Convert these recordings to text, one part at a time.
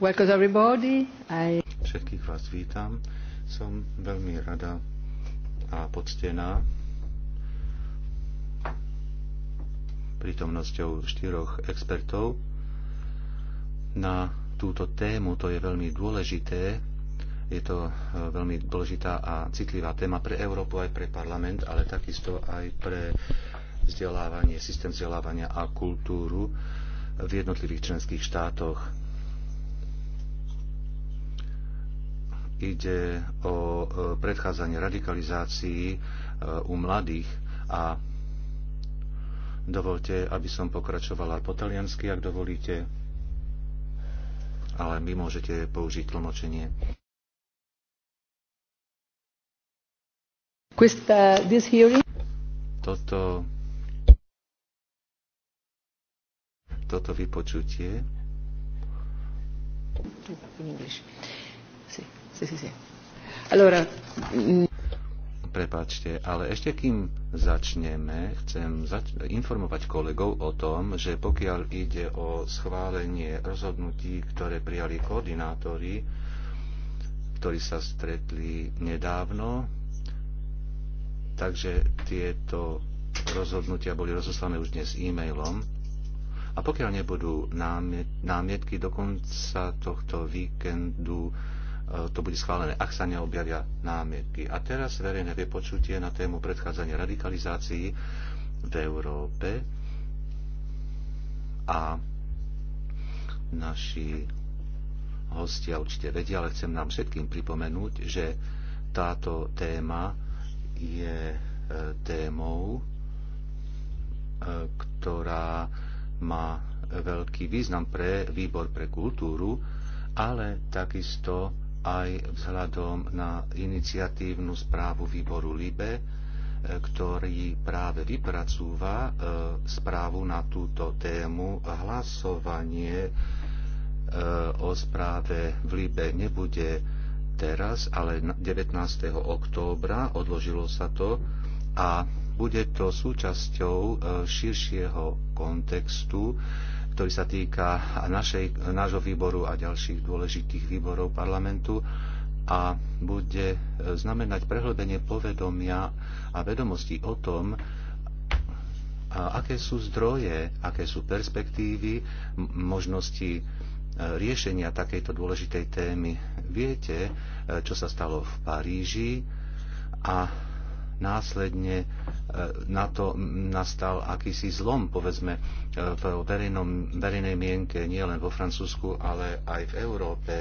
Welcome everybody. I... Všetkých vás vítam. Som veľmi rada a poctená prítomnosťou štyroch expertov na túto tému. To je veľmi dôležité. Je to e, veľmi dôležitá a citlivá téma pre Európu aj pre parlament, ale takisto aj pre vzdelávanie, systém vzdelávania a kultúru v jednotlivých členských štátoch ide o e, predchádzanie radikalizácií e, u mladých a dovolte, aby som pokračovala po taliansky, ak dovolíte, ale vy môžete použiť tlmočenie. Toto, toto vypočutie. In English. Sí, sí, sí. Allora, mm, Prepačte, ale ešte kým začneme, chcem zač- informovať kolegov o tom, že pokiaľ ide o schválenie rozhodnutí, ktoré prijali koordinátori, ktorí sa stretli nedávno, takže tieto rozhodnutia boli rozoslané už dnes e-mailom. A pokiaľ nebudú námietky do konca tohto víkendu, E, to bude schválené, ak sa neobjavia námietky. A teraz verejné vypočutie na tému predchádzania radikalizácií v Európe a naši hostia určite vedia, ale chcem nám všetkým pripomenúť, že táto téma je e, témou, e, ktorá má veľký význam pre výbor pre kultúru, ale takisto aj vzhľadom na iniciatívnu správu výboru LIBE, e, ktorý práve vypracúva e, správu na túto tému. Hlasovanie e, o správe v LIBE nebude teraz, ale 19. októbra odložilo sa to a bude to súčasťou širšieho kontextu ktorý sa týka našej, nášho výboru a ďalších dôležitých výborov parlamentu a bude znamenať prehlbenie povedomia a vedomostí o tom, a aké sú zdroje, aké sú perspektívy, možnosti e, riešenia takejto dôležitej témy. Viete, e, čo sa stalo v Paríži a následne e, na to nastal akýsi zlom, povedzme, e, v verejnom, verejnej mienke, nielen vo Francúzsku, ale aj v Európe.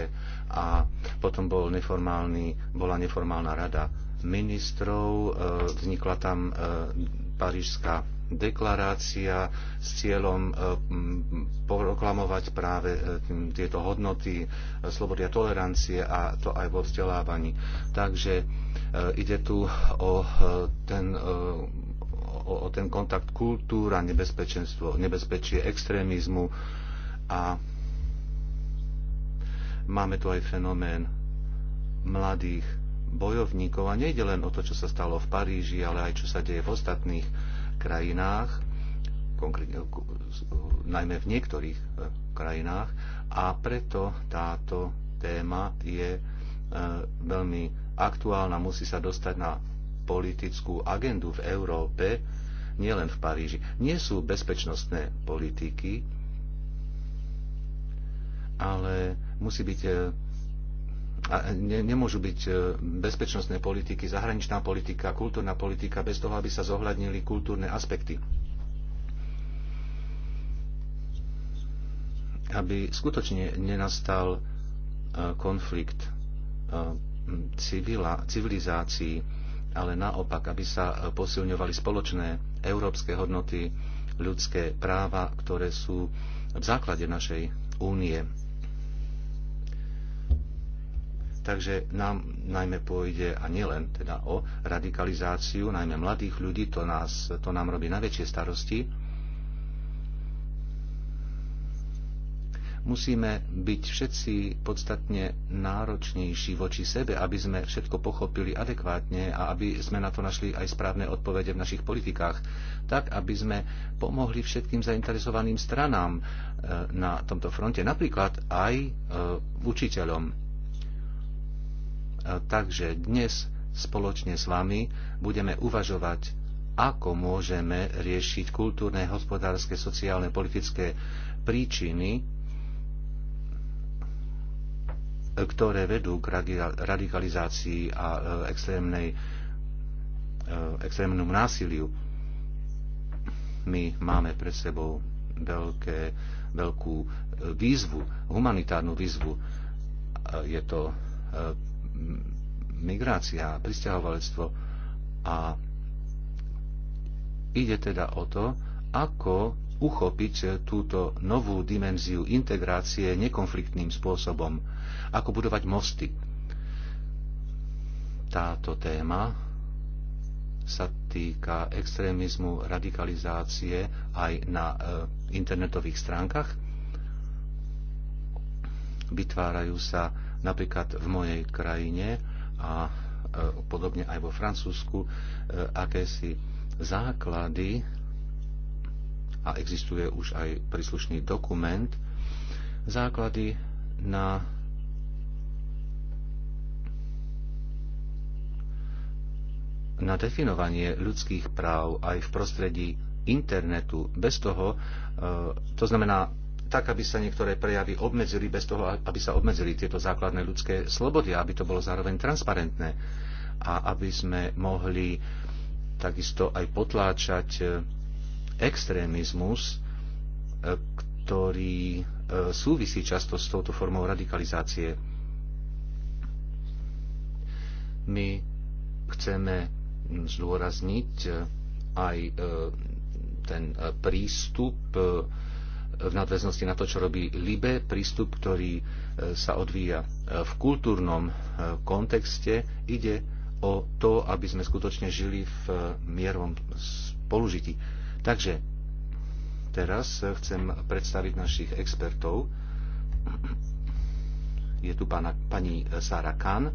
A potom bol neformálny, bola neformálna rada ministrov, e, vznikla tam Parížská deklarácia s cieľom e, proklamovať práve e, tieto hodnoty e, slobody a tolerancie a to aj vo vzdelávaní. Takže ide tu o ten o, ten kontakt kultúra, nebezpečenstvo, nebezpečie extrémizmu a máme tu aj fenomén mladých bojovníkov a nejde len o to, čo sa stalo v Paríži, ale aj čo sa deje v ostatných krajinách, konkrétne, najmä v niektorých e, krajinách a preto táto téma je e, veľmi aktuálna, musí sa dostať na politickú agendu v Európe, nielen v Paríži. Nie sú bezpečnostné politiky, ale musí byť e, a ne, nemôžu byť e, bezpečnostné politiky, zahraničná politika, kultúrna politika bez toho, aby sa zohľadnili kultúrne aspekty. Aby skutočne nenastal e, konflikt e, civila, civilizácií, ale naopak, aby sa posilňovali spoločné európske hodnoty, ľudské práva, ktoré sú v základe našej únie Takže nám najmä pôjde, a nielen teda o radikalizáciu, najmä mladých ľudí, to, nás, to nám robí najväčšie starosti. Musíme byť všetci podstatne náročnejší voči sebe, aby sme všetko pochopili adekvátne a aby sme na to našli aj správne odpovede v našich politikách, tak aby sme pomohli všetkým zainteresovaným stranám eh, na tomto fronte, napríklad aj eh, učiteľom E, takže dnes spoločne s vami budeme uvažovať, ako môžeme riešiť kultúrne, hospodárske, sociálne, politické príčiny, e, ktoré vedú k radikalizácii a e, extrémnej, extrémnemu násiliu. My máme pred sebou veľké, veľkú výzvu, humanitárnu výzvu. Je to migrácia, pristahovalectvo a ide teda o to, ako uchopiť túto novú dimenziu integrácie nekonfliktným spôsobom, ako budovať mosty. Táto téma sa týka extrémizmu, radikalizácie aj na e, internetových stránkach. Vytvárajú sa napríklad v mojej krajine a e, podobne aj vo Francúzsku e, akési základy a existuje už aj príslušný dokument základy na na definovanie ľudských práv aj v prostredí internetu bez toho, e, to znamená tak aby sa niektoré prejavy obmedzili bez toho, aby sa obmedzili tieto základné ľudské slobody, aby to bolo zároveň transparentné a aby sme mohli takisto aj potláčať e, extrémizmus, e, ktorý e, súvisí často s touto formou radikalizácie. My chceme zdôrazniť aj ten prístup v nadväznosti na to, čo robí Libe, prístup, ktorý e, sa odvíja e, v kultúrnom e, kontexte, ide o to, aby sme skutočne žili v mierom spolužití. Takže teraz chcem predstaviť našich expertov. Je tu pána, pani Sara Kahn,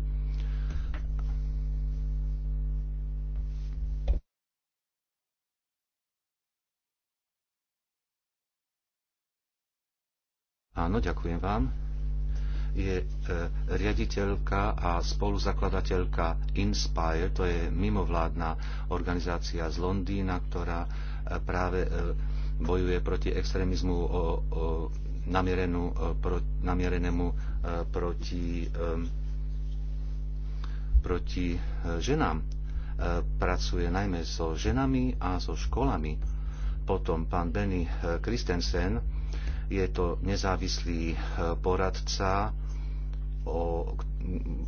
Áno, ďakujem vám. Je e, riaditeľka a spoluzakladateľka Inspire, to je mimovládna organizácia z Londýna, ktorá e, práve e, bojuje proti extrémizmu o, o, namierenú, o, e, pro, namierenému e, proti, e, proti e, ženám. E, pracuje najmä so ženami a so školami. Potom pán Benny e, Christensen, je to nezávislý e, poradca,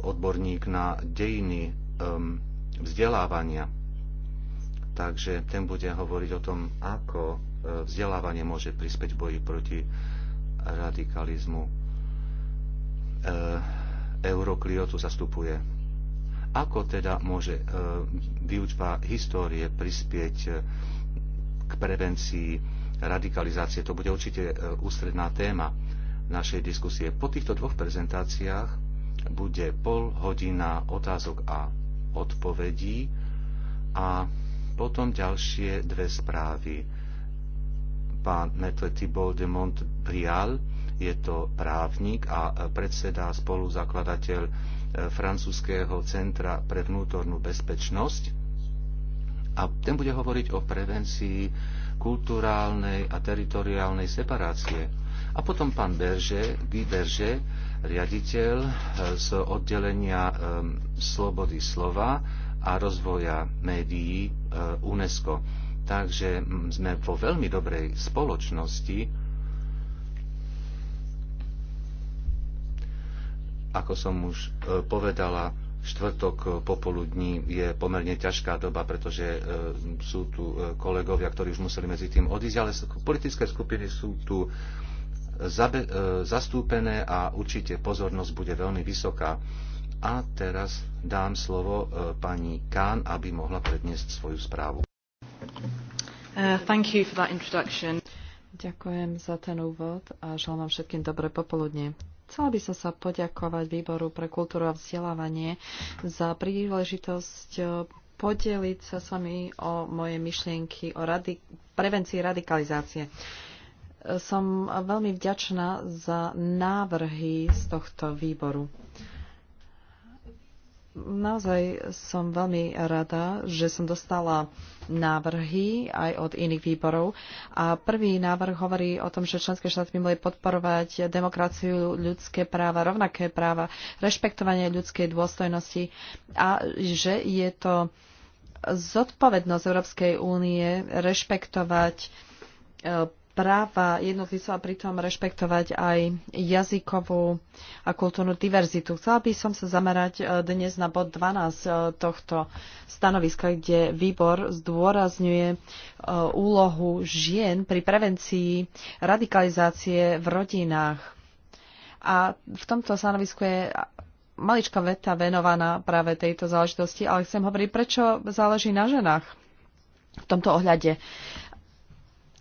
odborník na dejiny vzdelávania. Takže ten bude hovoriť o tom, ako e, vzdelávanie môže prispäť v boji proti radikalizmu. E, Euroklio tu zastupuje. Ako teda môže výučba histórie prispieť k prevencii radikalizácie. To bude určite e, ústredná téma našej diskusie. Po týchto dvoch prezentáciách bude pol hodina otázok a odpovedí a potom ďalšie dve správy. Pán Metle Thibault de Montbrial je to právnik a e, predseda spoluzakladateľ e, francúzského centra pre vnútornú bezpečnosť a ten bude hovoriť o prevencii kulturálnej a teritoriálnej separácie. A potom pán Berže, Guy Berže, riaditeľ eh, z oddelenia eh, slobody slova a rozvoja médií eh, UNESCO. Takže hm, sme vo veľmi dobrej spoločnosti, ako som už povedala, štvrtok eh, popoludní je pomerne ťažká doba, pretože eh, sú tu eh, kolegovia, ktorí už museli medzi tým odísť, ale politické skupiny sú tu zastúpené a určite pozornosť bude veľmi vysoká. A teraz dám slovo pani Kán, aby mohla predniesť svoju správu. Uh, thank you for that introduction. Ďakujem za ten úvod a želám vám všetkým dobré popoludne. Chcela by som sa poďakovať Výboru pre kultúru a vzdelávanie za príležitosť eh, podeliť sa s vami o moje myšlienky o radi- prevencii radikalizácie. Eh, som veľmi vďačná za návrhy z tohto výboru. Naozaj som veľmi rada, že som dostala návrhy aj od iných výborov. A prvý návrh hovorí o tom, že členské štáty by mali podporovať demokraciu, ľudské práva, rovnaké práva, rešpektovanie ľudskej dôstojnosti a že je to zodpovednosť Európskej únie rešpektovať e, práva jednotlivcov a pritom rešpektovať aj jazykovú a kultúrnu diverzitu. Chcela by som sa zamerať eh, dnes na bod 12 eh, tohto stanoviska, kde výbor zdôrazňuje eh, úlohu žien pri prevencii radikalizácie v rodinách. A v tomto stanovisku je maličká veta venovaná práve tejto záležitosti, ale chcem hovoriť, prečo záleží na ženách v tomto ohľade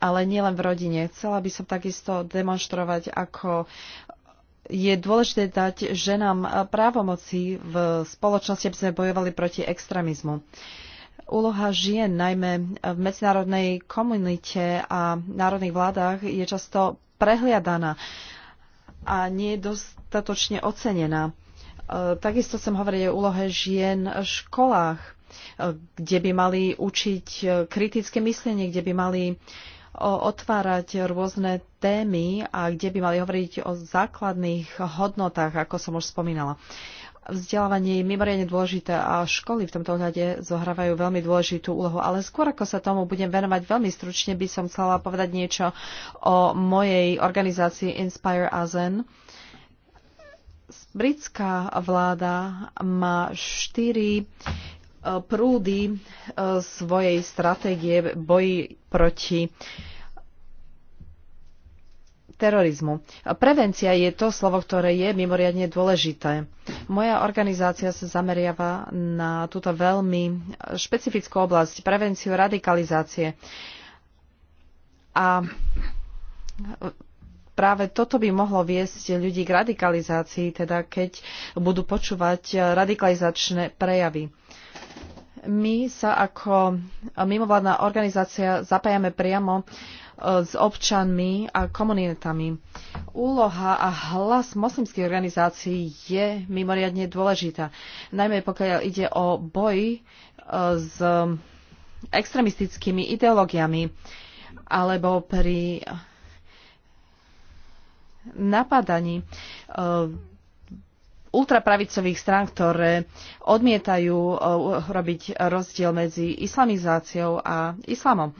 ale nielen v rodine. Chcela by som takisto demonstrovať, ako je dôležité dať ženám právomoci v spoločnosti, aby sme bojovali proti extrémizmu. Úloha žien, najmä v medzinárodnej komunite a národných vládach, je často prehliadaná a nie je dostatočne ocenená. E, takisto som hovoril o úlohe žien v školách, e, kde by mali učiť e, kritické myslenie, kde by mali otvárať rôzne témy a kde by mali hovoriť o základných hodnotách, ako som už spomínala. Vzdelávanie je mimoriadne dôležité a školy v tomto ohľade zohrávajú veľmi dôležitú úlohu. Ale skôr ako sa tomu budem venovať veľmi stručne, by som chcela povedať niečo o mojej organizácii Inspire Azen. Britská vláda má štyri prúdy e, svojej stratégie boji proti terorizmu. Prevencia je to slovo, ktoré je mimoriadne dôležité. Moja organizácia sa zameriava na túto veľmi špecifickú oblasť, prevenciu radikalizácie. A práve toto by mohlo viesť ľudí k radikalizácii, teda keď budú počúvať radikalizačné prejavy my sa ako mimovládna organizácia zapájame priamo e, s občanmi a komunitami. Úloha a hlas moslimských organizácií je mimoriadne dôležitá, najmä pokiaľ ide o boj e, s extremistickými ideológiami alebo pri napadaní e, ultrapravicových strán, ktoré odmietajú eh, robiť rozdiel medzi islamizáciou a islamom.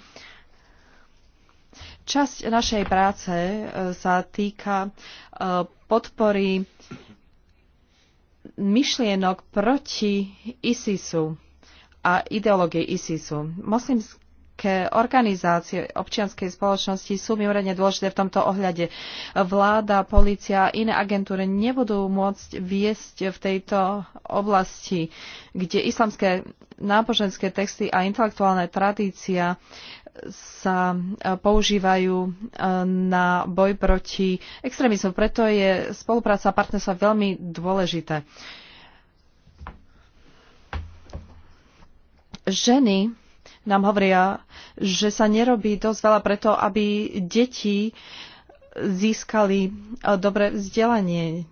Časť našej práce eh, sa týka eh, podpory myšlienok proti ISISu a ideológie ISISu. Moslimské Ke organizácie občianskej spoločnosti sú mimoriadne dôležité v tomto ohľade. Vláda, policia a iné agentúry nebudú môcť viesť v tejto oblasti, kde islamské náboženské texty a intelektuálne tradícia sa e, používajú e, na boj proti extrémizmu. Preto je spolupráca a partnerstva veľmi dôležité. Ženy nám hovoria, že sa nerobí dosť veľa preto, aby deti získali e, dobré vzdelanie.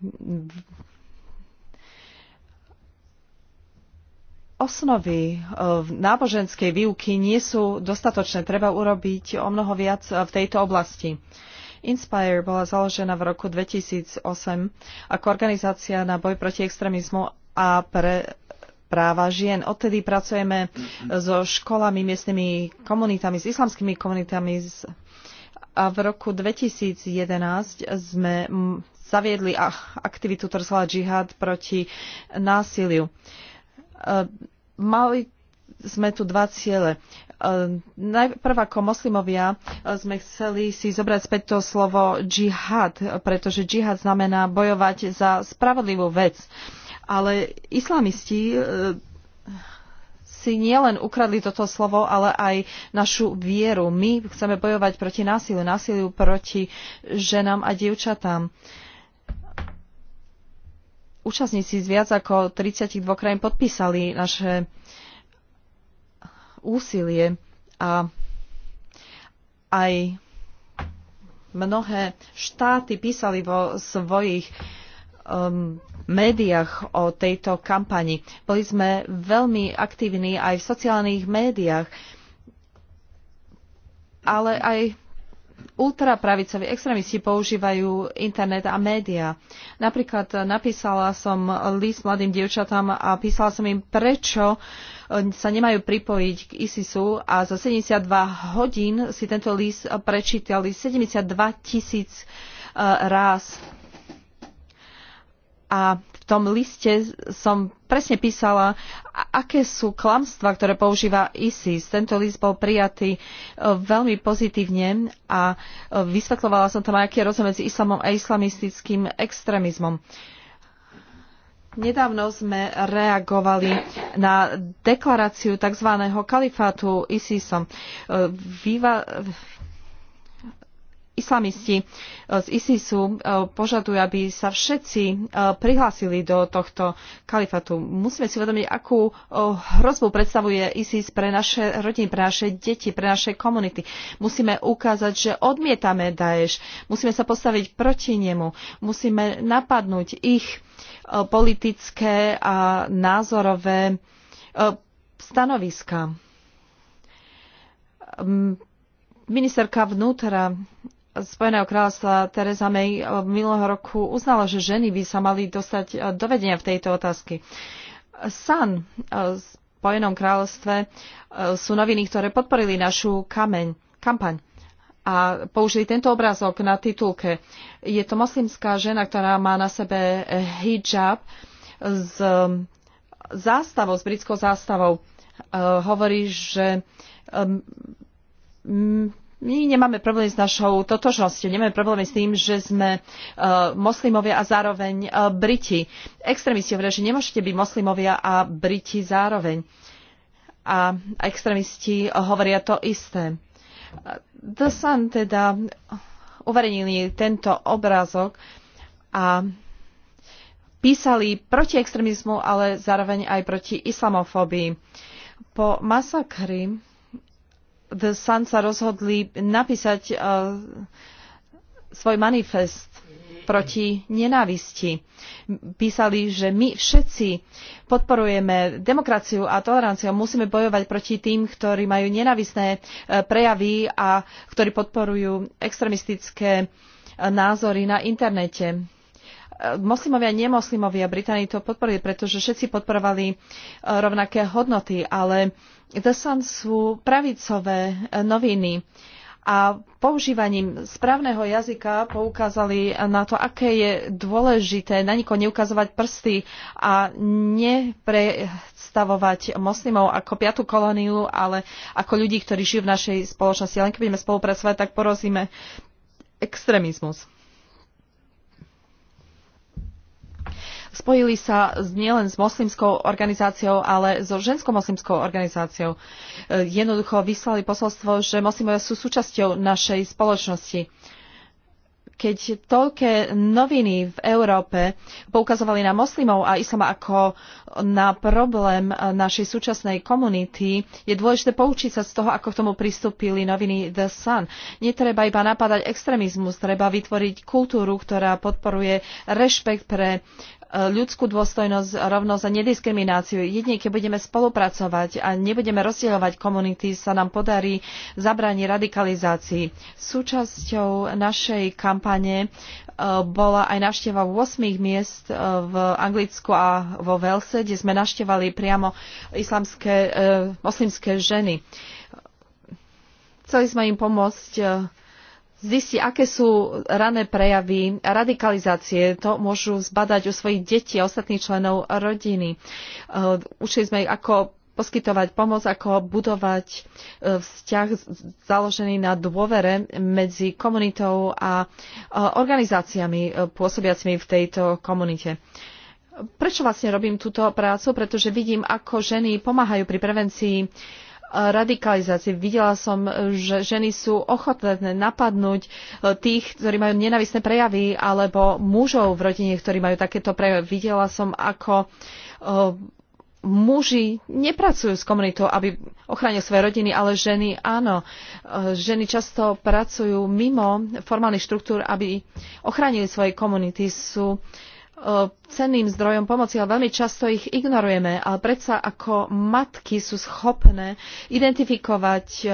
Osnovy e, v náboženskej výuky nie sú dostatočné. Treba urobiť o mnoho viac e, v tejto oblasti. Inspire bola založená v roku 2008 ako organizácia na boj proti extrémizmu a pre práva žien. Odtedy pracujeme so školami, miestnymi komunitami, s islamskými komunitami a v roku 2011 sme zaviedli aktivitu, ktorá sa džihad proti násiliu. E, mali sme tu dva ciele. E, najprv ako moslimovia e, sme chceli si zobrať späť to slovo džihad, pretože džihad znamená bojovať za spravodlivú vec. Ale islamisti e, si nielen ukradli toto slovo, ale aj našu vieru. My chceme bojovať proti násiliu, násiliu proti ženám a dievčatám. Účastníci z viac ako 32 krajín podpísali naše úsilie a aj mnohé štáty písali vo svojich uh, um, médiách o tejto kampani. Boli sme veľmi aktívni aj v sociálnych médiách, ale aj ultrapravicoví extrémisti používajú internet a médiá. Napríklad napísala som list mladým dievčatám a písala som im, prečo um, sa nemajú pripojiť k ISISu a za 72 hodín si tento list prečítali 72 tisíc raz. Uh, ráz a v tom liste som presne písala, aké sú klamstva, ktoré používa ISIS. Tento list bol prijatý e, veľmi pozitívne a e, vysvetlovala som tam, aký je rozdiel medzi islamom a islamistickým extrémizmom. Nedávno sme reagovali na deklaráciu tzv. kalifátu ISISom. E, výva, islamisti e, z ISISu e, požadujú, aby sa všetci e, prihlásili do tohto kalifatu. Musíme si uvedomiť, akú hrozbu predstavuje ISIS pre naše rodiny, pre naše deti, pre naše komunity. Musíme ukázať, že odmietame Daesh. Musíme sa postaviť proti nemu. Musíme napadnúť ich politické a názorové stanoviska ministerka vnútra Spojeného kráľovstva Teresa May minulého roku uznala, že ženy by sa mali dostať e, do vedenia v tejto otázky. Sun e, v Spojenom kráľovstve e, sú noviny, ktoré podporili našu kameň, kampaň a použili tento obrázok na titulke. Je to moslimská žena, ktorá má na sebe hijab s zástavou, s britskou zástavou. Hovorí, že my nemáme problémy s našou totožnosťou, nemáme problémy s tým, že sme uh, moslimovia a zároveň uh, Briti. Extrémisti hovoria, že nemôžete byť moslimovia a Briti zároveň. A extrémisti hovoria to isté. The Sun teda uverejnili tento obrázok a písali proti extrémizmu, ale zároveň aj proti islamofóbii. Po masakri The Sun sa rozhodli napísať uh, svoj manifest proti nenávisti. Písali, že my všetci podporujeme demokraciu a toleranciu. Musíme bojovať proti tým, ktorí majú nenávisné e, prejavy a ktorí podporujú extremistické e, názory na internete moslimovia a nemoslimovia Británii to podporili, pretože všetci podporovali e, rovnaké hodnoty, ale The Sun sú pravicové e, noviny a používaním správneho jazyka poukázali na to, aké je dôležité na nikoho neukazovať prsty a nepredstavovať moslimov ako piatu kolóniu, ale ako ľudí, ktorí žijú v našej spoločnosti. Len keď budeme spolupracovať, tak porozíme extrémizmus. spojili sa nielen s moslimskou organizáciou, ale so žensko-moslimskou organizáciou. E, jednoducho vyslali posolstvo, že moslimovia sú súčasťou našej spoločnosti keď toľké noviny v Európe poukazovali na moslimov a islam ako na problém e, našej súčasnej komunity, je dôležité poučiť sa z toho, ako k tomu pristúpili noviny The Sun. Netreba iba napadať extrémizmus, treba vytvoriť kultúru, ktorá podporuje rešpekt pre e, ľudskú dôstojnosť, rovnosť a nediskrimináciu. Jedine, keď budeme spolupracovať a nebudeme rozdielovať komunity, sa nám podarí zabrániť radikalizácii. Súčasťou našej kampane e, bola aj návšteva 8 miest e, v Anglicku a vo Velse, kde sme navštevali priamo islamské, e, moslimské ženy. Chceli sme im pomôcť zistí, aké sú rané prejavy radikalizácie. To môžu zbadať u svojich detí a ostatných členov rodiny. E, učili sme ich, ako poskytovať pomoc, ako budovať e, vzťah založený na dôvere medzi komunitou a e, organizáciami pôsobiacimi v tejto komunite. Prečo vlastne robím túto prácu? Pretože vidím, ako ženy pomáhajú pri prevencii uh, radikalizácie. Videla som, že ženy sú ochotné napadnúť e, tých, ktorí majú nenavisné prejavy, alebo mužov v rodine, ktorí majú takéto prejavy. Videla som, ako e, muži nepracujú s komunitou, aby ochránil svoje rodiny, ale ženy áno. E, ženy často pracujú mimo formálnych štruktúr, aby ochránili svoje komunity. Sú E, cenným zdrojom pomoci, ale veľmi často ich ignorujeme. Ale predsa ako matky sú schopné identifikovať e,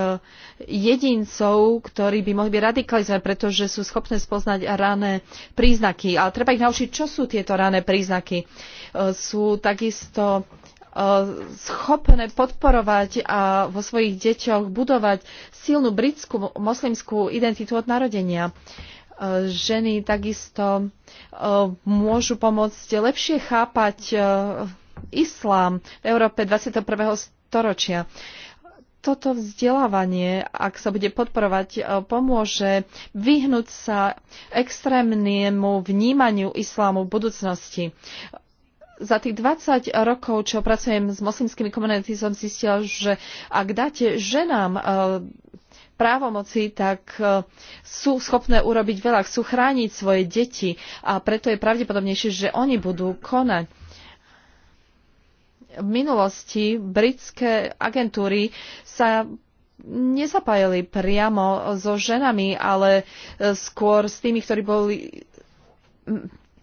jedincov, ktorí by mohli byť radikalizovaní, pretože sú schopné spoznať rané príznaky. Ale treba ich naučiť, čo sú tieto rané príznaky. E, sú takisto schopné podporovať a vo svojich deťoch budovať silnú britskú moslimskú identitu od narodenia. Uh, ženy takisto e, môžu pomôcť lepšie chápať e, islám v Európe 21. storočia. Toto vzdelávanie, ak sa bude podporovať, e, pomôže vyhnúť sa extrémnemu vnímaniu islámu v budúcnosti za tých 20 rokov, čo pracujem s moslimskými komunitami, som zistila, že ak dáte ženám právomoci, tak e, sú schopné urobiť veľa, chcú chrániť svoje deti a preto je pravdepodobnejšie, že oni budú konať. V minulosti britské agentúry sa nezapájali priamo so ženami, ale e, skôr s tými, ktorí boli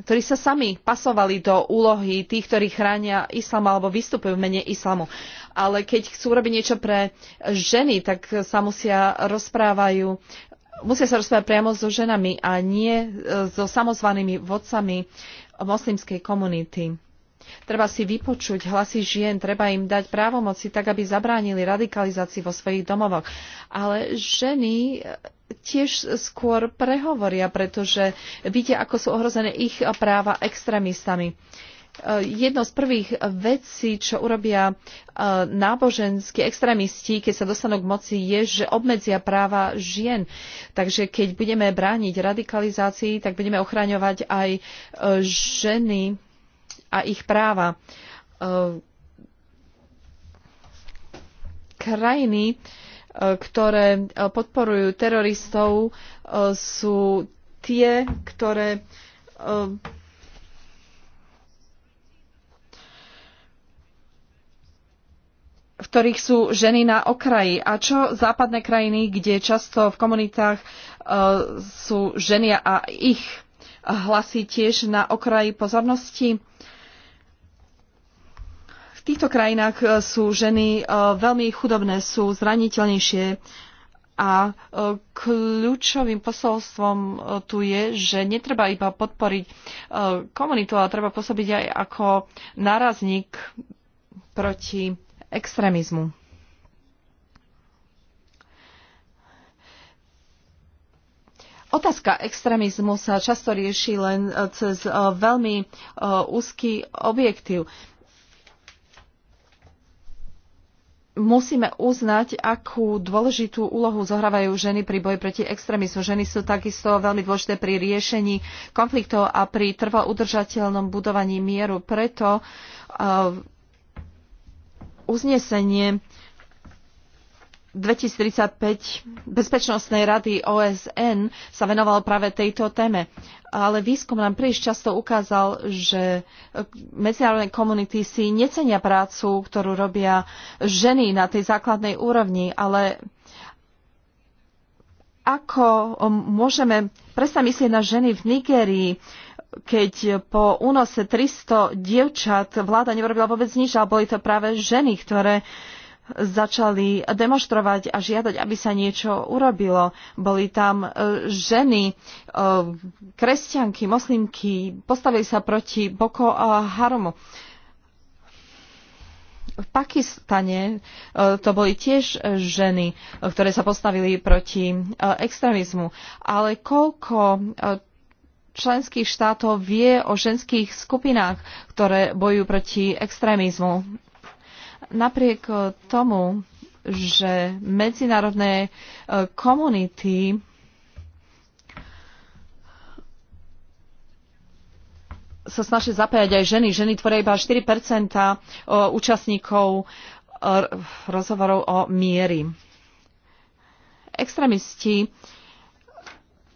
ktorí sa sami pasovali do úlohy tých, ktorí chránia islam alebo vystupujú v mene islamu ale keď chcú robiť niečo pre ženy, tak sa musia rozprávajú musia sa rozprávať priamo so ženami a nie e, so samozvanými vodcami moslimskej komunity. Treba si vypočuť hlasy žien, treba im dať právomoci tak, aby zabránili radikalizácii vo svojich domovoch. Ale ženy e, tiež skôr prehovoria, pretože vidia, ako sú ohrozené ich práva extrémistami. Uh, Eh, jedno z prvých vecí, čo urobia eh, náboženskí extrémisti, keď sa dostanú k moci, je, že obmedzia práva žien. Takže keď budeme brániť radikalizácii, tak budeme ochraňovať aj eh, ženy a ich práva. Krajiny, ktoré podporujú teroristov, sú tie, ktoré v ktorých sú ženy na okraji. A čo západné krajiny, kde často v komunitách uh, sú ženy a ich hlasy tiež na okraji pozornosti? V týchto krajinách e, sú ženy uh, veľmi chudobné, sú zraniteľnejšie a kľúčovým posolstvom tu je, že netreba iba podporiť komunitu, ale treba pôsobiť aj ako nárazník proti extrémizmu. Otázka extrémizmu sa často rieši len e, cez e, veľmi e, úzky objektív. Musíme uznať, akú dôležitú úlohu zohrávajú ženy pri boji proti extrémizmu. Ženy sú takisto veľmi dôležité pri riešení konfliktov a pri trvo udržateľnom budovaní mieru. Preto uznesenie 2035 Bezpečnostnej rady OSN sa venovalo práve tejto téme. Ale výskum nám príliš často ukázal, že medzinárodné komunity si necenia prácu, ktorú robia ženy na tej základnej úrovni, ale ako môžeme presne myslieť na ženy v Nigérii, keď po únose 300 dievčat vláda neurobila vôbec nič, ale boli to práve ženy, ktoré začali demonstrovať a žiadať, aby sa niečo urobilo. Boli tam e, ženy, e, kresťanky, moslimky, postavili sa proti Boko a Haromu. V Pakistane e, to boli tiež ženy, ktoré sa postavili proti extrémizmu. Ale koľko členských štátov vie o ženských skupinách, ktoré bojujú proti extrémizmu. Napriek e, tomu, že medzinárodné e, komunity sa snažia zapájať aj ženy. Ženy tvoria iba 4 e, účastníkov rozhovorov o miery. Extremisti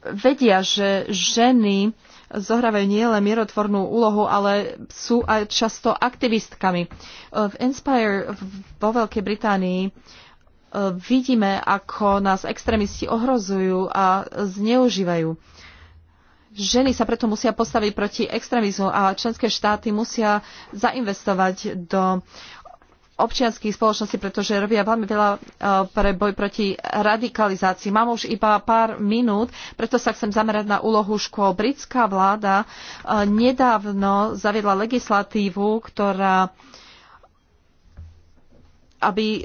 vedia, že ženy zohrávajú nielen mierotvornú úlohu, ale sú aj často aktivistkami. V Inspire vo Veľkej Británii e, vidíme, ako nás extrémisti ohrozujú a zneužívajú. Ženy sa preto musia postaviť proti extrémizmu a členské štáty musia zainvestovať do občianských spoločností, pretože robia veľmi veľa e, pre boj proti radikalizácii. Mám už iba pár minút, preto sa chcem zamerať na úlohu škôl. Britská vláda e, nedávno zaviedla legislatívu, ktorá aby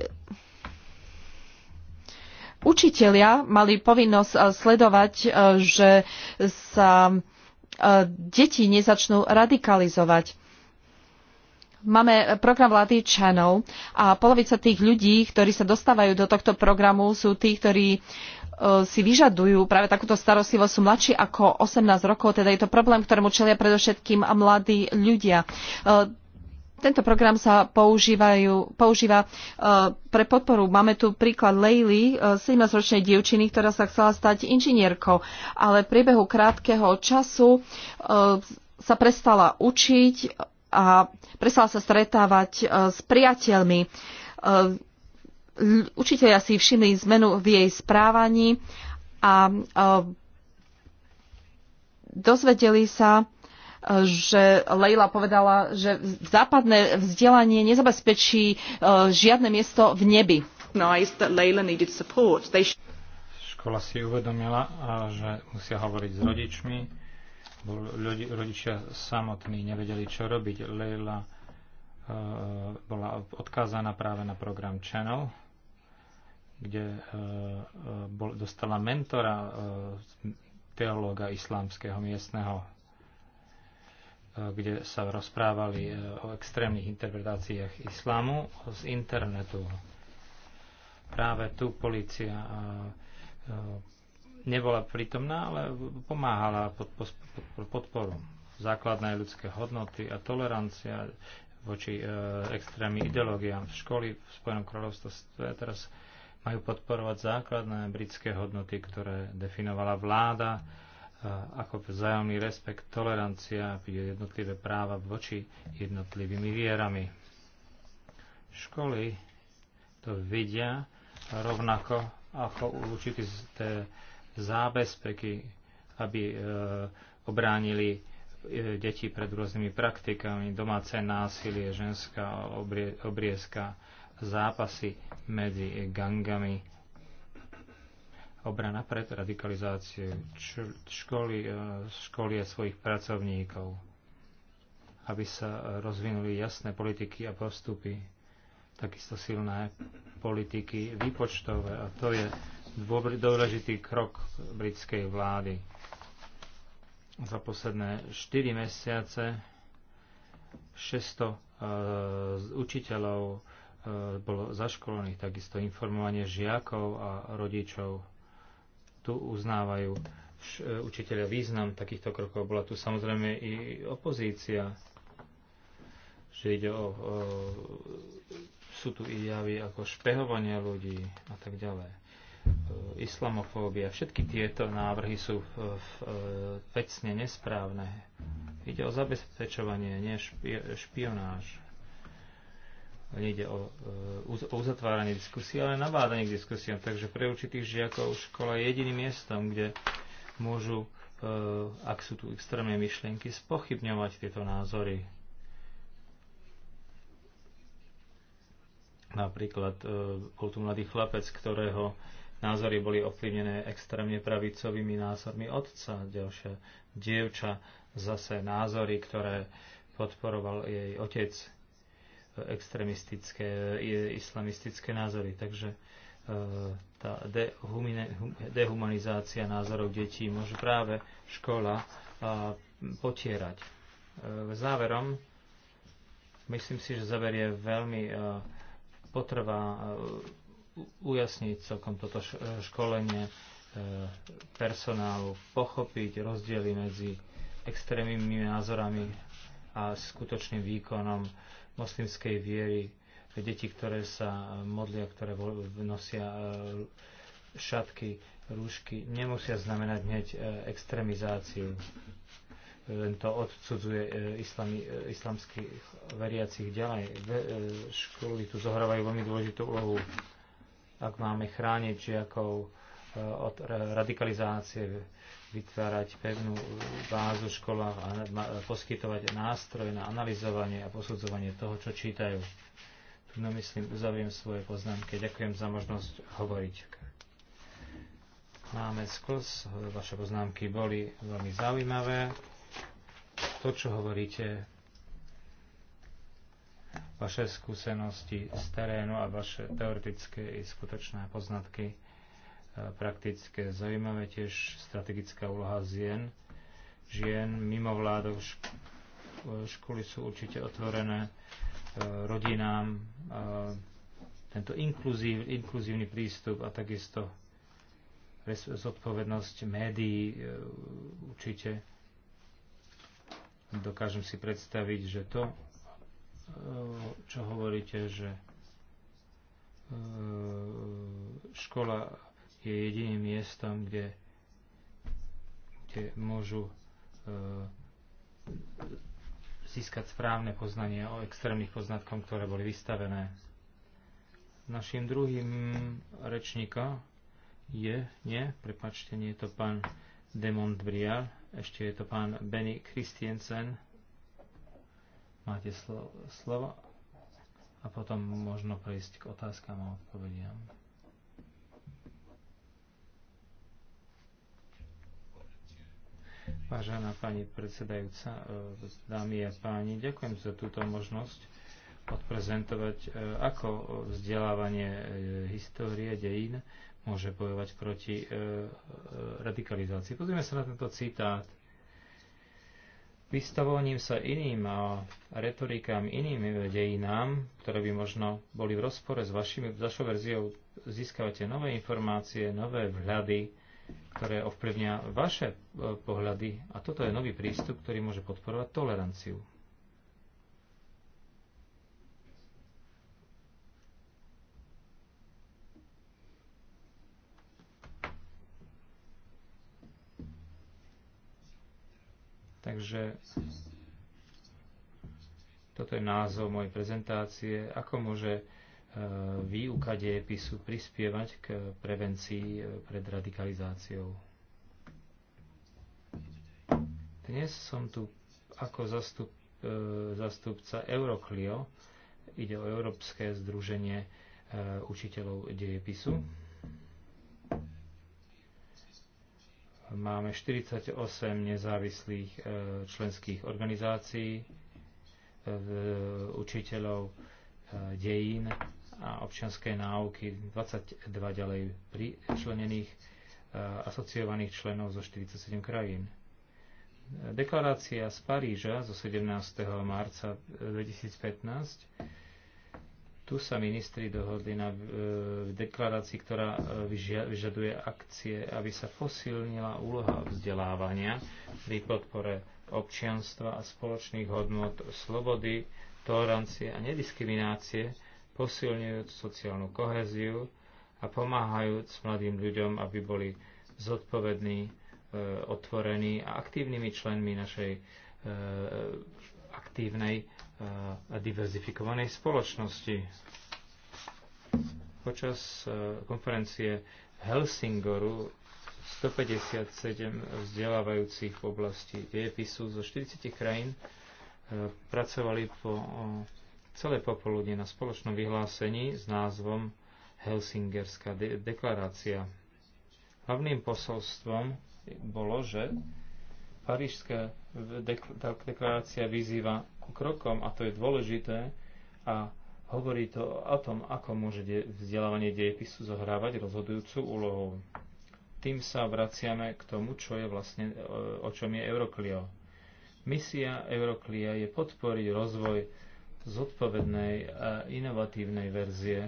učitelia mali povinnosť e, sledovať, že sa deti nezačnú radikalizovať máme program vlády Channel a polovica tých ľudí, ktorí sa dostávajú do tohto programu, sú tí, ktorí e, si vyžadujú práve takúto starostlivosť, sú mladší ako 18 rokov, teda je to problém, ktorému čelia predovšetkým mladí ľudia. E, tento program sa používajú, používa e, pre podporu. Máme tu príklad Leily, 17-ročnej dievčiny, ktorá sa chcela stať inžinierkou, ale v priebehu krátkeho času sa prestala učiť, a prestala sa stretávať e, s priateľmi. E, učiteľia si všimli zmenu v jej správaní a e, dozvedeli sa, že Leila povedala, že západné vzdelanie nezabezpečí žiadne miesto v nebi. No, Škola si uvedomila, že musia hovoriť s rodičmi, ľudí, rodičia samotní nevedeli, čo robiť. Leila e, bola odkázaná práve na program Channel, kde e, e bol, dostala mentora e, teológa islámskeho miestneho, e, kde sa rozprávali e, o extrémnych interpretáciách islámu z internetu. Práve tu policia nebola prítomná, ale pomáhala pod, pod, pod podporu. Základné ľudské hodnoty a tolerancia voči e, extrémnym ideológiám. Školy v Spojenom kráľovstve teraz majú podporovať základné britské hodnoty, ktoré definovala vláda, e, ako vzájomný respekt, tolerancia, jednotlivé práva voči jednotlivými vierami. Školy to vidia rovnako ako určité zábezpeky, aby e, obránili e, deti pred rôznymi praktikami, domáce násilie, ženská obriezka, zápasy medzi gangami, obrana pred radikalizáciou, školy, e, školie svojich pracovníkov, aby sa rozvinuli jasné politiky a postupy, takisto silné politiky výpočtové. A to je dôležitý krok britskej vlády. Za posledné 4 mesiace 600 e, učiteľov e, bolo zaškolených, takisto informovanie žiakov a rodičov. Tu uznávajú e, učiteľia význam takýchto krokov. Bola tu samozrejme i opozícia, že ide o, o sú tu i javy ako špehovanie ľudí a tak ďalej islamofóbia. Všetky tieto návrhy sú e, e, vecne nesprávne. Ide o zabezpečovanie, nie špionáž. Nejde o, e, o uzatváranie diskusie, ale nabádanie k diskusiám. Takže pre určitých žiakov škola je jediným miestom, kde môžu, ak sú tu extrémne myšlienky, spochybňovať tieto názory. Napríklad bol tu mladý chlapec, ktorého názory boli ovplyvnené extrémne pravicovými názormi otca. Ďalšia dievča zase názory, ktoré podporoval jej otec extrémistické, e, islamistické názory. Takže e, tá dehumanizácia názorov detí môže práve škola e, potierať. Záverom, myslím si, že je veľmi potrvá ujasniť celkom toto e, školenie e, personálu, pochopiť rozdiely medzi extrémnymi názorami a skutočným výkonom moslimskej viery, deti, ktoré sa e, modlia, ktoré nosia šatky, rúšky, nemusia znamenať hneď extremizáciu. Len to odcudzuje islami, islamských veriacich ďalej. Školy tu zohrávajú veľmi dôležitú úlohu ak máme chrániť žiakov e, od radikalizácie, vytvárať pevnú bázu v školách a poskytovať nástroj na analyzovanie a posudzovanie toho, čo čítajú. Tu no myslím, uzaviem svoje poznámky. Ďakujem za možnosť hovoriť. Máme skos, vaše poznámky boli veľmi zaujímavé. To, čo hovoríte, vaše skúsenosti z terénu a vaše teoretické i skutočné poznatky e, praktické. Zaujímavé tiež strategická úloha zien, Žien mimo vládov e, školy sú určite otvorené e, rodinám. Tento inkluzív, inkluzívny prístup a takisto zodpovednosť médií určite dokážem si predstaviť, že to E, čo hovoríte, že e, škola je jediným miestom, kde, kde môžu e, získať správne poznanie o extrémnych poznatkom, ktoré boli vystavené. Našim druhým rečníkom je, nie, prepačte, nie je to pán Demont Brial, ešte je to pán Benny Christiansen, Máte slo- slovo a potom možno prejsť k otázkam a odpovediam. Vážená pani predsedajúca, e, dámy a páni, ďakujem za túto možnosť odprezentovať, e, ako vzdelávanie e, histórie dejín môže bojovať proti radikalizácii. Pozrime sa na tento citát vystavovaním sa iným a retorikám, iným dejinám, ktoré by možno boli v rozpore s vašimi, vašou verziou, získavate nové informácie, nové vhľady, ktoré ovplyvnia vaše e, pohľady a toto je nový prístup, ktorý môže podporovať toleranciu. Takže toto je názov mojej prezentácie, ako môže e, výuka dejepisu prispievať k prevencii e, pred radikalizáciou. Dnes som tu ako zastup, e, zastupca Euroclio, ide o Európske združenie učiteľov dejepisu. Máme 48 nezávislých e, členských organizácií, e, učiteľov e, dejín a občianskej náuky, 22 ďalej pričlenených asociovaných členov zo 47 krajín. Deklarácia z Paríža zo 17. marca 2015 tu sa ministri dohodli na e, deklarácii, ktorá e, vyžaduje akcie, aby sa posilnila úloha vzdelávania pri podpore občianstva a spoločných hodnot slobody, tolerancie a nediskriminácie, posilňujúc sociálnu koheziu a pomáhajúc mladým ľuďom, aby boli zodpovední, e, otvorení a aktívnymi členmi našej e, aktívnej a eh, diverzifikovanej spoločnosti. Počas eh, konferencie v Helsingoru 157 vzdelávajúcich v oblasti dejepisu zo 40 krajín eh, pracovali po celé popoludne na spoločnom vyhlásení s názvom Helsingerská deklarácia. Hlavným posolstvom bolo, že Parížská deklarácia vyzýva krokom, a to je dôležité, a hovorí to o tom, ako môže de- vzdelávanie dejepisu zohrávať rozhodujúcu úlohu. Tým sa vraciame k tomu, čo je vlastne, e, o čom je Euroclio. Misia Euroclia je podporiť rozvoj zodpovednej a inovatívnej verzie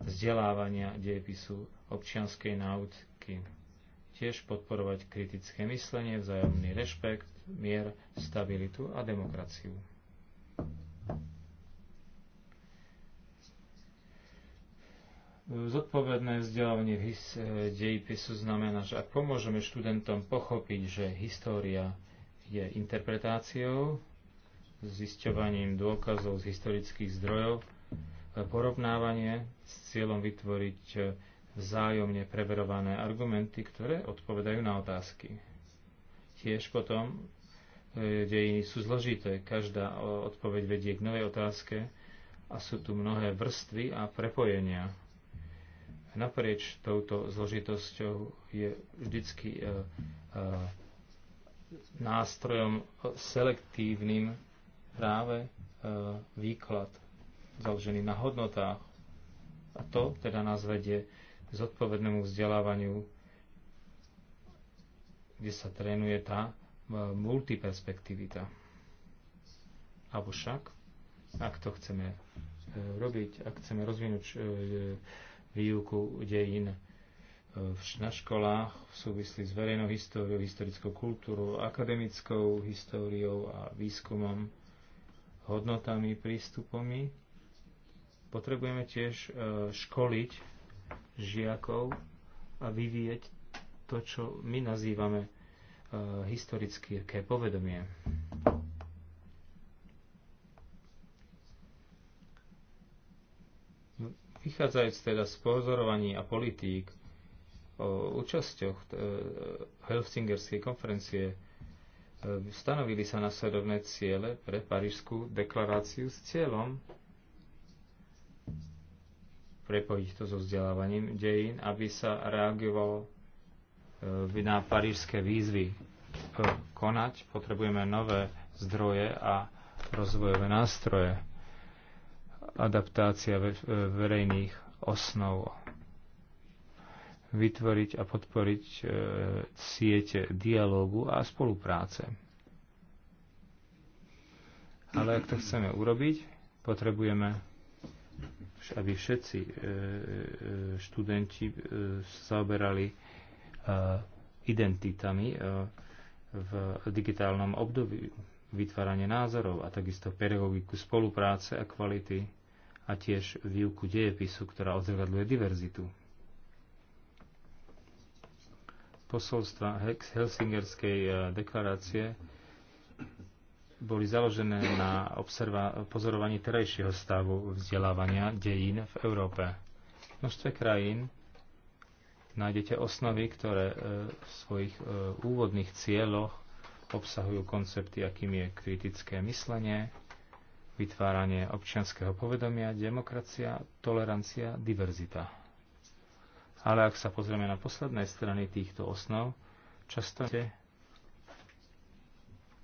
vzdelávania dejepisu občianskej náuky tiež podporovať kritické myslenie, vzájomný rešpekt, mier, stabilitu a demokraciu. Zodpovedné vzdelávanie v eh, dejpisu znamená, že ak pomôžeme študentom pochopiť, že história je interpretáciou, zisťovaním dôkazov z historických zdrojov, eh, porovnávanie s cieľom vytvoriť eh, vzájomne preverované argumenty, ktoré odpovedajú na otázky. Tiež potom e, dejiny sú zložité, každá odpoveď vedie k novej otázke a sú tu mnohé vrstvy a prepojenia. Naprieč touto zložitosťou je vždycky e, e, nástrojom selektívnym práve výklad založený na hodnotách. A to teda nás vedie zodpovednému vzdelávaniu, kde sa trénuje tá e, multiperspektivita. Abo však, ak to chceme e, robiť, ak chceme rozvinúť e, výuku dejín na školách v súvislí s verejnou históriou, historickou kultúrou, akademickou históriou a výskumom, hodnotami, prístupomi, potrebujeme tiež školiť žiakov a vyvíjať to, čo my nazývame uh, historické povedomie. No, vychádzajúc teda z pozorovaní a politík o účasťoch uh, eh, Helsingerskej konferencie, e, stanovili sa nasledovné ciele pre Parížskú deklaráciu s cieľom prepojiť to so vzdelávaním dejín, aby sa reagovalo e, na parížské výzvy konať. Potrebujeme nové zdroje a rozvojové nástroje. Adaptácia e, verejných osnov. Vytvoriť a podporiť e, siete dialógu a spolupráce. Ale ak to chceme urobiť, potrebujeme aby všetci e, e, študenti e, sa zaoberali identitami v digitálnom období vytváranie názorov a takisto pedagogiku spolupráce a kvality a tiež výuku dejepisu, ktorá odzrkadľuje diverzitu. Posolstva Helsingerskej deklarácie boli založené na pozorovaní terajšieho stavu vzdelávania dejín v Európe. V množstve krajín nájdete osnovy, ktoré e, v svojich e, úvodných cieľoch obsahujú koncepty, akým je kritické myslenie, vytváranie občianského povedomia, demokracia, tolerancia, diverzita. Ale ak sa pozrieme na posledné strany týchto osnov, často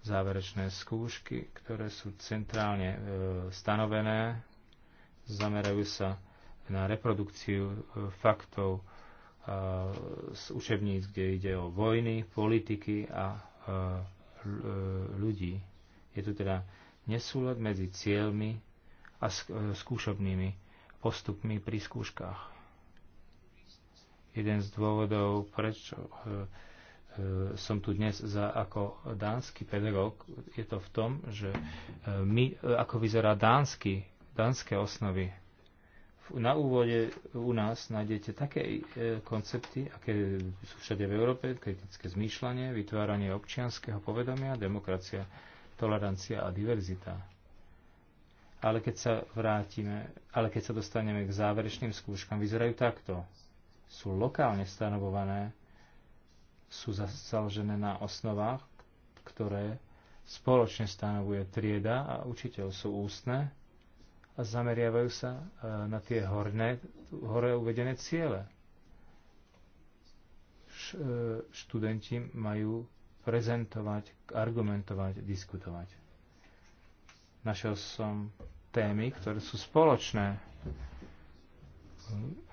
záverečné skúšky, ktoré sú centrálne e, stanovené, zamerajú sa na reprodukciu e, faktov e, z učebníc, kde ide o vojny, politiky a ľudí. Je tu teda nesúlad medzi cieľmi a skúšobnými postupmi pri skúškach. Jeden z dôvodov, prečo E, som tu dnes za ako dánsky pedagóg, je to v tom, že e, my, e, ako vyzerá dánsky, dánske osnovy. Na úvode u nás nájdete také koncepty, aké sú všade v Európe, kritické zmýšľanie, vytváranie občianského povedomia, demokracia, tolerancia a diverzita ale keď sa vrátime, ale keď sa dostaneme k záverečným skúškam, vyzerajú takto. Sú lokálne stanovované sú založené na osnovách, ktoré spoločne stanovuje trieda a učiteľ sú ústne a zameriavajú sa e, na tie horné, hore uvedené ciele. E, študenti majú prezentovať, argumentovať, diskutovať. Našiel som témy, ktoré sú spoločné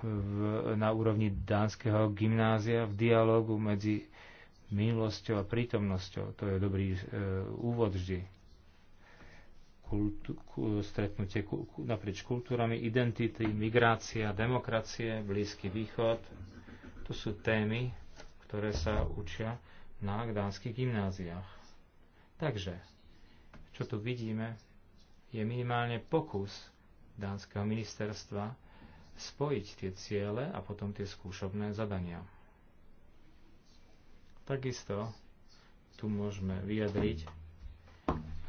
v, na úrovni dánskeho gymnázia v dialogu medzi minulosťou a prítomnosťou. To je dobrý e, úvod vždy. Kultu, k, stretnutie ku, k, naprieč kultúrami, identity, migrácia, demokracie, Blízky východ. To sú témy, ktoré sa učia na dánskych gymnáziách. Takže, čo tu vidíme, je minimálne pokus dánskeho ministerstva spojiť tie ciele a potom tie skúšobné zadania. Takisto tu môžeme vyjadriť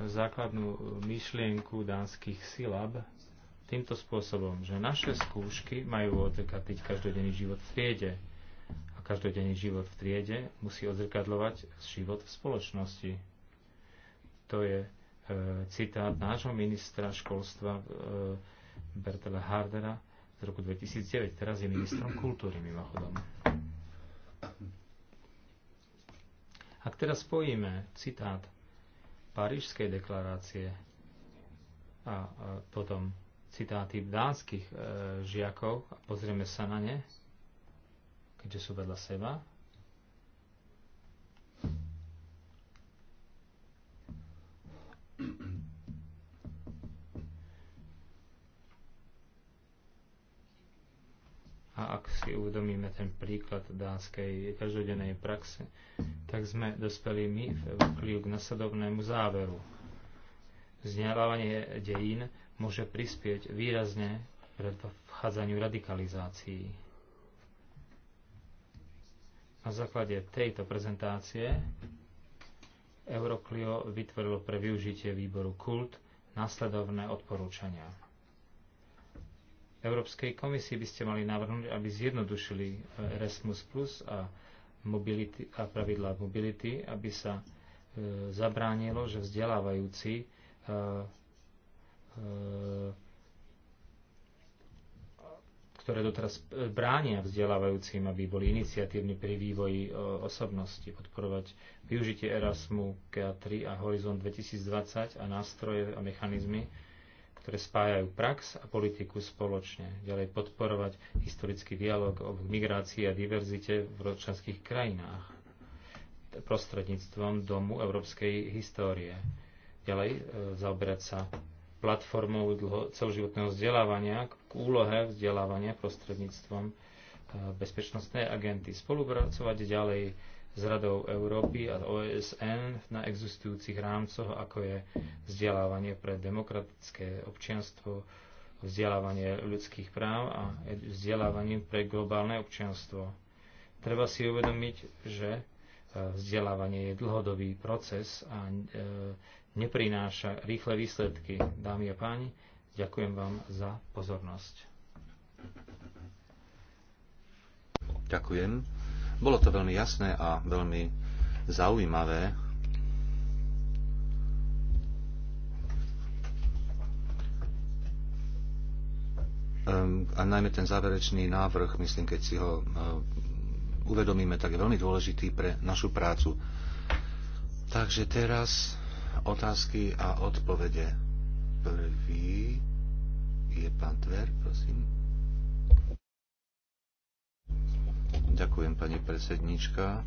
základnú myšlienku dánskych silab týmto spôsobom, že naše skúšky majú odzrkadliť každodenný život v triede a každodenný život v triede musí odzrkadľovať život v spoločnosti. To je e, citát nášho ministra školstva e, Bertela Hardera, z roku 2009. Teraz je ministrom kultúry mimochodom. Ak teraz spojíme citát Parížskej deklarácie a potom citáty dánskych e, žiakov a pozrieme sa na ne, keďže sú vedľa seba, A ak si uvedomíme ten príklad dánskej každodennej praxe, tak sme dospeli my v Evokliu k nasledovnému záveru. Vzdelávanie dejín môže prispieť výrazne pred vchádzaniu radikalizácií. Na základe tejto prezentácie Euroklio vytvorilo pre využitie výboru Kult následovné odporúčania. Európskej komisii by ste mali navrhnúť, aby zjednodušili e, Erasmus Plus a, mobility, a pravidlá mobility, aby sa e, zabránilo, že vzdelávajúci e, e, ktoré doteraz e, bránia vzdelávajúcim, aby boli iniciatívni pri vývoji e, osobnosti, podporovať využitie Erasmu, K3 a Horizon 2020 a nástroje a mechanizmy, ktoré spájajú prax a politiku spoločne. Ďalej podporovať historický dialog o migrácii a diverzite v členských krajinách prostredníctvom Domu európskej histórie. Ďalej e, zaoberať sa platformou dlho, celoživotného vzdelávania k úlohe vzdelávania prostredníctvom e, bezpečnostnej agenty. Spolupracovať ďalej s Radou Európy a OSN na existujúcich rámcoch, ako je vzdelávanie pre demokratické občianstvo, vzdelávanie ľudských práv a vzdelávanie pre globálne občianstvo. Treba si uvedomiť, že e, vzdelávanie je dlhodobý proces a e, neprináša rýchle výsledky. Dámy a páni, ďakujem vám za pozornosť. Ďakujem. Bolo to veľmi jasné a veľmi zaujímavé. Ehm, a najmä ten záverečný návrh, myslím, keď si ho ehm, uvedomíme, tak je veľmi dôležitý pre našu prácu. Takže teraz otázky a odpovede. Prvý je pán Tver, prosím. Ďakujem, pani predsednička.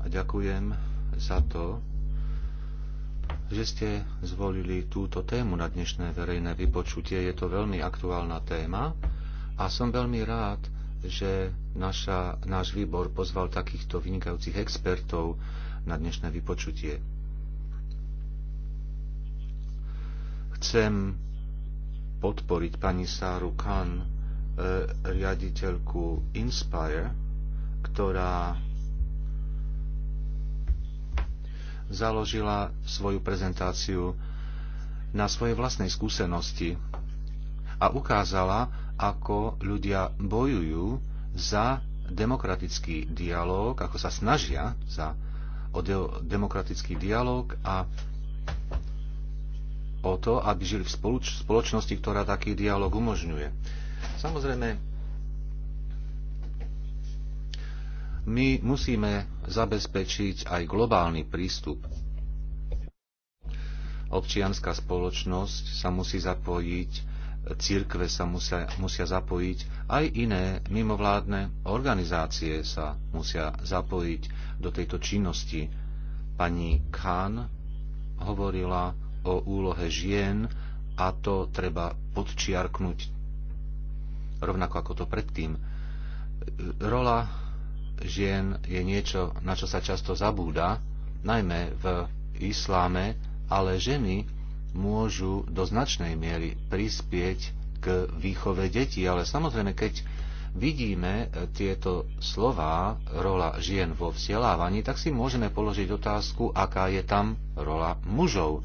A ďakujem za to, že ste zvolili túto tému na dnešné verejné vypočutie. Je to veľmi aktuálna téma a som veľmi rád, že naša, náš výbor pozval takýchto vynikajúcich expertov na dnešné vypočutie. Chcem podporiť pani Sáru Khan, e, riaditeľku Inspire, ktorá založila svoju prezentáciu na svojej vlastnej skúsenosti a ukázala, ako ľudia bojujú za demokratický dialog, ako sa snažia za o demokratický dialog a o to, aby žili v spoloč- spoločnosti, ktorá taký dialog umožňuje. Samozrejme, my musíme zabezpečiť aj globálny prístup. Občianská spoločnosť sa musí zapojiť, církve sa musia, musia zapojiť, aj iné mimovládne organizácie sa musia zapojiť do tejto činnosti. Pani Khan hovorila o úlohe žien a to treba podčiarknúť rovnako ako to predtým. Rola žien je niečo, na čo sa často zabúda, najmä v isláme, ale ženy môžu do značnej miery prispieť k výchove detí. Ale samozrejme, keď vidíme tieto slova rola žien vo vzdelávaní, tak si môžeme položiť otázku, aká je tam rola mužov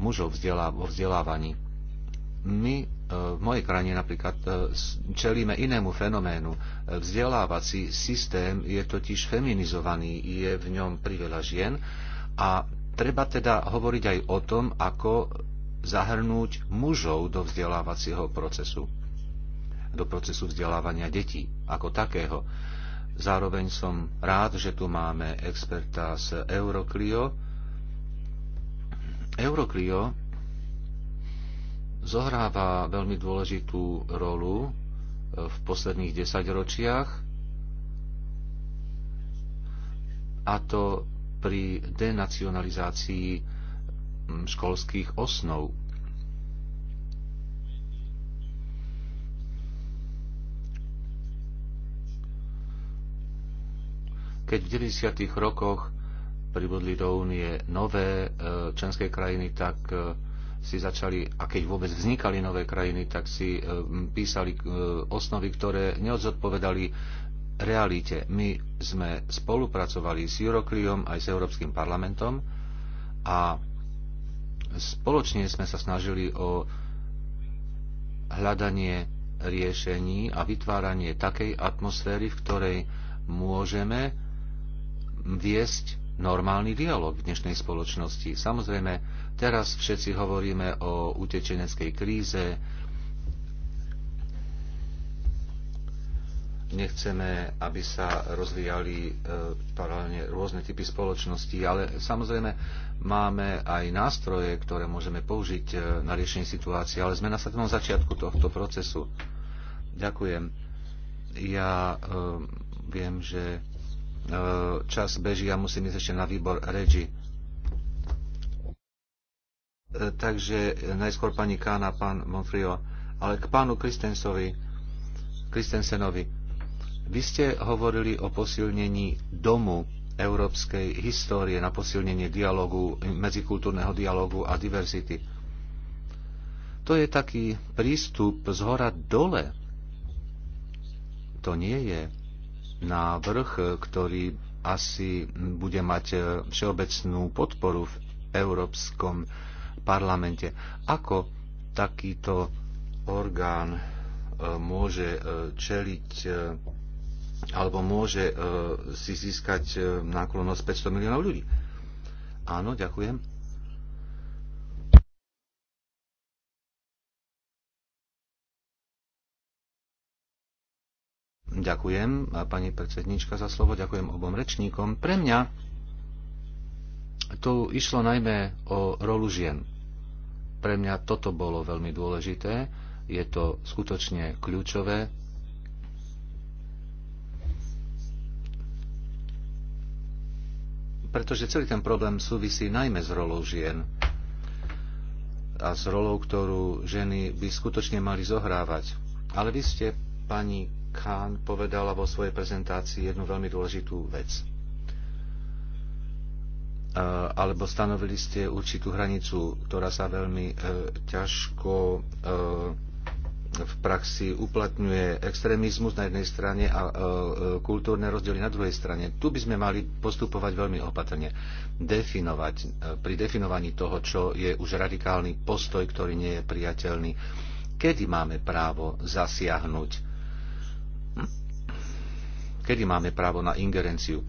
mužov vo vzdelávaní. My e, v mojej krajine napríklad e, čelíme inému fenoménu. E, vzdelávací systém je totiž feminizovaný, je v ňom priveľa žien a treba teda hovoriť aj o tom, ako zahrnúť mužov do vzdelávacieho procesu, do procesu vzdelávania detí ako takého. Zároveň som rád, že tu máme experta z Euroclio, Euroclio zohráva veľmi dôležitú rolu e, v posledných desaťročiach a to pri denacionalizácii školských osnov. Keď v 90. rokoch pribudli do únie nové e, členské krajiny, tak e, si začali, a keď vôbec vznikali nové krajiny, tak si e, písali osnovy, ktoré neodzodpovedali realite. My sme spolupracovali s Eurokliom aj s Európskym parlamentom a spoločne sme sa snažili o hľadanie riešení a vytváranie takej atmosféry, v ktorej môžeme viesť normálny dialog v dnešnej spoločnosti. Samozrejme, teraz všetci hovoríme o utečeneckej kríze, nechceme, aby sa rozvíjali e, paralelne rôzne typy spoločnosti, ale samozrejme máme aj nástroje, ktoré môžeme použiť e, na riešenie situácie, ale sme na samotnom začiatku tohto procesu. Ďakujem. Ja e, viem, že E, čas beží a musím ísť ešte na výbor Regi. E, takže najskôr pani Kána, pán Monfrio, ale k pánu Kristensovi, Kristensenovi. Vy ste hovorili o posilnení domu európskej histórie na posilnenie dialogu, medzikultúrneho dialogu a diverzity. To je taký prístup z hora dole. To nie je návrh, ktorý asi bude mať e, všeobecnú podporu v Európskom parlamente. Ako takýto orgán e, môže e, čeliť alebo môže si získať náklonosť 500 miliónov ľudí? Áno, ďakujem. Ďakujem, pani predsednička, za slovo. Ďakujem obom rečníkom. Pre mňa tu išlo najmä o rolu žien. Pre mňa toto bolo veľmi dôležité. Je to skutočne kľúčové. Pretože celý ten problém súvisí najmä s rolou žien a s rolou, ktorú ženy by skutočne mali zohrávať. Ale vy ste, pani Khan povedala vo svojej prezentácii jednu veľmi dôležitú vec. E, alebo stanovili ste určitú hranicu, ktorá sa veľmi e, ťažko e, v praxi uplatňuje extrémizmus na jednej strane a kultúrne rozdiely na druhej strane. Tu by sme mali postupovať veľmi opatrne. Definovať, pri definovaní toho, čo je už radikálny postoj, ktorý nie je priateľný, kedy máme právo zasiahnuť kedy máme právo na ingerenciu.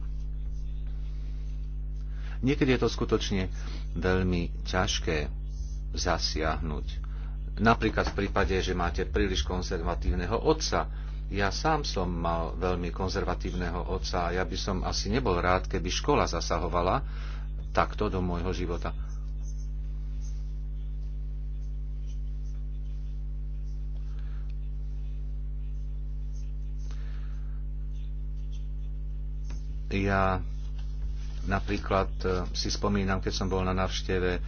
Niekedy je to skutočne veľmi ťažké zasiahnuť. Napríklad v prípade, že máte príliš konzervatívneho otca. Ja sám som mal veľmi konzervatívneho otca a ja by som asi nebol rád, keby škola zasahovala takto do môjho života. Ja napríklad e, si spomínam, keď som bol na návšteve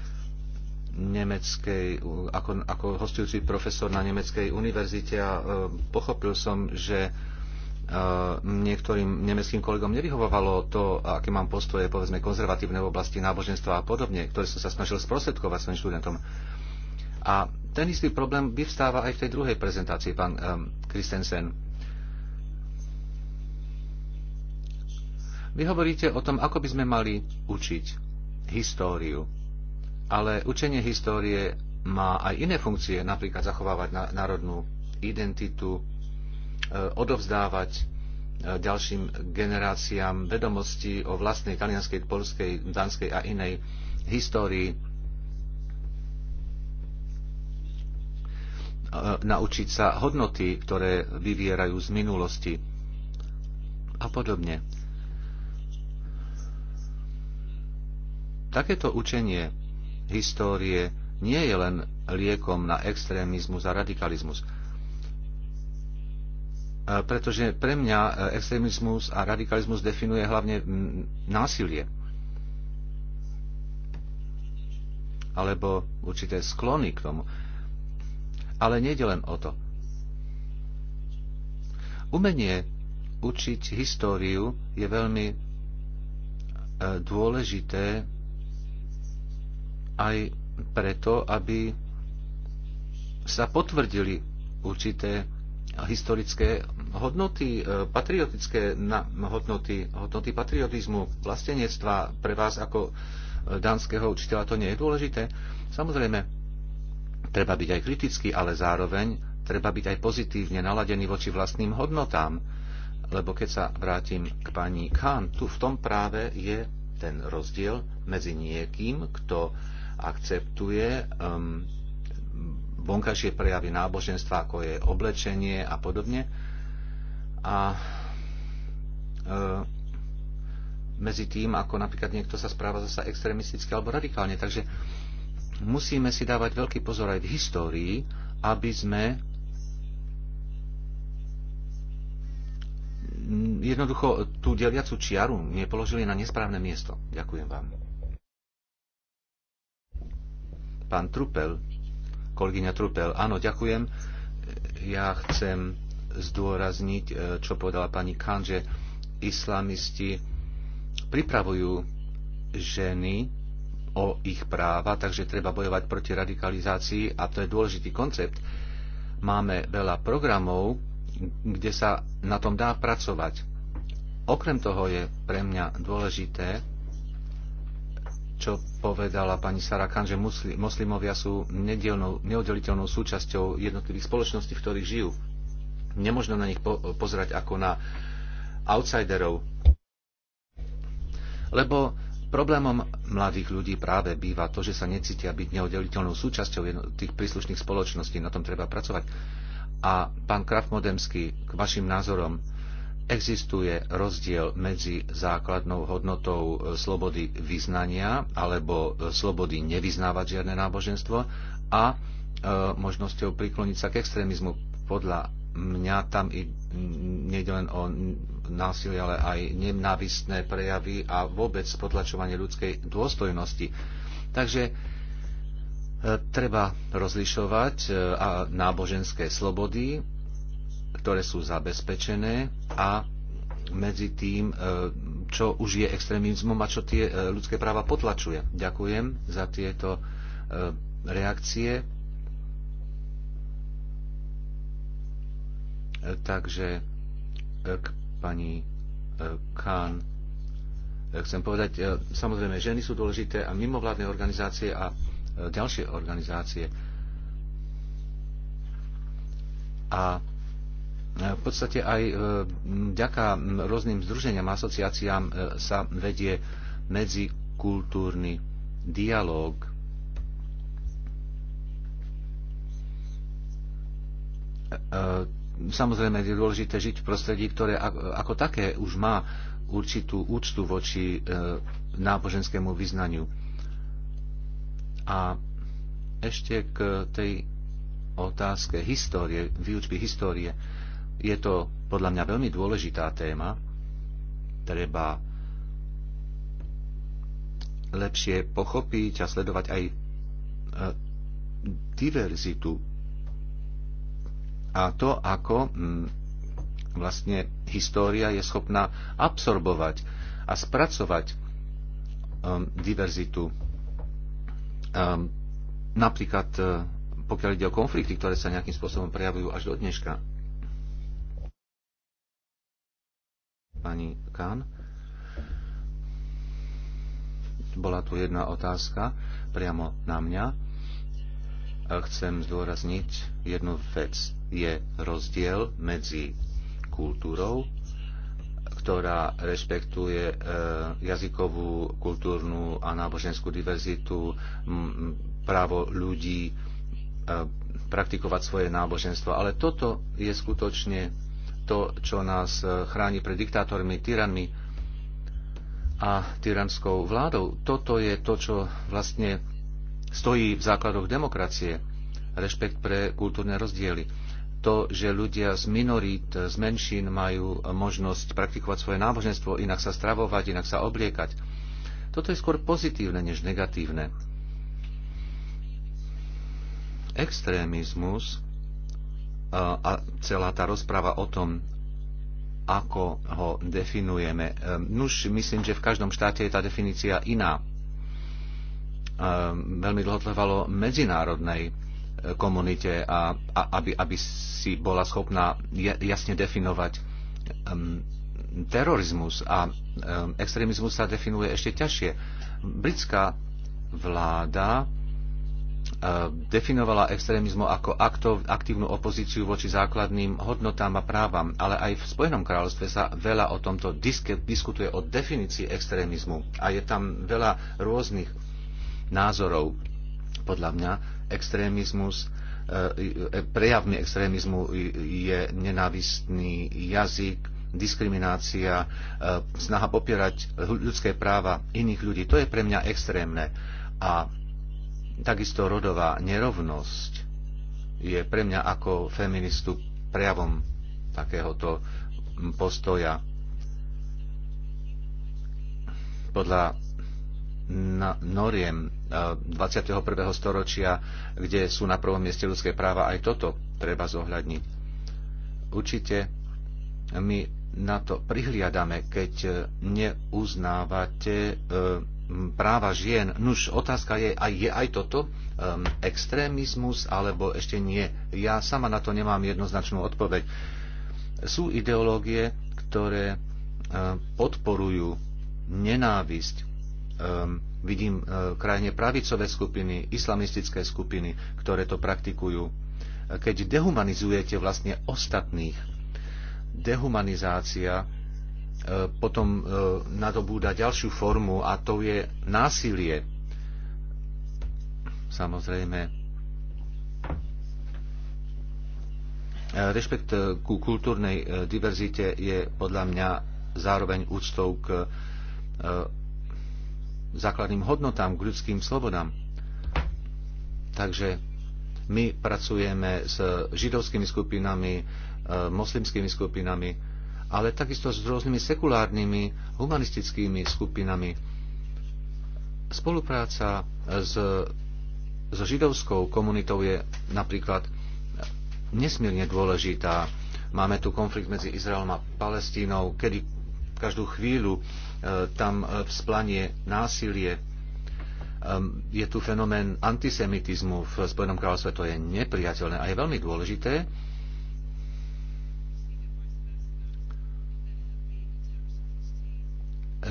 nemeckej, ako, ako hostujúci profesor na nemeckej univerzite a e, pochopil som, že e, niektorým nemeckým kolegom nevyhovovalo to, aké mám postoje, povedzme, konzervatívne v oblasti náboženstva a podobne, ktoré som sa snažil sprostredkovať svojim študentom. A ten istý problém vyvstáva aj v tej druhej prezentácii, pán um, Christensen. Vy hovoríte o tom, ako by sme mali učiť históriu. Ale učenie histórie má aj iné funkcie, napríklad zachovávať národnú identitu, e, odovzdávať e, ďalším generáciám vedomosti o vlastnej talianskej, polskej, danskej a inej histórii. E, naučiť sa hodnoty, ktoré vyvierajú z minulosti a podobne. Takéto učenie histórie nie je len liekom na extrémizmus a radikalizmus. E, pretože pre mňa e, extrémizmus a radikalizmus definuje hlavne násilie. Alebo určité sklony k tomu. Ale nejde len o to. Umenie učiť históriu je veľmi e, dôležité aj preto, aby sa potvrdili určité historické hodnoty, e, patriotické hodnoty, hodnoty patriotizmu, vlastenectva pre vás ako e, dánskeho učiteľa to nie je dôležité. Samozrejme, treba byť aj kritický, ale zároveň treba byť aj pozitívne naladený voči vlastným hodnotám. Lebo keď sa vrátim k pani Khan, tu v tom práve je ten rozdiel medzi niekým, kto akceptuje um, vonkajšie prejavy náboženstva, ako je oblečenie a podobne. A e, medzi tým, ako napríklad niekto sa správa zase extrémisticky alebo radikálne. Takže musíme si dávať veľký pozor aj v histórii, aby sme jednoducho tú deliacu čiaru nepoložili na nesprávne miesto. Ďakujem vám. Pán Trupel, kolegyňa Trupel, áno, ďakujem. Ja chcem zdôrazniť, e, čo povedala pani Khan, že islamisti pripravujú ženy o ich práva, takže treba bojovať proti radikalizácii a to je dôležitý koncept. Máme veľa programov, kde sa na tom dá pracovať. Okrem toho je pre mňa dôležité, čo povedala pani Sarakan, že musli, moslimovia sú neoddeliteľnou súčasťou jednotlivých spoločností, v ktorých žijú. Nemožno na nich po, pozerať ako na outsiderov. Lebo problémom mladých ľudí práve býva to, že sa necítia byť neoddeliteľnou súčasťou tých príslušných spoločností. Na tom treba pracovať. A pán Kraft Modemsky, k vašim názorom, Existuje rozdiel medzi základnou hodnotou e, slobody vyznania alebo e, slobody nevyznávať žiadne náboženstvo a e, možnosťou prikloniť sa k extrémizmu. Podľa mňa tam i, nejde len o násilie, ale aj nenávistné prejavy a vôbec potlačovanie ľudskej dôstojnosti. Takže e, treba rozlišovať e, a náboženské slobody ktoré sú zabezpečené a medzi tým, e, čo už je extrémizmom a čo tie e, ľudské práva potlačuje. Ďakujem za tieto e, reakcie. Takže k pani Kán chcem povedať, samozrejme, ženy sú dôležité a mimovládne organizácie a ďalšie organizácie. A v podstate aj e, vďaka rôznym združeniam, asociáciám e, sa vedie medzikultúrny dialog. E, samozrejme je dôležité žiť v prostredí, ktoré ako také už má určitú úctu voči náboženskému vyznaniu. A ešte k tej otázke histórie, výučby histórie. Je to podľa mňa veľmi dôležitá téma. Treba lepšie pochopiť a sledovať aj e, diverzitu a to, ako mm, vlastne história je schopná absorbovať a spracovať um, diverzitu. Um, napríklad, e, pokiaľ ide o konflikty, ktoré sa nejakým spôsobom prejavujú až do dneška, Pani Kán. Bola tu jedna otázka priamo na mňa. Chcem zdôrazniť jednu vec. Je rozdiel medzi kultúrou, ktorá rešpektuje e, jazykovú, kultúrnu a náboženskú diverzitu, právo ľudí e, praktikovať svoje náboženstvo. Ale toto je skutočne to, čo nás e, chráni pred diktátormi, tyranmi a tyranskou vládou. Toto je to, čo vlastne stojí v základoch demokracie. Rešpekt pre kultúrne rozdiely. To, že ľudia z minorít, z menšín majú možnosť praktikovať svoje náboženstvo, inak sa stravovať, inak sa obliekať. Toto je skôr pozitívne než negatívne. Extrémizmus a celá tá rozpráva o tom, ako ho definujeme. Ehm, nuž, myslím, že v každom štáte je tá definícia iná. Ehm, veľmi dlho trvalo medzinárodnej e, komunite, a, a, aby, aby si bola schopná jasne definovať ehm, terorizmus a extrémizmus sa definuje ešte ťažšie. Britská vláda E, definovala extrémizmu ako aktov, aktívnu opozíciu voči základným hodnotám a právam, ale aj v Spojenom kráľovstve sa veľa o tomto diske, diskutuje o definícii extrémizmu a je tam veľa rôznych názorov. Podľa mňa extrémizmus e, e, prejavmi extrémizmu je nenávistný jazyk, diskriminácia, snaha popierať ľudské práva iných ľudí. To je pre mňa extrémne. A Takisto rodová nerovnosť je pre mňa ako feministu prejavom takéhoto postoja. Podľa noriem 21. E, storočia, kde sú na prvom mieste ľudské práva, aj toto treba zohľadniť. Určite my na to prihliadame, keď e, neuznávate e, práva žien. Nuž, otázka je, aj, je aj toto um, extrémizmus, alebo ešte nie. Ja sama na to nemám jednoznačnú odpoveď. Sú ideológie, ktoré um, podporujú nenávisť. Um, vidím um, krajne pravicové skupiny, islamistické skupiny, ktoré to praktikujú. Keď dehumanizujete vlastne ostatných, dehumanizácia E, potom e, nadobúda ďalšiu formu a to je násilie. Samozrejme, e, rešpekt ku kultúrnej diverzite je podľa mňa zároveň úctou k základným hodnotám, k ľudským slobodám. Takže my pracujeme s židovskými skupinami, moslimskými skupinami, ale takisto s rôznymi sekulárnymi, humanistickými skupinami. Spolupráca s, s židovskou komunitou je napríklad nesmierne dôležitá. Máme tu konflikt medzi Izraelom a Palestínou, kedy každú chvíľu e, tam vzplanie e, násilie. E, je tu fenomén antisemitizmu v Spojenom kráľovstve, to je nepriateľné a je veľmi dôležité,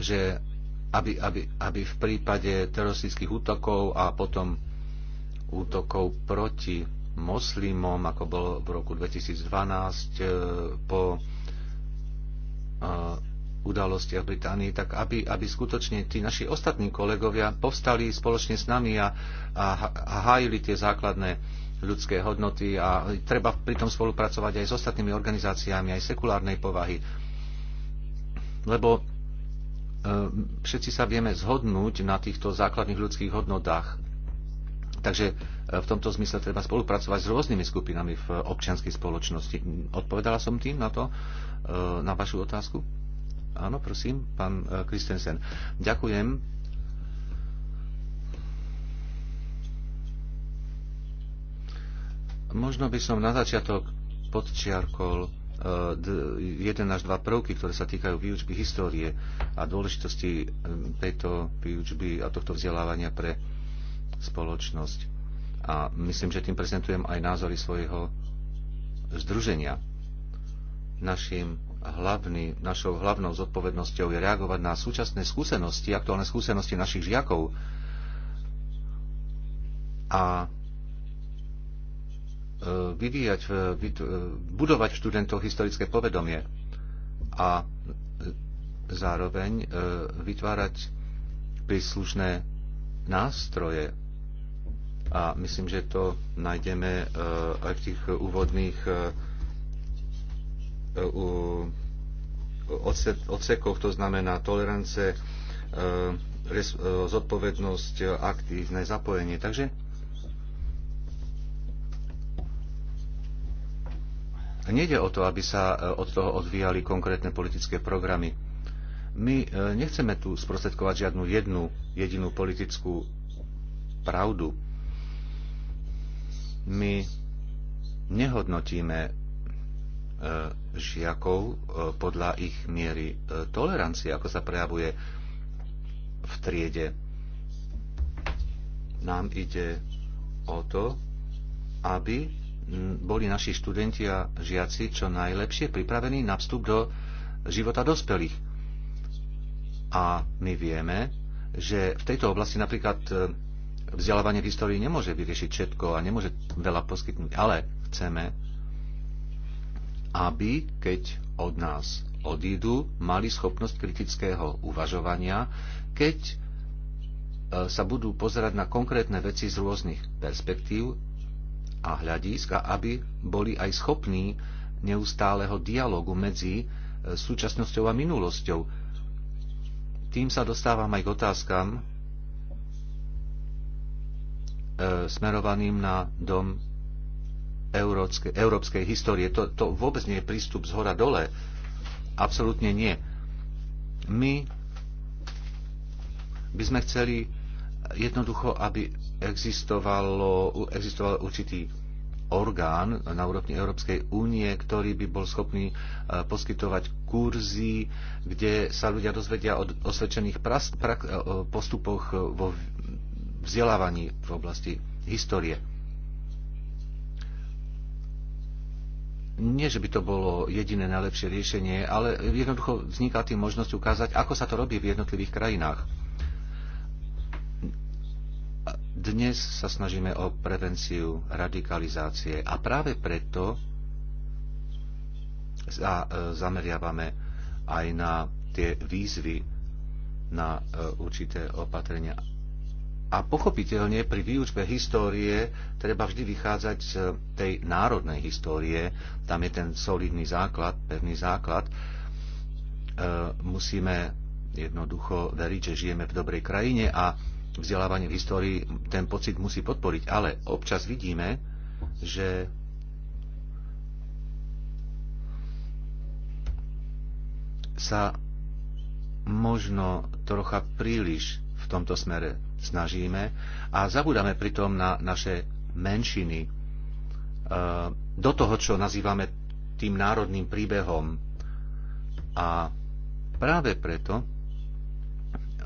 že aby, aby, aby v prípade teroristických útokov a potom útokov proti moslimom, ako bolo v roku 2012 eh, po eh, udalostiach Británii, tak aby, aby skutočne tí naši ostatní kolegovia povstali spoločne s nami a, a, a hájili tie základné ľudské hodnoty a treba pritom spolupracovať aj s ostatnými organizáciami, aj sekulárnej povahy. Lebo Ehm, všetci sa vieme zhodnúť na týchto základných ľudských hodnotách. Takže e, v tomto zmysle treba spolupracovať s rôznymi skupinami v občianskej spoločnosti. Odpovedala som tým na to, e, na vašu otázku? Áno, prosím, pán Kristensen. E, Ďakujem. Možno by som na začiatok podčiarkol Eh, jeden až dva prvky, ktoré sa týkajú výučby histórie a dôležitosti eh, tejto výučby a tohto vzdelávania pre spoločnosť. A myslím, že tým prezentujem aj názory svojho združenia. Našim hlavný, našou hlavnou zodpovednosťou je reagovať na súčasné skúsenosti, aktuálne skúsenosti našich žiakov a vyvíjať, e, e, budovať v študentoch historické povedomie a zároveň e, vytvárať príslušné nástroje. A myslím, že to nájdeme aj v tých úvodných odsekoch, to znamená tolerance, zodpovednosť, aktívne zapojenie. Takže Nede o to, aby sa e, od toho odvíjali konkrétne politické programy. My e, nechceme tu sprostredkovať žiadnu jednu jedinú politickú pravdu. My nehodnotíme e, žiakov podľa ich miery tolerancie, ako sa prejavuje v triede. Nám ide o to, aby boli naši študenti a žiaci čo najlepšie pripravení na vstup do života dospelých. A my vieme, že v tejto oblasti napríklad e, vzdelávanie v histórii nemôže vyriešiť všetko a nemôže veľa poskytnúť, ale chceme, aby keď od nás odídu, mali schopnosť kritického uvažovania, keď e, sa budú pozerať na konkrétne veci z rôznych perspektív a hľadísk a aby boli aj schopní neustáleho dialogu medzi e, súčasnosťou a minulosťou. Tým sa dostávam aj k otázkam e, smerovaným na dom európskej, európskej histórie. To, to vôbec nie je prístup z hora dole. Absolútne nie. My by sme chceli jednoducho, aby existovalo, existoval určitý orgán na úrovni Európskej únie, ktorý by bol schopný e, poskytovať kurzy, kde sa ľudia dozvedia e, o osvedčených postupoch e, vo vzdelávaní v oblasti histórie. Nie, že by to bolo jediné najlepšie riešenie, ale jednoducho vzniká tým možnosť ukázať, ako sa to robí v jednotlivých krajinách. Dnes sa snažíme o prevenciu radikalizácie a práve preto za, e, zameriavame aj na tie výzvy, na e, určité opatrenia. A pochopiteľne pri výučbe histórie treba vždy vychádzať z tej národnej histórie. Tam je ten solidný základ, pevný základ. E, musíme jednoducho veriť, že žijeme v dobrej krajine a vzdelávanie v histórii ten pocit musí podporiť, ale občas vidíme, že sa možno trocha príliš v tomto smere snažíme a zabudáme pritom na naše menšiny e, do toho, čo nazývame tým národným príbehom. A práve preto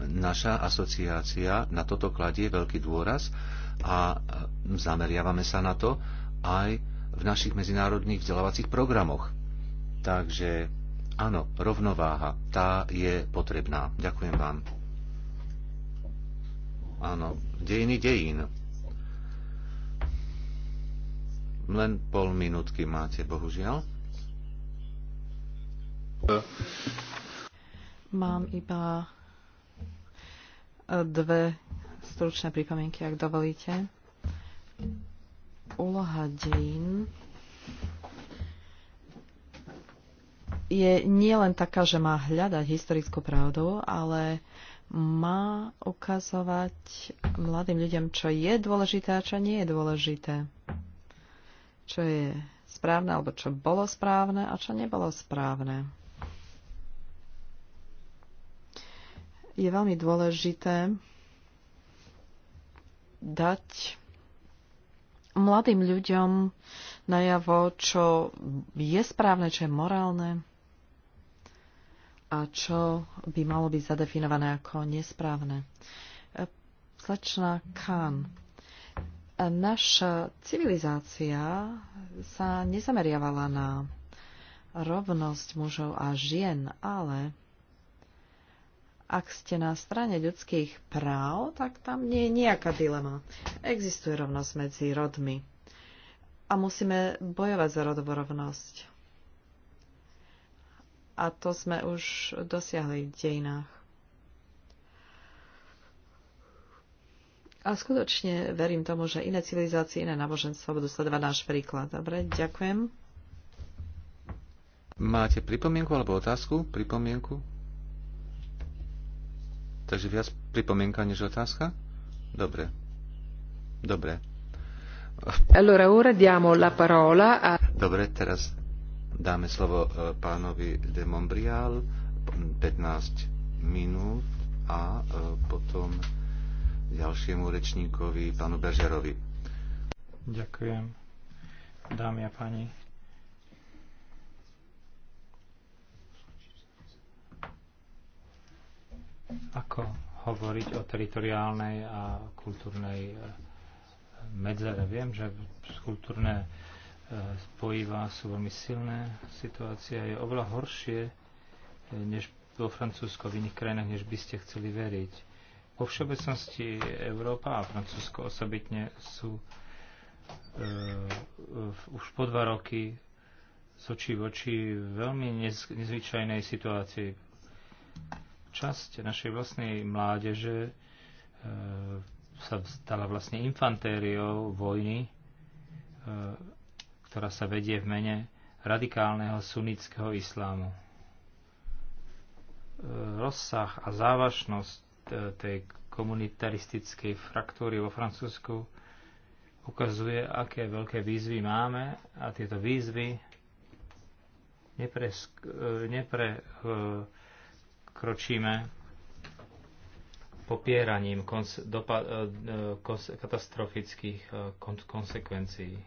naša asociácia na toto kladie veľký dôraz a zameriavame sa na to aj v našich medzinárodných vzdelávacích programoch. Takže áno, rovnováha, tá je potrebná. Ďakujem vám. Áno, dejiny dejín. Len pol minútky máte, bohužiaľ. Mám iba dve stručné pripomienky, ak dovolíte. Úloha dejín je nielen taká, že má hľadať historickú pravdu, ale má ukazovať mladým ľuďom, čo je dôležité a čo nie je dôležité. Čo je správne, alebo čo bolo správne a čo nebolo správne. je veľmi dôležité dať mladým ľuďom najavo, čo je správne, čo je morálne a čo by malo byť zadefinované ako nesprávne. Slečna Khan. Naša civilizácia sa nezameriavala na rovnosť mužov a žien, ale ak ste na strane ľudských práv, tak tam nie je nejaká dilema. Existuje rovnosť medzi rodmi. A musíme bojovať za rodovú rovnosť. A to sme už dosiahli v dejinách. A skutočne verím tomu, že iné civilizácie, iné náboženstvo budú sledovať náš príklad. Dobre, ďakujem. Máte pripomienku alebo otázku? Pripomienku? Takže viac pripomienka než otázka? Dobre. Dobre. Allora, ora diamo la parola a... Dobre, teraz dáme slovo e, pánovi de Montbrial 15 minút a e, potom ďalšiemu rečníkovi, pánu Bežerovi. Ďakujem. Dámy a páni, Ako hovoriť o teritoriálnej a kultúrnej e, medzere? Viem, že kultúrne e, spojivá sú veľmi silné. Situácia je oveľa horšie e, než vo Francúzsko v iných krajinách, než by ste chceli veriť. Po všeobecnosti Európa a Francúzsko osobitne sú uh, už po dva roky z očí v oči veľmi nez, nezvyčajnej situácii časť našej vlastnej mládeže e, sa stala vlastne infantériou vojny, e, ktorá sa vedie v mene radikálneho sunnického islámu. E, rozsah a závažnosť tej komunitaristickej fraktúry vo Francúzsku ukazuje, aké veľké výzvy máme a tieto výzvy nepre, nepre kročíme popieraním kons- dopa- e, e, kons- katastrofických e, kon- konsekvencií.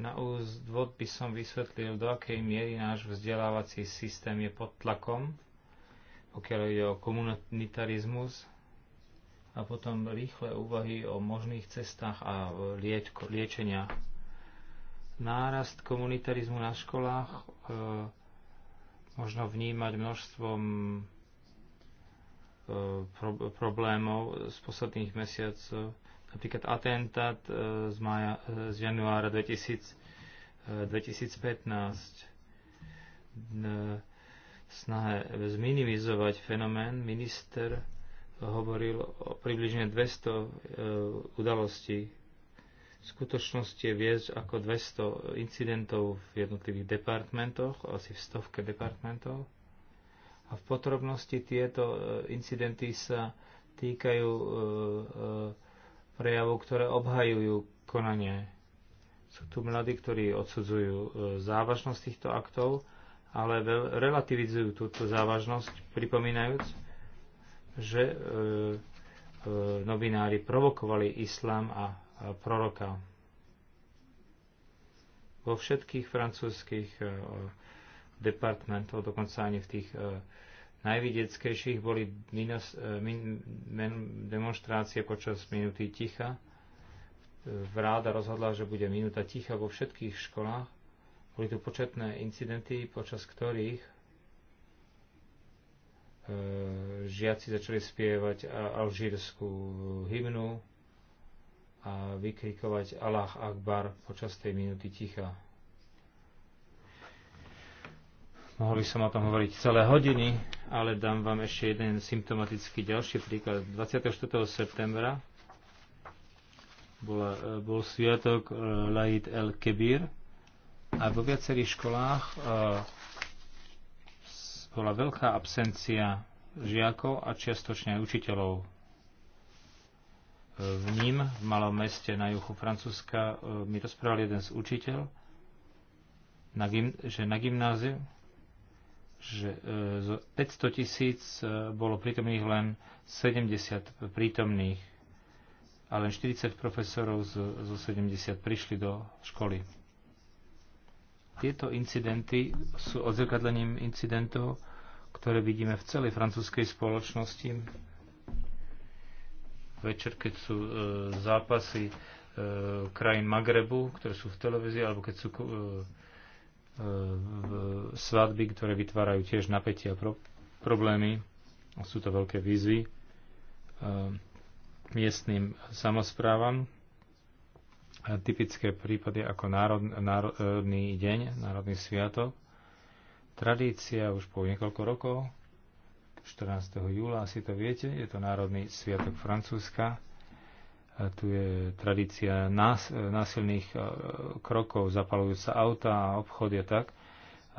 Na úvod by som vysvetlil, do akej miery náš vzdelávací systém je pod tlakom, pokiaľ ide o komunitarizmus, a potom rýchle úvahy o možných cestách a lieč- liečenia. Nárast komunitarizmu na školách e, možno vnímať množstvom e, problémov z posledných mesiacov. Napríklad atentát e, z, maja, e, z januára 2015 snahe zminimizovať fenomén. Minister hovoril o približne 200 udalostí v skutočnosti je viac ako 200 incidentov v jednotlivých departmentoch, asi v stovke departmentov. A v podrobnosti tieto e, incidenty sa týkajú e, e, prejavov, ktoré obhajujú konanie. Sú tu mladí, ktorí odsudzujú závažnosť týchto aktov, ale relativizujú túto závažnosť, pripomínajúc, že novinári provokovali islám a proroka. Vo všetkých francúzských e, departmentov, dokonca ani v tých e, najvideckejších, boli minos, e, min, men, demonstrácie počas minuty ticha. Vráda rozhodla, že bude minúta ticha vo všetkých školách. Boli tu početné incidenty, počas ktorých žiaci začali spievať alžírskú hymnu, a vykrikovať Allah Akbar počas tej minúty ticha. Mohol by som o tom hovoriť celé hodiny, ale dám vám ešte jeden symptomatický ďalší príklad. 24. septembra bol, e, bol sviatok e, Laid el Kebir a vo viacerých školách e, bola veľká absencia žiakov a čiastočne aj učiteľov v Ním, v malom meste na juhu Francúzska, e, mi rozprával jeden z učiteľ, na gym, že na gymnáziu, že e, z 500 tisíc e, bolo prítomných len 70 prítomných a len 40 profesorov zo 70 prišli do školy. Tieto incidenty sú odzrkadlením incidentov, ktoré vidíme v celej francúzskej spoločnosti, večer, keď sú e, zápasy e, krajín Magrebu, ktoré sú v televízii, alebo keď sú e, e, svadby, ktoré vytvárajú tiež napätia pro, problémy. Sú to veľké výzvy e, miestným samozprávam. A typické prípady ako národ, národný deň, národný sviatok. Tradícia už po niekoľko rokov 14. júla, asi to viete, je to Národný sviatok Francúzska. A tu je tradícia nás, e, násilných e, krokov, zapalujú sa auta a obchody a tak.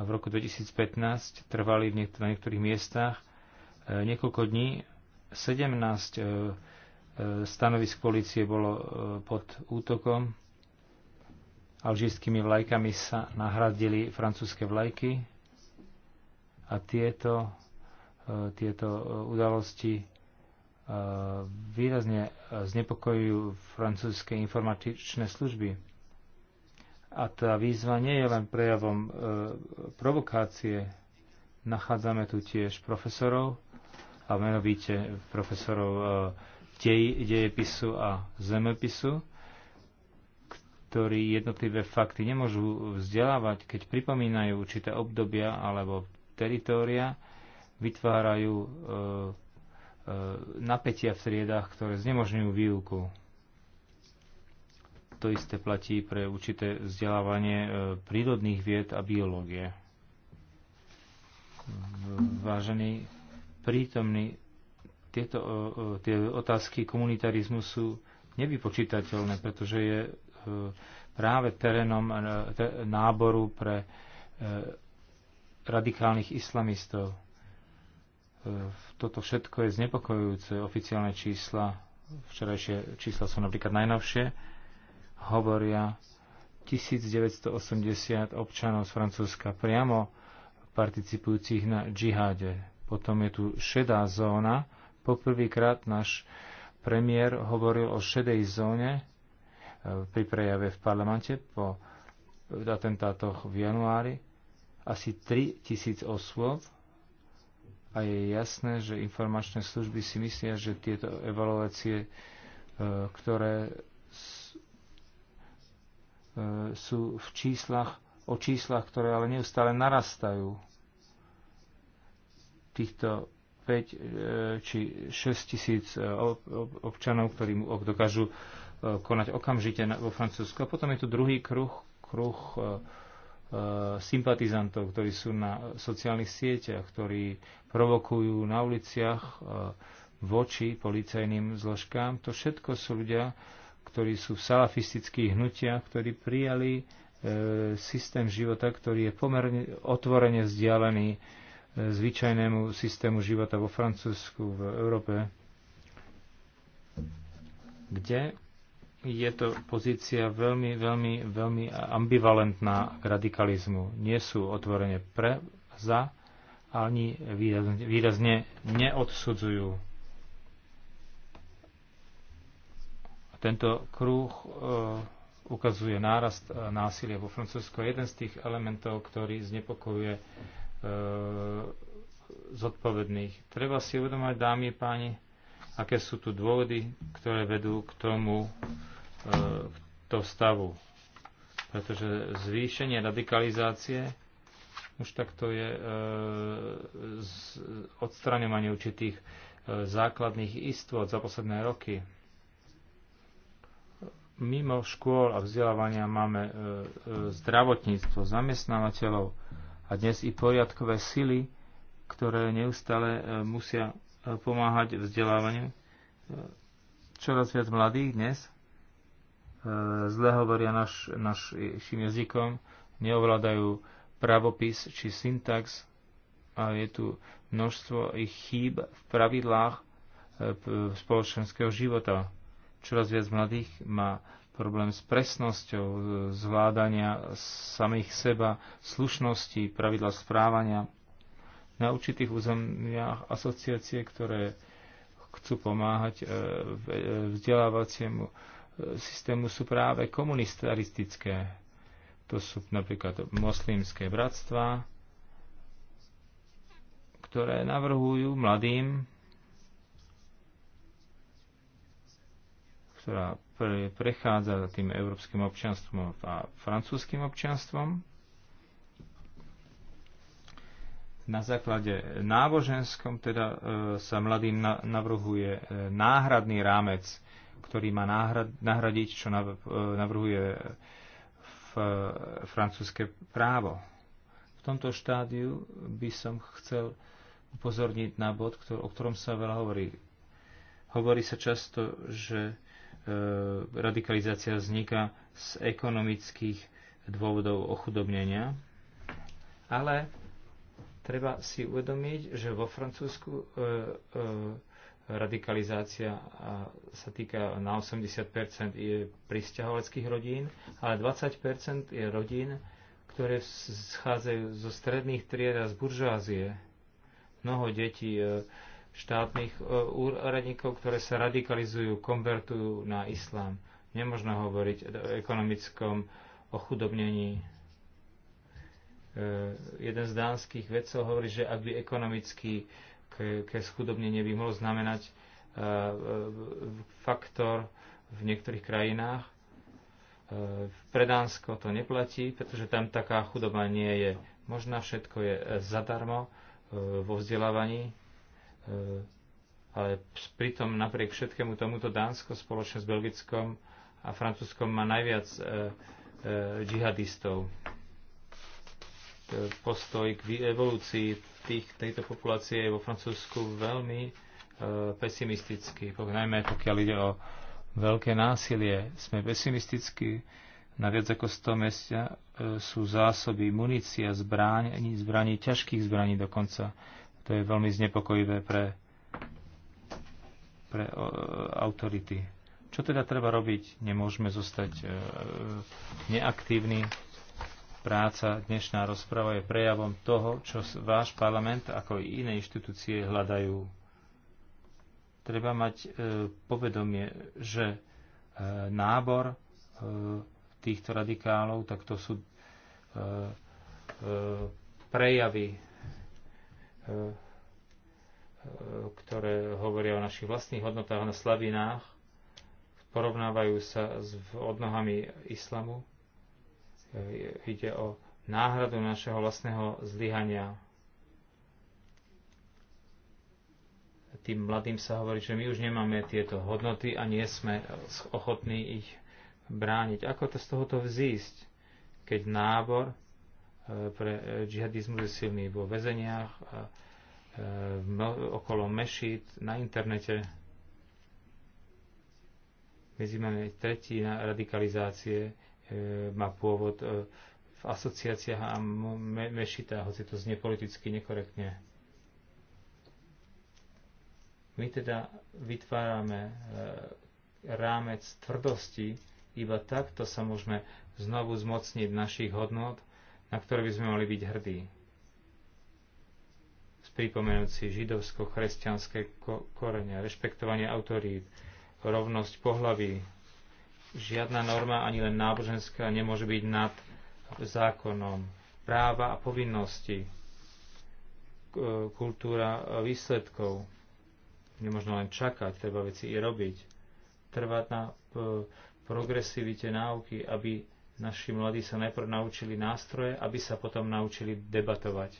A v roku 2015 trvali v niektor- na niektorých miestach e, niekoľko dní 17 stanovisk policie bolo pod útokom. Alžírskými vlajkami sa nahradili francúzske vlajky a tieto E, tieto e, udalosti e, výrazne znepokojujú francúzske informatičné služby. A tá výzva nie je len prejavom provokácie. Nachádzame tu tiež profesorov, a menovite profesorov dej, dejepisu a zemepisu, ktorí jednotlivé fakty nemôžu vzdelávať, keď pripomínajú určité obdobia alebo teritória, vytvárajú e, e, napätia v triedách, ktoré znemožňujú výuku. To isté platí pre určité vzdelávanie e, prírodných vied a biológie. Vážený prítomný, tieto tie otázky komunitarizmu sú nevypočítateľné, pretože je práve terénom náboru pre radikálnych islamistov toto všetko je znepokojujúce. Oficiálne čísla, včerajšie čísla sú napríklad najnovšie, hovoria 1980 občanov z Francúzska priamo participujúcich na džiháde. Potom je tu šedá zóna. Poprvýkrát náš premiér hovoril o šedej zóne e, pri prejave v parlamente po atentátoch v januári. Asi 3000 osôb a je jasné, že informačné služby si myslia, že tieto evaluácie, e, ktoré e, sú v číslach, o číslach, ktoré ale neustále narastajú, týchto 5 e, či 6 tisíc občanov, ktorí dokážu konať okamžite vo Francúzsku. A potom je tu druhý kruh, kruh Eh, sympatizantov, ktorí sú na sociálnych sieťach, ktorí provokujú na uliciach eh, voči policajným zložkám. To všetko sú ľudia, ktorí sú v salafistických hnutiach, ktorí prijali eh, systém života, ktorý je pomerne otvorene vzdialený zvyčajnému systému života vo Francúzsku, v Európe, kde je to pozícia veľmi, veľmi, veľmi ambivalentná k radikalizmu. Nie sú otvorene pre, za ani výrazne, výrazne neodsudzujú. Tento kruh e, ukazuje nárast eh, násilia vo Francúzsku. Jeden z tých elementov, ktorý znepokojuje e, zodpovedných. Treba si uvedomať, dámy a páni, aké sú tu dôvody, ktoré vedú k tomu, to stavu. Pretože zvýšenie radikalizácie už takto je e, odstraňovanie určitých e, základných istôt za posledné roky. Mimo škôl a vzdelávania máme e, zdravotníctvo, zamestnávateľov a dnes i poriadkové sily, ktoré neustále musia pomáhať vzdelávaniu. Čoraz viac mladých dnes zle hovoria naš, našim jazykom, neovládajú pravopis či syntax a je tu množstvo ich chýb v pravidlách e, spoločenského života. Čoraz viac mladých má problém s presnosťou, e, zvládania samých seba, slušnosti, pravidla správania. Na určitých územiach asociácie, ktoré chcú pomáhať e, vzdelávaciemu systému sú práve komunistaristické. To sú napríklad moslimské bratstva, ktoré navrhujú mladým, ktorá pre, prechádza tým európskym občanstvom a francúzským občanstvom, na základe náboženskom teda e, sa mladým na, navrhuje e, náhradný rámec ktorý má nahradiť, čo e, navrhuje francúzske právo. V tomto štádiu by som chcel upozorniť na bod, o ktorom sa veľa hovorí. Hovorí sa často, že e, radikalizácia vzniká z ekonomických dôvodov ochudobnenia, ale treba si uvedomiť, že vo Francúzsku e, e, radikalizácia sa týka na 80 je pristahovaleckých rodín, ale 20 je rodín, ktoré schádzajú zo stredných tried a z buržoázie. Mnoho detí e, štátnych e, úradníkov, ktoré sa radikalizujú, konvertujú na islám. Nemožno hovoriť o ekonomickom ochudobnení. E, jeden z dánskych vedcov hovorí, že ak by ekonomický ke schudobnenie by mohlo znamenať eh, faktor v niektorých krajinách. Eh, Pre Dánsko to neplatí, pretože tam taká chudoba nie je možná, všetko je eh, zadarmo vo vzdelávaní, ale pritom napriek všetkému tomuto Dánsko spoločne s Belgickom a Francúzskom má najviac džihadistov postoj k evolúcii tých, tejto populácie je vo Francúzsku veľmi e, pesimistický. Najmä pokiaľ ide o veľké násilie, sme pesimistickí. Na viac ako 100 mesta e, sú zásoby munícia, zbraň, zbraní, ťažkých zbraní dokonca. To je veľmi znepokojivé pre, pre autority. Čo teda treba robiť? Nemôžeme zostať e, neaktívni práca, dnešná rozprava je prejavom toho, čo váš parlament ako i iné inštitúcie hľadajú. Treba mať e, povedomie, že e, nábor e, týchto radikálov, tak to sú e, e, prejavy, e, e ktoré hovoria o našich vlastných hodnotách na slavinách, porovnávajú sa s odnohami islamu E, ide o náhradu našeho vlastného zlyhania. Tým mladým sa hovorí, že my už nemáme tieto hodnoty a nie sme ochotní ich brániť. Ako to z tohoto vzísť, keď nábor e, pre e, džihadizmu je silný vo väzeniach, okolo mešít, na internete. Medzi máme tretina radikalizácie E, má pôvod e, v asociáciách a mešitá, hoci to znie politicky nekorektne. My teda vytvárame e, rámec tvrdosti, iba takto sa môžeme znovu zmocniť našich hodnot, na ktoré by sme mali byť hrdí. Pripomenúci židovsko-kresťanské korene, rešpektovanie autorít, rovnosť pohlaví, Žiadna norma, ani len náboženská, nemôže byť nad zákonom. Práva a povinnosti, e, kultúra výsledkov. nemôžno len čakať, treba veci i robiť. Trvať na progresivite náuky, aby naši mladí sa najprv naučili nástroje, aby sa potom naučili debatovať.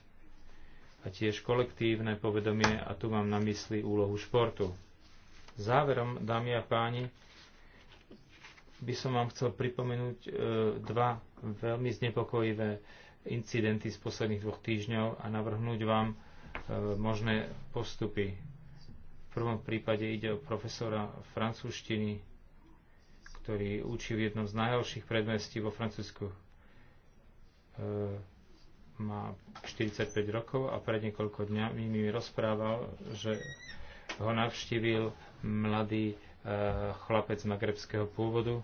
A tiež kolektívne povedomie, a tu mám na mysli úlohu športu. Záverom, dámy a páni, by som vám chcel pripomenúť e, dva veľmi znepokojivé incidenty z posledných dvoch týždňov a navrhnúť vám e, možné postupy. V prvom prípade ide o profesora francúzštiny, ktorý učí v jednom z najhorších predmestí vo Francúzsku. E, má 45 rokov a pred niekoľko dňami mi rozprával, že ho navštívil mladý e, chlapec magrebského pôvodu,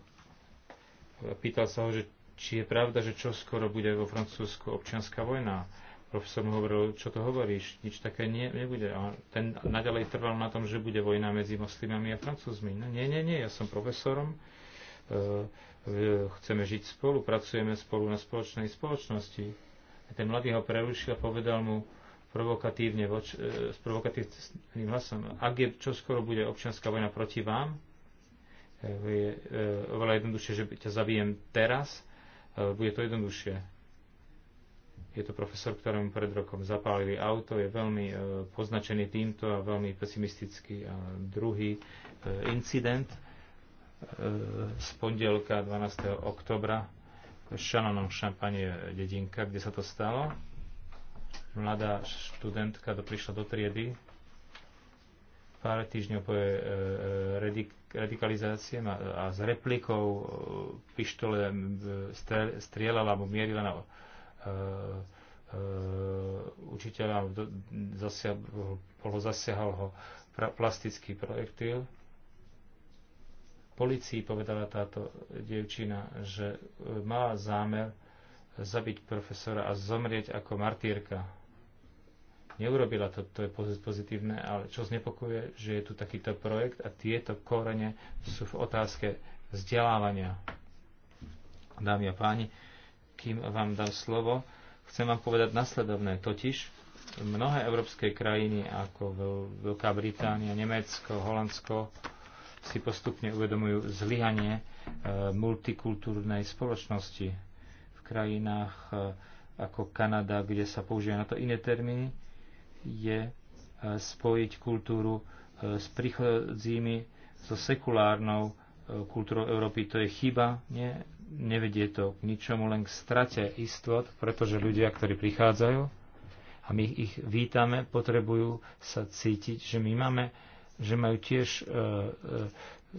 Pýtal sa ho, že či je pravda, že čo skoro bude vo Francúzsku občianská vojna. Profesor mu hovoril, čo to hovoríš, nič také nie, nebude. A ten naďalej trval na tom, že bude vojna medzi moslimami a francúzmi. No nie, nie, nie, ja som profesorom, e, e chceme žiť spolu, pracujeme spolu na spoločnej spoločnosti. A ten mladý ho prerušil a povedal mu provokatívne, voč, e, s provokatívnym hlasom, ak je čo skoro bude občianská vojna proti vám, je oveľa jednoduchšie, že ťa zabijem teraz, e, bude to jednoduchšie. Je to profesor, ktorému pred rokom zapálili auto, je veľmi e, poznačený týmto a veľmi pesimistický. A druhý e, incident z pondelka 12. oktobra v Šanonom šampanie dedinka, kde sa to stalo. Mladá študentka prišla do triedy, pár týždňov po e, e, radikalizácie a s replikou e, pištole strieľala alebo mierila na učiteľa, zasiahal ho plastický projektil. Polícii povedala táto dievčina, že má zámer zabiť profesora a zomrieť ako martýrka neurobila, to, to je pozitívne, ale čo znepokuje, že je tu takýto projekt a tieto korene sú v otázke vzdelávania. Dámy a páni, kým vám dám slovo, chcem vám povedať nasledovné. Totiž mnohé európske krajiny ako Veľká Británia, Nemecko, Holandsko si postupne uvedomujú zlyhanie e, multikultúrnej spoločnosti v krajinách e, ako Kanada, kde sa používajú na to iné termíny, je e, spojiť kultúru e, s prichodzími, so sekulárnou e, kultúrou Európy. To je chyba, nie, nevedie to k ničomu, len k strate istot, pretože ľudia, ktorí prichádzajú a my ich vítame, potrebujú sa cítiť, že my máme, že majú tiež e, e,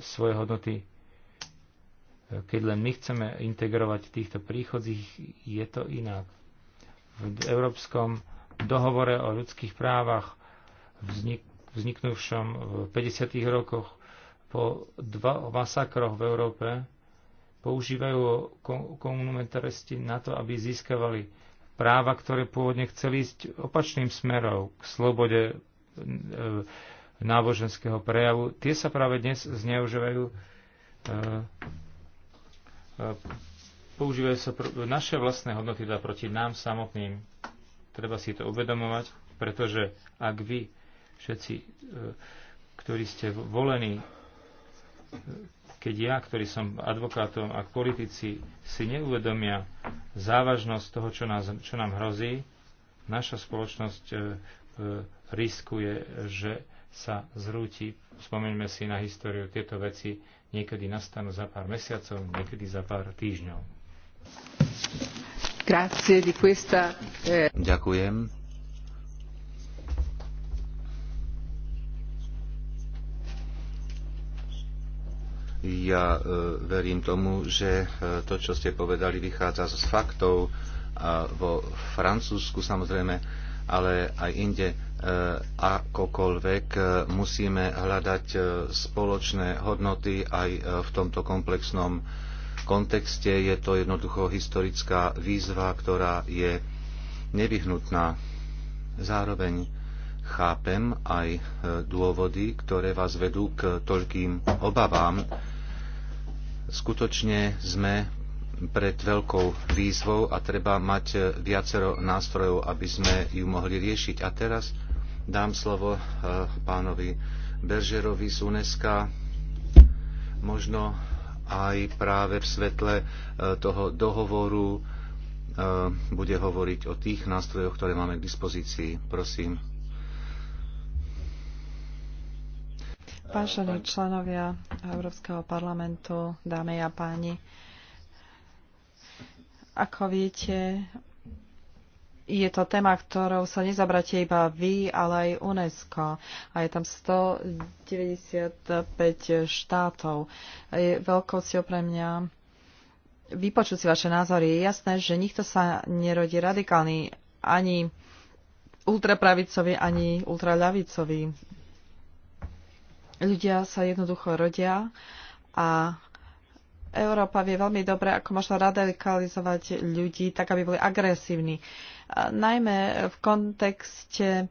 svoje hodnoty. Keď len my chceme integrovať týchto príchodzích, je to inak. V európskom dohovore o ľudských právach vznik, vzniknúvšom v 50. rokoch po dva masakroch v Európe, používajú komunumentaristi na to, aby získavali práva, ktoré pôvodne chceli ísť opačným smerom k slobode e, náboženského prejavu. Tie sa práve dnes zneužívajú. E, e, používajú sa naše vlastné hodnoty teda proti nám samotným. Treba si to uvedomovať, pretože ak vy všetci, e, ktorí ste volení, e, keď ja, ktorý som advokátom, ak politici si neuvedomia závažnosť toho, čo, nás, čo nám hrozí, naša spoločnosť e, riskuje, že sa zrúti. Spomeňme si na históriu, tieto veci niekedy nastanú za pár mesiacov, niekedy za pár týždňov. Eh, Ďakujem. Ja eh, verím tomu, že eh, to, čo ste povedali, vychádza z faktov a vo Francúzsku samozrejme, ale aj inde akokoľvek musíme hľadať spoločné hodnoty aj v tomto komplexnom kontexte je to jednoducho historická výzva, ktorá je nevyhnutná. Zároveň chápem aj e, dôvody, ktoré vás vedú k toľkým obavám. Skutočne sme pred veľkou výzvou a treba mať e, viacero nástrojov, aby sme ju mohli riešiť. A teraz dám slovo e, pánovi Beržerovi z UNESCO. Možno aj práve v svetle e, toho dohovoru e, bude hovoriť o tých nástrojoch, ktoré máme k dispozícii. Prosím. Vážení členovia Európskeho parlamentu, dámy a páni, ako viete, je to téma, ktorou sa nezabrate iba vy, ale aj UNESCO. A je tam 195 štátov. Je veľkou cieľ pre mňa vypočuť si vaše názory. Je jasné, že nikto sa nerodí radikálny, ani ultrapravicovi, ani ultraľavicovi. Ľudia sa jednoducho rodia a Európa vie veľmi dobre, ako možno radikalizovať ľudí, tak aby boli agresívni. Najmä v kontexte e,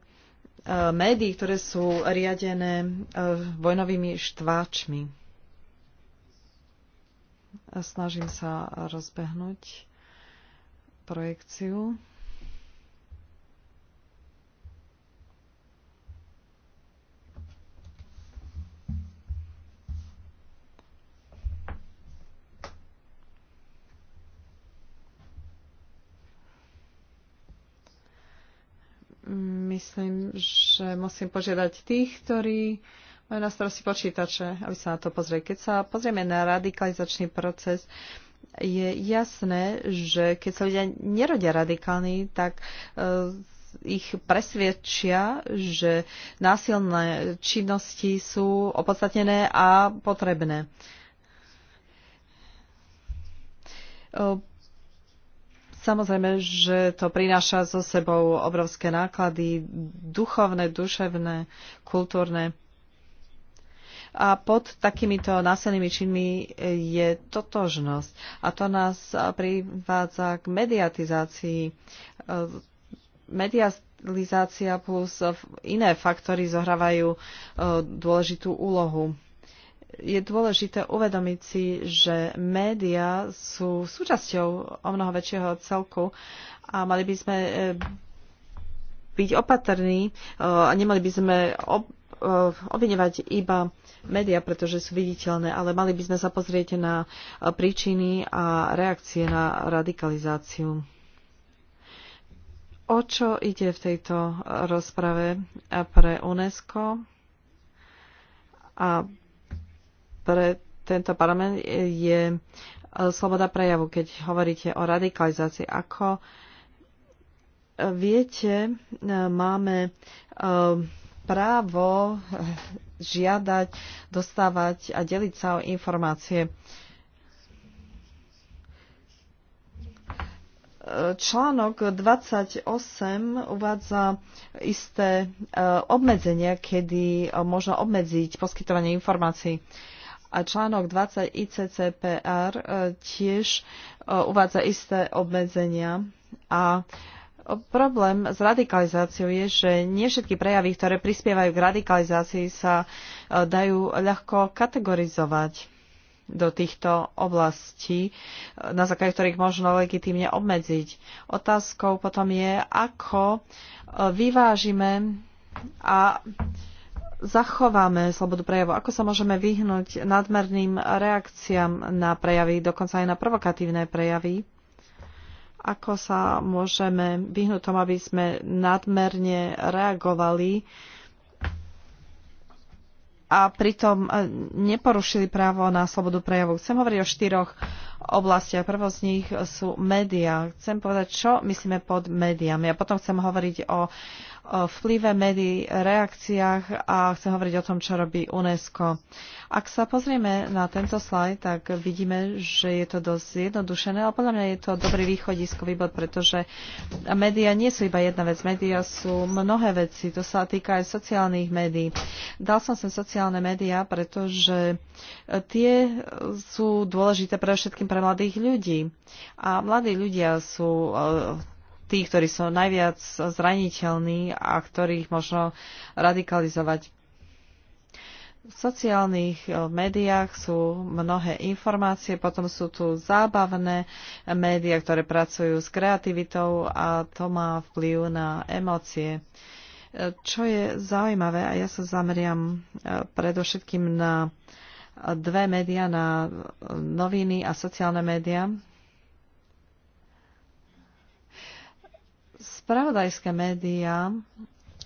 médií, ktoré sú riadené e, vojnovými štváčmi. Snažím sa rozbehnúť projekciu. Myslím, že musím požiadať tých, ktorí majú na starosti počítače, aby sa na to pozreli. Keď sa pozrieme na radikalizačný proces, je jasné, že keď sa ľudia nerodia radikálni, tak eh, ich presvedčia, že násilné činnosti sú opodstatnené a potrebné. Eh, Samozrejme, že to prináša so sebou obrovské náklady duchovné, duševné, kultúrne. A pod takýmito násilnými činmi e, je totožnosť. A to nás e, privádza k mediatizácii. E, medializácia plus iné faktory zohrávajú dôležitú úlohu je dôležité uvedomiť si, že médiá sú súčasťou o mnoho väčšieho celku a mali by sme e, byť opatrní e, a nemali by sme ob, e, obvinevať iba médiá, pretože sú viditeľné, ale mali by sme sa pozrieť na príčiny a reakcie na radikalizáciu. O čo ide v tejto rozprave pre UNESCO a pre tento parlament je e, sloboda prejavu, keď hovoríte o radikalizácii. Ako e, viete, e, máme právo žiadať, dostávať a deliť sa o informácie. článok 28 uvádza isté obmedzenia, kedy možno obmedziť poskytovanie informácií a článok 20 ICCPR e, tiež e, uvádza isté obmedzenia a problém s radikalizáciou je, že nie všetky prejavy, ktoré prispievajú k radikalizácii, sa e, dajú ľahko kategorizovať do týchto oblastí, na základe ktorých možno legitimne obmedziť. Otázkou potom je, ako vyvážime a zachováme slobodu prejavu? Ako sa môžeme vyhnúť nadmerným reakciám na prejavy, dokonca aj na provokatívne prejavy? Ako sa môžeme vyhnúť tomu, aby sme nadmerne reagovali a pritom eh, neporušili právo na slobodu prejavu. Chcem hovoriť o štyroch oblastiach. Prvo z nich sú médiá. Chcem povedať, čo myslíme pod médiami. A potom chcem hovoriť o vplyve médií, reakciách a chcem hovoriť o tom, čo robí UNESCO. Ak sa pozrieme na tento slajd, tak vidíme, že je to dosť zjednodušené, ale podľa mňa je to dobrý východiskový bod, pretože médiá nie sú iba jedna vec, médiá sú mnohé veci, to sa týka aj sociálnych médií. Dal som sem sociálne médiá, pretože tie sú dôležité pre všetkým pre mladých ľudí. A mladí ľudia sú tí, ktorí sú najviac zraniteľní a ktorých možno radikalizovať. V sociálnych eh, médiách sú mnohé informácie, potom sú tu zábavné médiá, ktoré pracujú s kreativitou a to má vplyv na emócie. Eh, čo je zaujímavé, a ja sa zameriam eh, predovšetkým na dve médiá, na noviny a sociálne médiá, spravodajské médiá,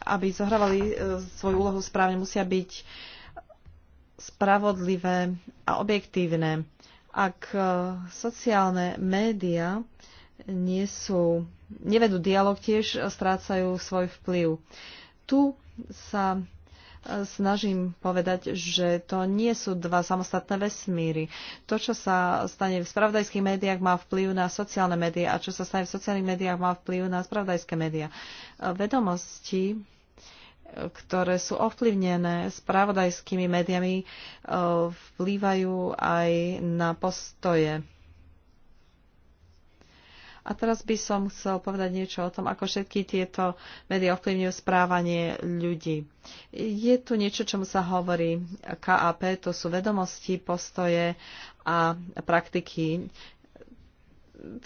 aby zohrávali e, svoju úlohu správne, musia byť spravodlivé a objektívne. Ak e, sociálne médiá nie sú, nevedú dialog, tiež strácajú svoj vplyv. Tu sa snažím povedať, že to nie sú dva samostatné vesmíry. To, čo sa stane v spravodajských médiách, má vplyv na sociálne médiá a čo sa stane v sociálnych médiách, má vplyv na spravodajské médiá. Vedomosti ktoré sú ovplyvnené spravodajskými médiami, vplývajú aj na postoje a teraz by som chcel povedať niečo o tom, ako všetky tieto médiá ovplyvňujú správanie ľudí. Je tu niečo, čomu sa hovorí KAP, to sú vedomosti, postoje a praktiky.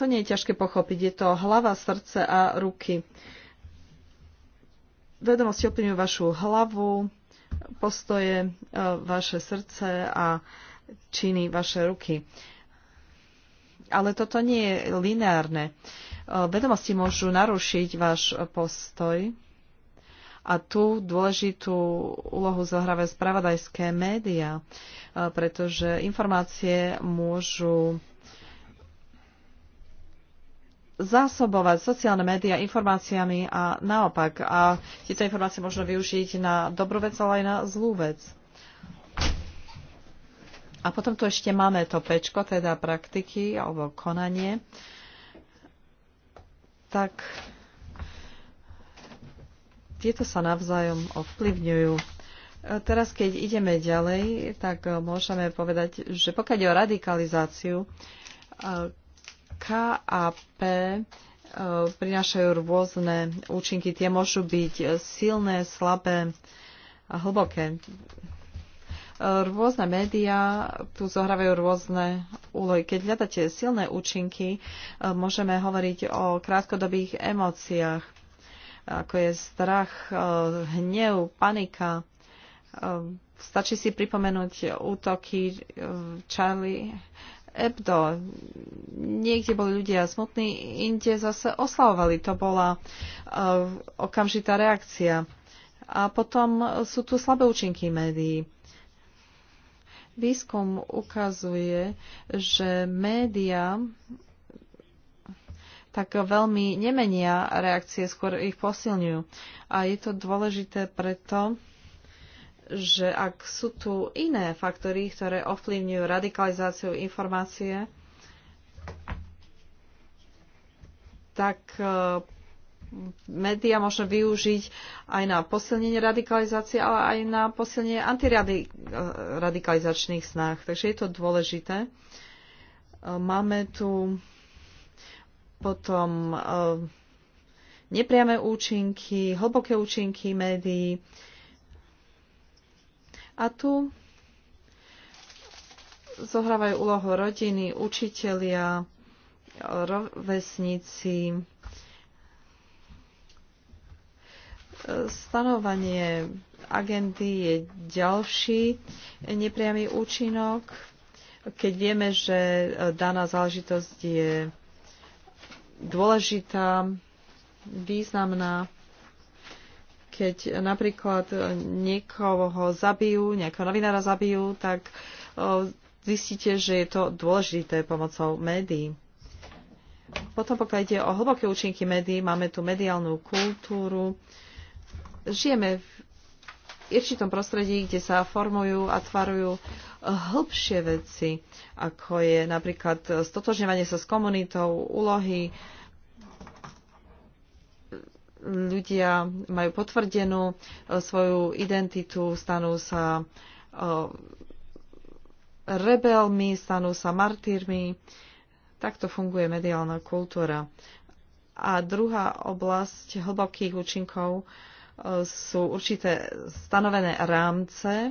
To nie je ťažké pochopiť, je to hlava, srdce a ruky. Vedomosti ovplyvňujú vašu hlavu, postoje, e, vaše srdce a činy, vaše ruky ale toto nie je lineárne. E, vedomosti môžu narušiť váš postoj a tu dôležitú úlohu zohráva spravodajské médiá, e, pretože informácie môžu zásobovať sociálne médiá informáciami a naopak. A tieto informácie možno využiť na dobrú vec, ale aj na zlú vec. A potom tu ešte máme to pečko, teda praktiky alebo konanie. Tak tieto sa navzájom ovplyvňujú. Teraz, keď ideme ďalej, tak môžeme povedať, že pokiaľ je o radikalizáciu, K a P e, prinášajú rôzne účinky. Tie môžu byť silné, slabé a hlboké. Rôzne médiá tu zohrávajú rôzne úlohy. Keď hľadáte silné účinky, e, môžeme hovoriť o krátkodobých emóciách, ako je strach, e, hnev, panika. E, stačí si pripomenúť útoky Charlie Hebdo. Niekde boli ľudia smutní, inde zase oslavovali. To bola okamžitá reakcia. A potom sú tu slabé účinky médií. Výskum ukazuje, že médiá tak veľmi nemenia reakcie, skôr ich posilňujú. A je to dôležité preto, že ak sú tu iné faktory, ktoré ovplyvňujú radikalizáciu informácie, tak eh, média možno využiť aj na posilnenie radikalizácie, ale aj na posilnenie antiradikalizačných snách. Takže je to dôležité. E, máme tu potom e, nepriame účinky, hlboké účinky médií. A tu zohrávajú úlohu rodiny, učitelia, rovesníci, stanovanie agendy je ďalší nepriamy účinok, keď vieme, že e, daná záležitosť je dôležitá, významná, keď napríklad niekoho zabijú, nejakého novinára zabijú, tak e, zistíte, že je to dôležité pomocou médií. Potom pokiaľ ide o hlboké účinky médií, máme tu mediálnu kultúru, žijeme v určitom prostredí, kde sa formujú a tvarujú hĺbšie veci, ako je napríklad stotožňovanie sa s komunitou, úlohy. Ľudia majú potvrdenú e, svoju identitu, stanú sa e, rebelmi, stanú sa martírmi. Takto funguje mediálna kultúra. A druhá oblasť hlbokých účinkov uh, sú určité stanovené rámce, e,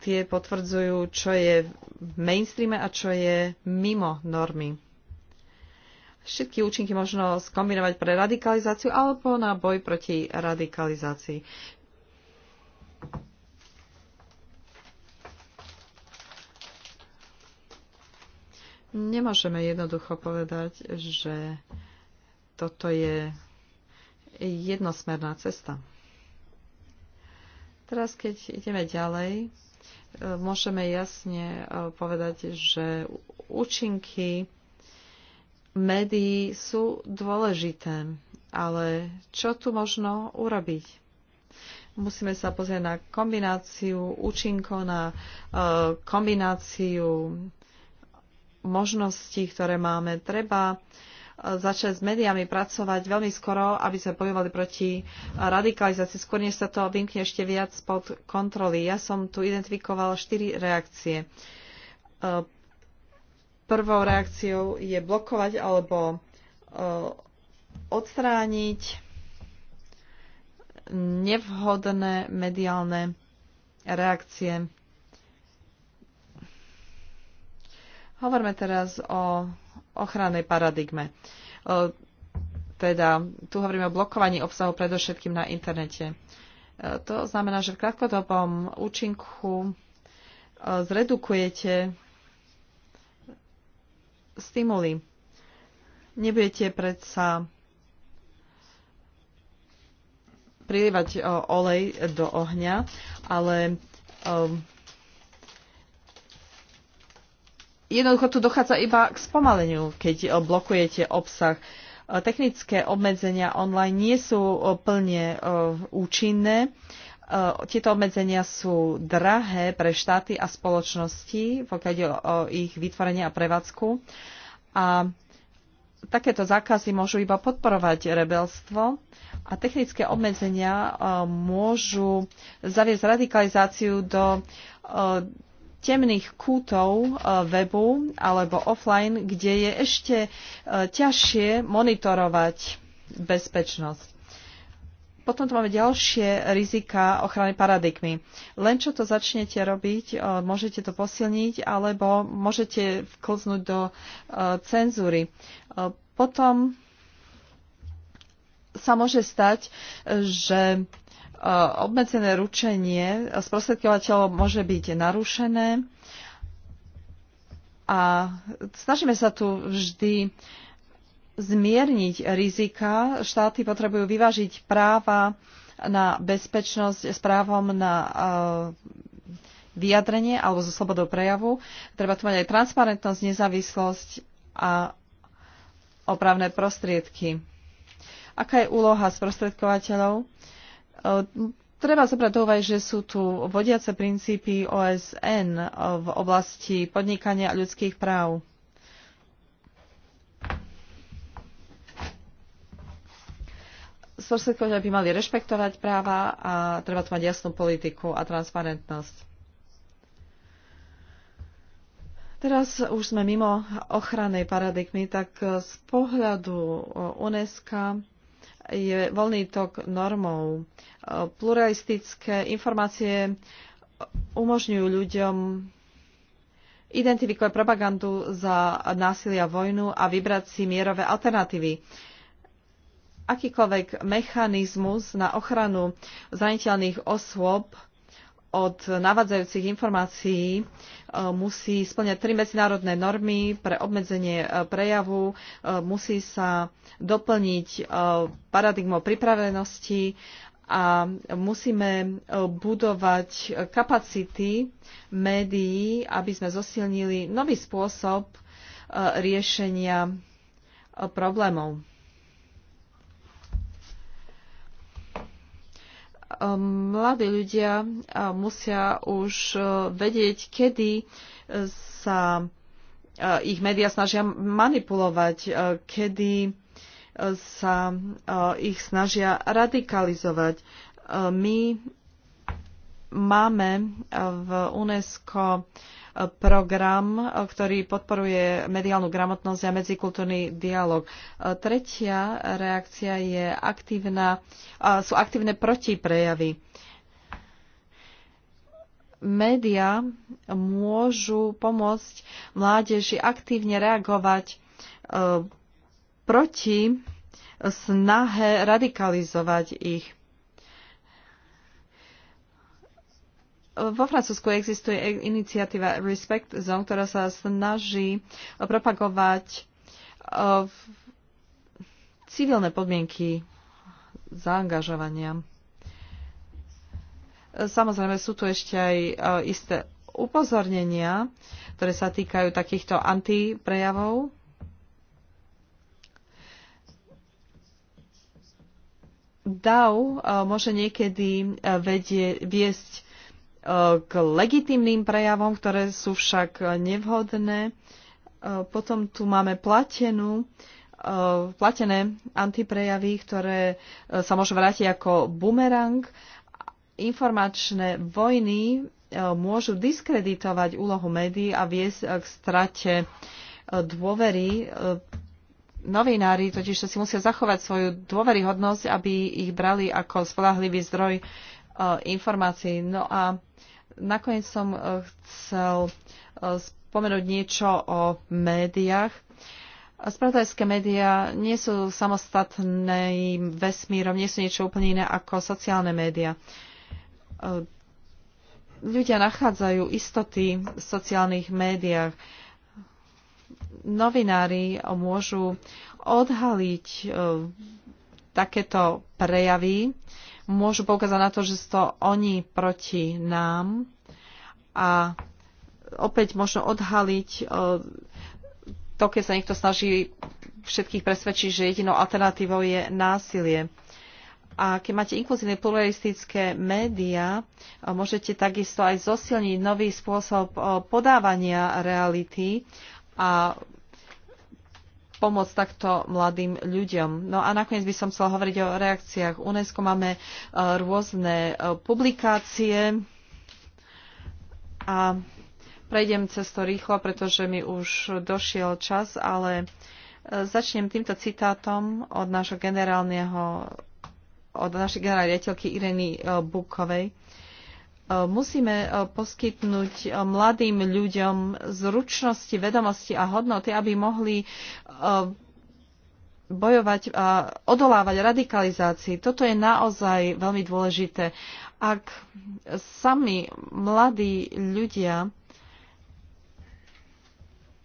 tie potvrdzujú, čo je v mainstreame a čo je mimo normy. Všetky účinky možno skombinovať pre radikalizáciu alebo na boj proti radikalizácii. Nemôžeme jednoducho povedať, že toto je jednosmerná cesta. Teraz, keď ideme ďalej, e, môžeme jasne e, povedať, že účinky médií sú dôležité, ale čo tu možno urobiť? Musíme sa pozrieť na kombináciu účinkov, na e, kombináciu možností, ktoré máme. Treba začať s médiami pracovať veľmi skoro, aby sme bojovali proti radikalizácii, skôr než sa to vymkne ešte viac pod kontroly. Ja som tu identifikovala štyri reakcie. E, prvou reakciou je blokovať alebo e, odstrániť nevhodné mediálne reakcie. Hovorme teraz o ochrannej paradigme. E, teda tu hovoríme o blokovaní obsahu predovšetkým na internete. E, to znamená, že v krátkodobom účinku e, zredukujete stimuly. Nebudete predsa prilievať olej do ohňa, ale um, jednoducho tu dochádza iba k spomaleniu, keď eh, blokujete obsah. Eh, technické obmedzenia online nie sú eh, plne účinné. Tieto obmedzenia sú drahé pre štáty a spoločnosti, pokiaľ ide o ich vytvorenie a prevádzku. A takéto zákazy môžu iba podporovať rebelstvo a technické obmedzenia môžu zaviesť radikalizáciu do temných kútov e, webu alebo offline, kde je ešte e, ťažšie monitorovať bezpečnosť. Potom tu máme ďalšie rizika ochrany paradigmy. Len čo to začnete robiť, e, môžete to posilniť alebo môžete vklznúť do cenzúry. Potom sa môže stať, že Eh, obmedzené ručenie sprostredkovateľov môže byť narušené a snažíme sa tu vždy zmierniť rizika. Štáty potrebujú vyvážiť práva na bezpečnosť s právom na eh, vyjadrenie alebo so slobodou prejavu. Treba tu mať aj transparentnosť, nezávislosť a opravné prostriedky. Aká je úloha sprostredkovateľov? Treba sa do že sú tu vodiace princípy OSN v oblasti podnikania a ľudských práv. Sprostredkovateľe by mali rešpektovať práva a treba tu mať jasnú politiku a transparentnosť. Teraz už sme mimo ochrannej paradigmy, tak z pohľadu UNESCO je voľný tok normov. Pluralistické informácie umožňujú ľuďom identifikovať propagandu za násilia vojnu a vybrať si mierové alternatívy. Akýkoľvek mechanizmus na ochranu zraniteľných osôb od navádzajúcich informácií e, musí splňať tri medzinárodné normy pre obmedzenie e, prejavu, e, musí sa doplniť paradigmou pripravenosti a musíme budovať kapacity médií, aby sme zosilnili nový spôsob riešenia problémov. Ehm, mladí ľudia ehm, musia už ehm, vedieť, kedy sa ich médiá snažia manipulovať, kedy sa ich snažia radikalizovať. My máme v UNESCO program, ktorý podporuje mediálnu gramotnosť a medzikultúrny dialog. Tretia reakcia je aktívna, sú aktívne protiprejavy. Média môžu pomôcť mládeži aktívne reagovať e, proti snahe radikalizovať ich Vo Francúzsku existuje e- iniciatíva Respect Zone, ktorá sa snaží e, propagovať e, civilné podmienky zaangažovania. Samozrejme sú tu ešte aj isté upozornenia, ktoré sa týkajú takýchto antiprejavov. DAO môže niekedy vedie, viesť k legitimným prejavom, ktoré sú však nevhodné. E, potom tu máme platenú, e, platené antiprejavy, ktoré e, sa môžu vrátiť ako bumerang. Informačné vojny môžu diskreditovať úlohu médií a viesť k strate dôvery. Novinári totiž si musia zachovať svoju dôveryhodnosť, aby ich brali ako spolahlivý zdroj informácií. No a Nakoniec som e, chcel e, spomenúť niečo o médiách. Spravodajské médiá nie sú samostatným vesmírom, nie sú niečo úplne iné ako sociálne médiá. E, ľudia nachádzajú istoty v sociálnych médiách. Novinári môžu odhaliť takéto prejavy môžu poukázať na to, že sú to oni proti nám a opäť možno odhaliť e, to, keď sa niekto snaží všetkých presvedčiť, že jedinou alternatívou je násilie. A keď máte inkluzívne pluralistické médiá, e, môžete takisto aj zosilniť nový spôsob e, podávania reality a pomôcť takto mladým ľuďom. No a nakoniec by som chcela hovoriť o reakciách UNESCO. Máme e, rôzne e, publikácie a prejdem cez to rýchlo, pretože mi už došiel čas, ale e, začnem týmto citátom od generálneho od našej generálnej riaditeľky Ireny Bukovej. Uh, E, musíme e, poskytnúť e, mladým ľuďom zručnosti, vedomosti a hodnoty, aby mohli bojovať a odolávať radikalizácii. Toto je naozaj veľmi dôležité. Ak sami mladí ľudia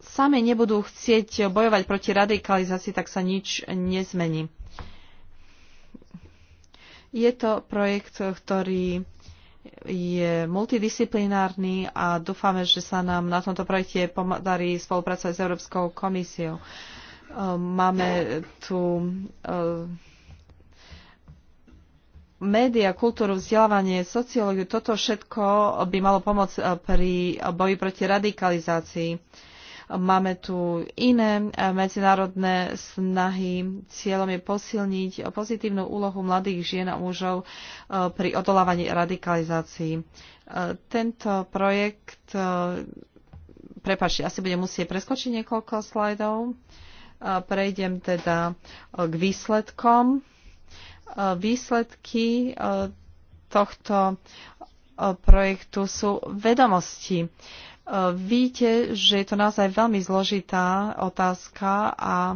sami nebudú chcieť bojovať proti radikalizácii, tak sa nič nezmení. Je to projekt, ktorý je multidisciplinárny a dúfame, že sa nám na tomto projekte podarí spolupracovať s Európskou komisiou. E, máme tu e, média, kultúru, vzdelávanie, sociológiu, toto všetko by malo pomôcť e, pri boji proti radikalizácii. Máme tu iné e, medzinárodné snahy. Cieľom je posilniť pozitívnu úlohu mladých žien a mužov e, pri odolávaní radikalizácii. E, tento projekt, prepačte, asi budem musieť preskočiť niekoľko slajdov. Prejdem teda k výsledkom. Výsledky tohto projektu sú vedomosti. Víte, že je to naozaj veľmi zložitá otázka a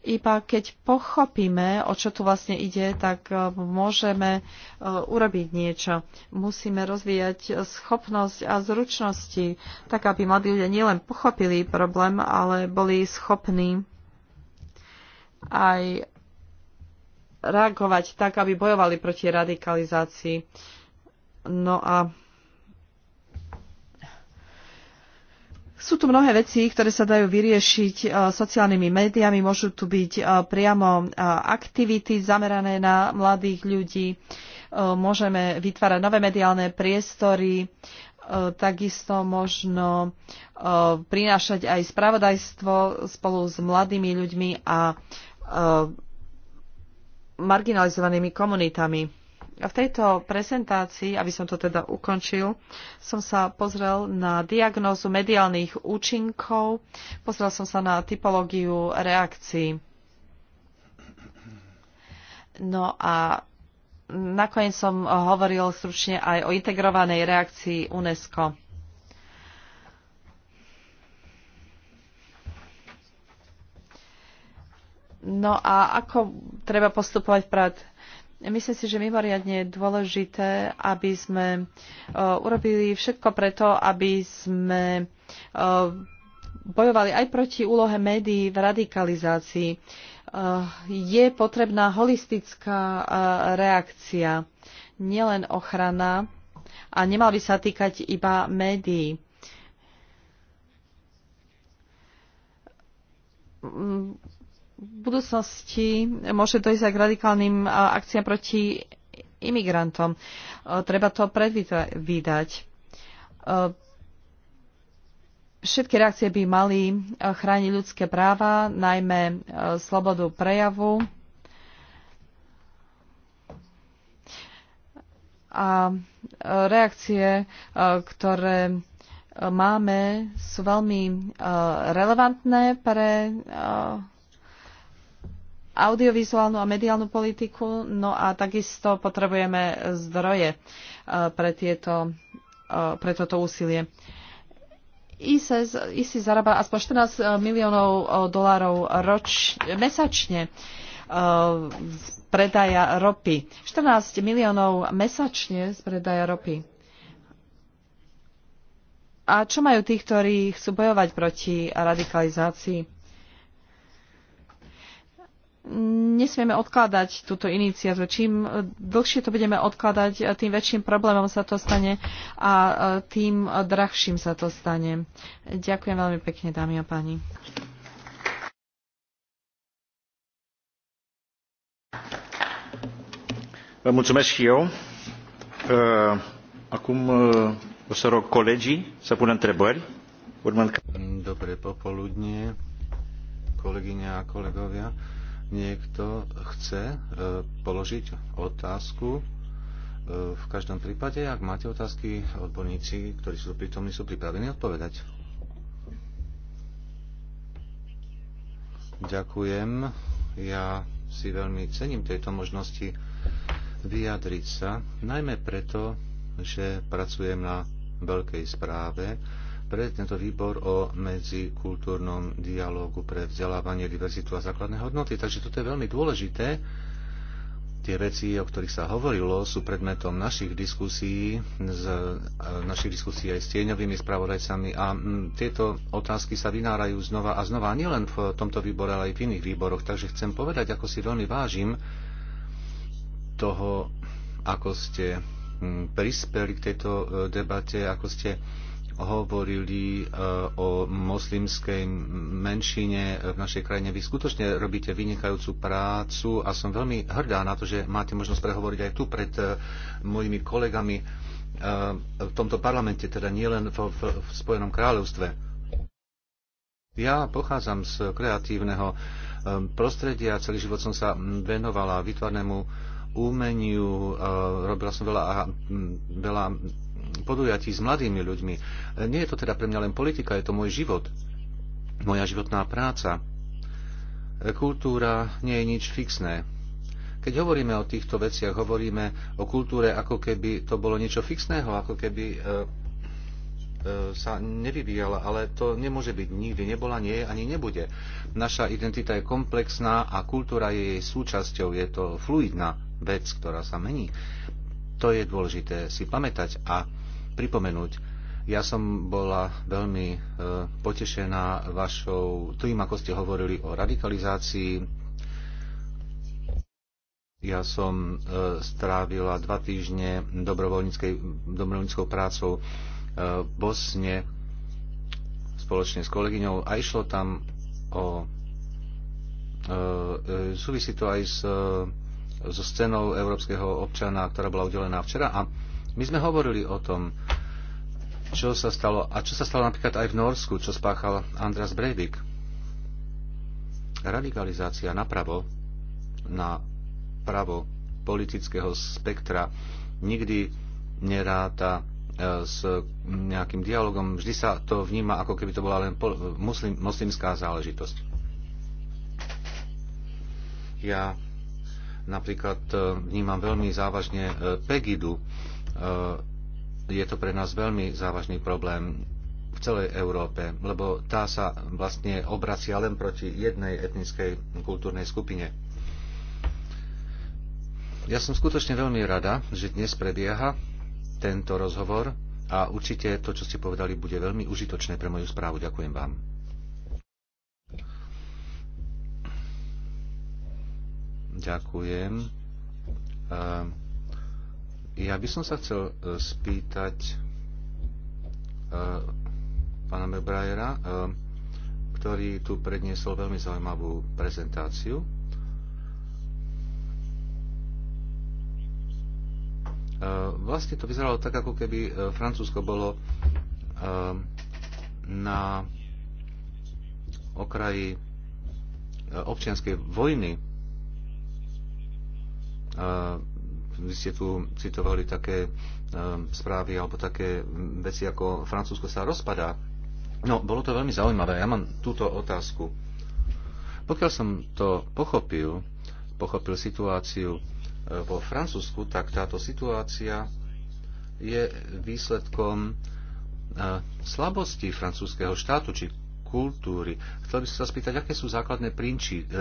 iba keď pochopíme, o čo tu vlastne ide, tak e, môžeme e, urobiť niečo. Musíme rozvíjať schopnosť a zručnosti, tak aby mladí ľudia nielen pochopili problém, ale boli schopní aj reagovať tak, aby bojovali proti radikalizácii. No a Sú tu mnohé veci, ktoré sa dajú vyriešiť e, sociálnymi médiami. Môžu tu byť e, priamo e, aktivity zamerané na mladých ľudí. Môžeme vytvárať nové mediálne priestory. Takisto možno prinášať aj spravodajstvo spolu s mladými ľuďmi a marginalizovanými komunitami v tejto prezentácii, aby som to teda ukončil, som sa pozrel na diagnózu mediálnych účinkov, pozrel som sa na typológiu reakcií. No a nakoniec som hovoril stručne aj o integrovanej reakcii UNESCO. No a ako treba postupovať pred Myslím si, že mimoriadne je dôležité, aby sme e, urobili všetko preto, aby sme e, bojovali aj proti úlohe médií v radikalizácii. E, je potrebná holistická reakcia, nielen ochrana a nemal by sa týkať iba médií. V budúcnosti môže dojsť aj k radikálnym akciám proti imigrantom. E, treba to predvídať. E, všetky reakcie by mali e, chrániť ľudské práva, najmä slobodu prejavu. A reakcie, ktoré máme, sú veľmi relevantné pre audiovizuálnu a mediálnu politiku, no a takisto potrebujeme zdroje e, pre, tieto, e, pre toto úsilie. ISIS, ISIS zarába aspoň 14 e, miliónov dolárov roč, mesačne z predaja ropy. 14 miliónov mesačne z predaja ropy. A čo majú tí, ktorí chcú bojovať proti radikalizácii? nesmieme odkladať túto iniciatívu. Čím e, dlhšie to budeme odkladať, e, tým väčším problémom sa to stane a e, tým drahším sa to stane. Ďakujem veľmi pekne, dámy a páni. mulțumesc și eu. Acum o să rog colegii să pună întrebări. Urmând... Dobre popoludnie, kolegyne a kolegovia. Niekto chce e, položiť otázku. E, v každom prípade, ak máte otázky, odborníci, ktorí sú prítomní, sú pripravení odpovedať. Ďakujem. Ja si veľmi cením tejto možnosti vyjadriť sa, najmä preto, že pracujem na veľkej správe, pre tento výbor o medzikultúrnom dialógu pre vzdelávanie, diverzitu a základné hodnoty. Takže toto je veľmi dôležité. Tie veci, o ktorých sa hovorilo, sú predmetom našich diskusí, z, e, našich diskusí aj s tieňovými spravodajcami a m, tieto otázky sa vynárajú znova a znova, nielen v tomto výbore, ale aj v iných výboroch. Takže chcem povedať, ako si veľmi vážim toho, ako ste prispeli k tejto e, debate, ako ste hovorili e, o moslimskej menšine v našej krajine. Vy skutočne robíte vynikajúcu prácu a som veľmi hrdá na to, že máte možnosť prehovoriť aj tu pred e, mojimi kolegami e, v tomto parlamente, teda nielen v, v, v Spojenom kráľovstve. Ja pochádzam z kreatívneho prostredia, celý život som sa venovala výtvarnému umeniu, robila som veľa, veľa podujatí s mladými ľuďmi. Nie je to teda pre mňa len politika, je to môj život, moja životná práca. Kultúra nie je nič fixné. Keď hovoríme o týchto veciach, hovoríme o kultúre, ako keby to bolo niečo fixného, ako keby e, e, sa nevyvíjala, ale to nemôže byť nikdy. Nebola, nie je, ani nebude. Naša identita je komplexná a kultúra je jej súčasťou. Je to fluidná vec, ktorá sa mení. To je dôležité si pamätať a pripomenúť. Ja som bola veľmi e, potešená vašou tým, ako ste hovorili o radikalizácii. Ja som e, strávila dva týždne dobrovoľníckou prácou e, v Bosne spoločne s kolegyňou a išlo tam o súvisí to aj s, so scénou európskeho občana, ktorá bola udelená včera a my sme hovorili o tom, čo sa stalo, a čo sa stalo napríklad aj v Norsku, čo spáchal Andras Breivik. Radikalizácia napravo, na pravo politického spektra nikdy neráta e, s nejakým dialogom. Vždy sa to vníma, ako keby to bola len muslim, moslimská záležitosť. Ja napríklad e, vnímam veľmi závažne e, Pegidu, Eh, je to pre nás veľmi závažný problém v celej Európe, lebo tá sa vlastne obracia len proti jednej etnickej kultúrnej skupine. Ja som skutočne veľmi rada, že dnes prebieha tento rozhovor a určite to, čo ste povedali, bude veľmi užitočné pre moju správu. Ďakujem vám. Ďakujem. Uh ja by som sa chcel e, spýtať e, pána Mebrajera, e, ktorý tu predniesol veľmi zaujímavú prezentáciu. Vlastne to vyzeralo tak, ako keby Francúzsko bolo na okraji občianskej vojny vy ste tu citovali také ehm, správy alebo také veci, ako Francúzsko sa rozpadá. No, bolo to veľmi zaujímavé. Ja mám túto otázku. Pokiaľ som to pochopil, pochopil situáciu e, vo Francúzsku, tak táto situácia je výsledkom e, slabosti francúzského štátu či kultúry. Chcel by som sa spýtať, aké sú základné e,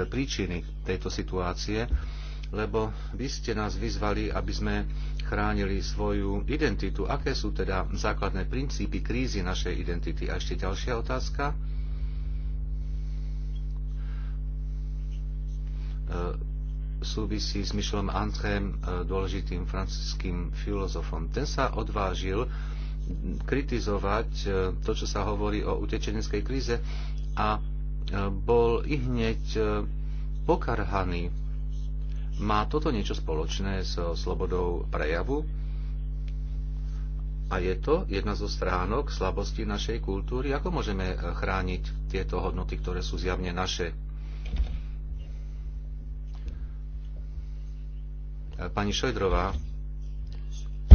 príčiny tejto situácie lebo vy ste nás vyzvali, aby sme chránili svoju identitu. Aké sú teda základné princípy krízy našej identity? A ešte ďalšia otázka. E, súvisí s Michelom Antrem, e, dôležitým francúzským filozofom. Ten sa odvážil kritizovať e, to, čo sa hovorí o utečeneckej kríze a bol i hneď pokarhaný má toto niečo spoločné so slobodou prejavu? A je to jedna zo stránok slabosti našej kultúry? Ako môžeme eh, chrániť tieto hodnoty, ktoré sú zjavne naše? Eh, pani Šojdrová.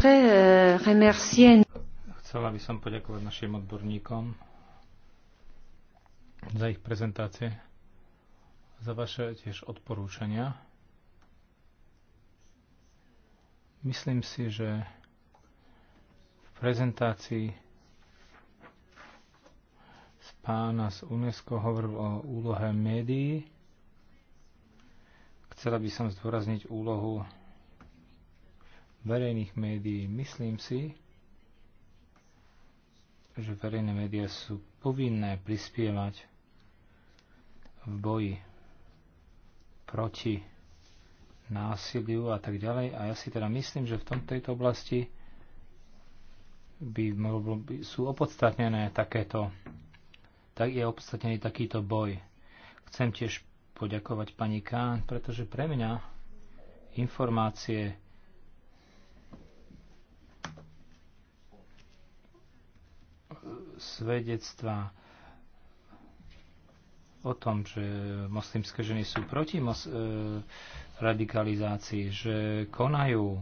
Eh, Chcela by som poďakovať našim odborníkom za ich prezentácie, za vaše tiež odporúčania. Myslím si, že v prezentácii z pána z UNESCO hovoril o úlohe médií. Chcela by som zdôrazniť úlohu verejných médií. Myslím si, že verejné médiá sú povinné prispievať v boji proti násiliu a tak ďalej. A ja si teda myslím, že v tom, tejto oblasti by, mohlo, by sú opodstatnené takéto, tak je opodstatnený takýto boj. Chcem tiež poďakovať pani Kán, pretože pre mňa informácie svedectva o tom, že moslimské ženy sú proti mos- e, radikalizácii, že konajú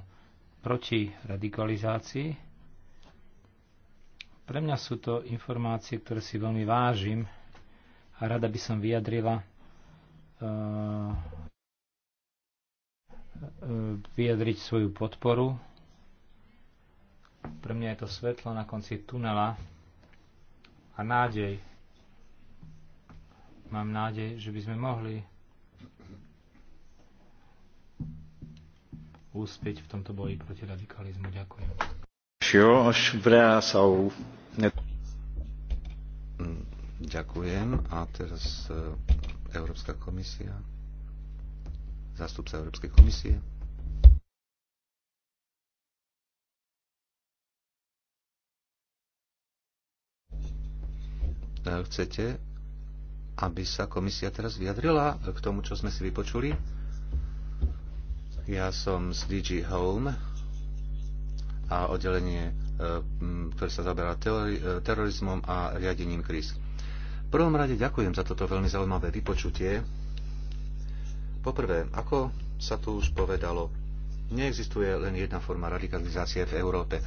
proti radikalizácii. Pre mňa sú to informácie, ktoré si veľmi vážim a rada by som vyjadrila eh, vyjadriť svoju podporu. Pre mňa je to svetlo na konci tunela a nádej. Mám nádej, že by sme mohli úspieť v tomto boji proti radikalizmu. Ďakujem. Ďakujem. A teraz e, Európska komisia. Zástupca Európskej komisie. E, chcete, aby sa komisia teraz vyjadrila k tomu, čo sme si vypočuli? Ja som z DG Home a oddelenie, e, ktoré sa zaberá e, terorizmom a riadením kríz. V prvom rade ďakujem za toto veľmi zaujímavé vypočutie. Poprvé, ako sa tu už povedalo, neexistuje len jedna forma radikalizácie v Európe.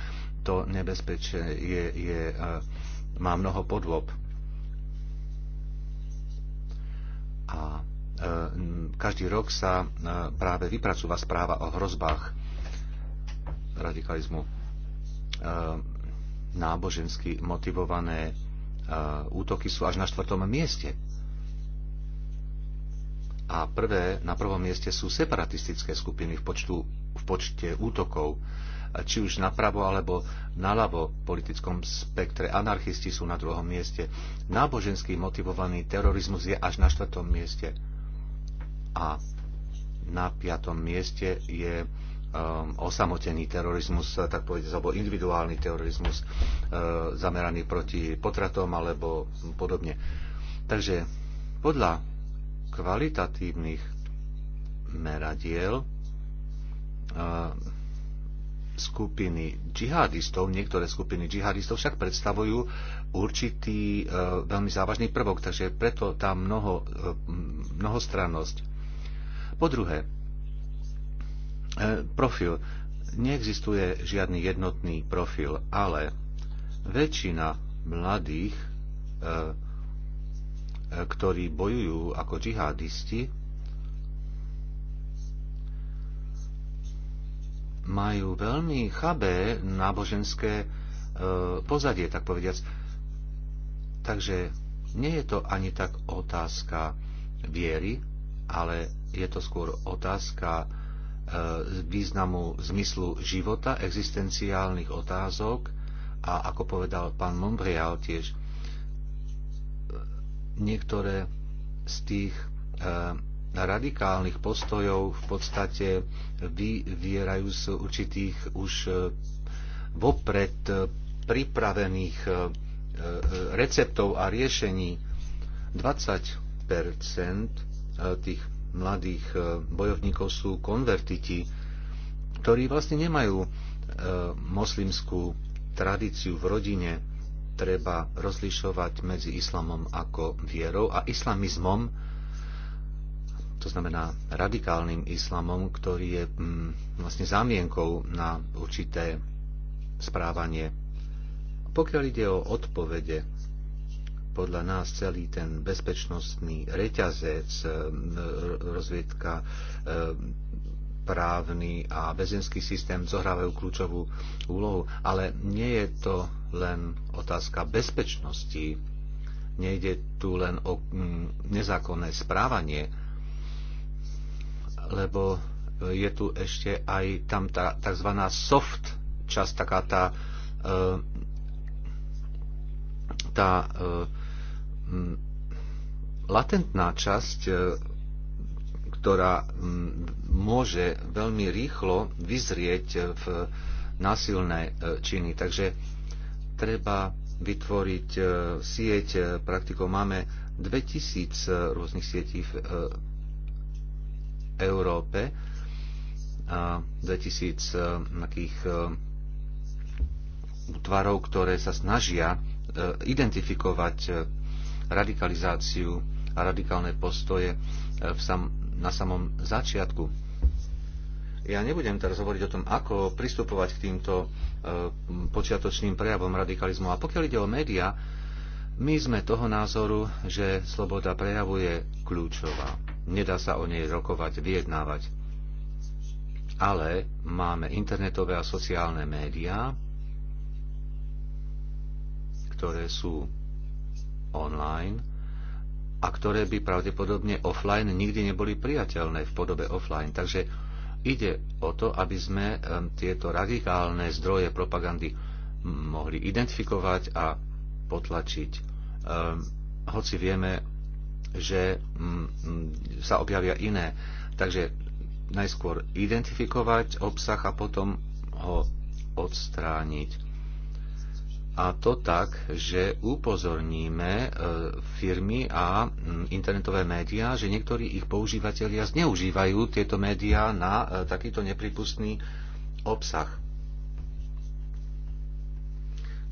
To nebezpečie je, je, e, má mnoho podôb. A E, každý rok sa e, práve vypracúva správa o hrozbách radikalizmu. E, nábožensky motivované útoky sú až na štvrtom mieste. A prvé, na prvom mieste sú separatistické skupiny v, počtu, v počte útokov, či už napravo alebo naľavo v politickom spektre. Anarchisti sú na druhom mieste. Náboženský motivovaný terorizmus je až na štvrtom mieste a na piatom mieste je um, osamotený terorizmus, tak povedať, alebo individuálny terorizmus uh, zameraný proti potratom alebo podobne. Takže podľa kvalitatívnych meradiel uh, skupiny džihadistov, niektoré skupiny džihadistov však predstavujú určitý uh, veľmi závažný prvok, takže preto tá mnoho, uh, mnohostrannosť po druhé, e, profil. Neexistuje žiadny jednotný profil, ale väčšina mladých, e, e, ktorí bojujú ako džihadisti, majú veľmi chabé náboženské pozadie, tak povediac. Takže nie je to ani tak otázka viery, ale je to skôr otázka e, významu zmyslu života, existenciálnych otázok a ako povedal pán Monbrial tiež, niektoré z tých e, radikálnych postojov v podstate vyvierajú z určitých už e, vopred pripravených receptov a riešení. 20 tých mladých e, bojovníkov sú konvertiti, ktorí vlastne nemajú e, moslimskú tradíciu v rodine. Treba rozlišovať medzi islamom ako vierou a islamizmom, to znamená radikálnym islamom, ktorý je mm, vlastne zámienkou na určité správanie. Pokiaľ ide o odpovede podľa nás celý ten bezpečnostný reťazec, e, rozviedka, e, právny a väzenský systém zohrávajú kľúčovú úlohu. Ale nie je to len otázka bezpečnosti, nejde tu len o mm, nezákonné správanie, lebo je tu ešte aj tam tá tzv. soft časť, taká tá, e, tá Mm, latentná časť, e, ktorá mm, môže veľmi rýchlo vyzrieť e, v násilné e, činy. Takže treba vytvoriť sieť, praktikou máme 2000 rôznych sietí v Európe, 2000 takých útvarov, ktoré sa snažia identifikovať radikalizáciu a radikálne postoje e, v sam, na samom začiatku. Ja nebudem teraz hovoriť o tom, ako pristupovať k týmto e, počiatočným prejavom radikalizmu. A pokiaľ ide o média, my sme toho názoru, že sloboda prejavu je kľúčová. Nedá sa o nej rokovať, vyjednávať. Ale máme internetové a sociálne médiá, ktoré sú online a ktoré by pravdepodobne offline nikdy neboli priateľné v podobe offline. Takže ide o to, aby sme tieto radikálne zdroje propagandy mohli identifikovať a potlačiť. Hoci vieme, že mm, sa objavia iné. Takže najskôr identifikovať obsah a potom ho odstrániť. A to tak, že upozorníme e, firmy a internetové médiá, že niektorí ich používateľia zneužívajú tieto médiá na e, takýto nepripustný obsah.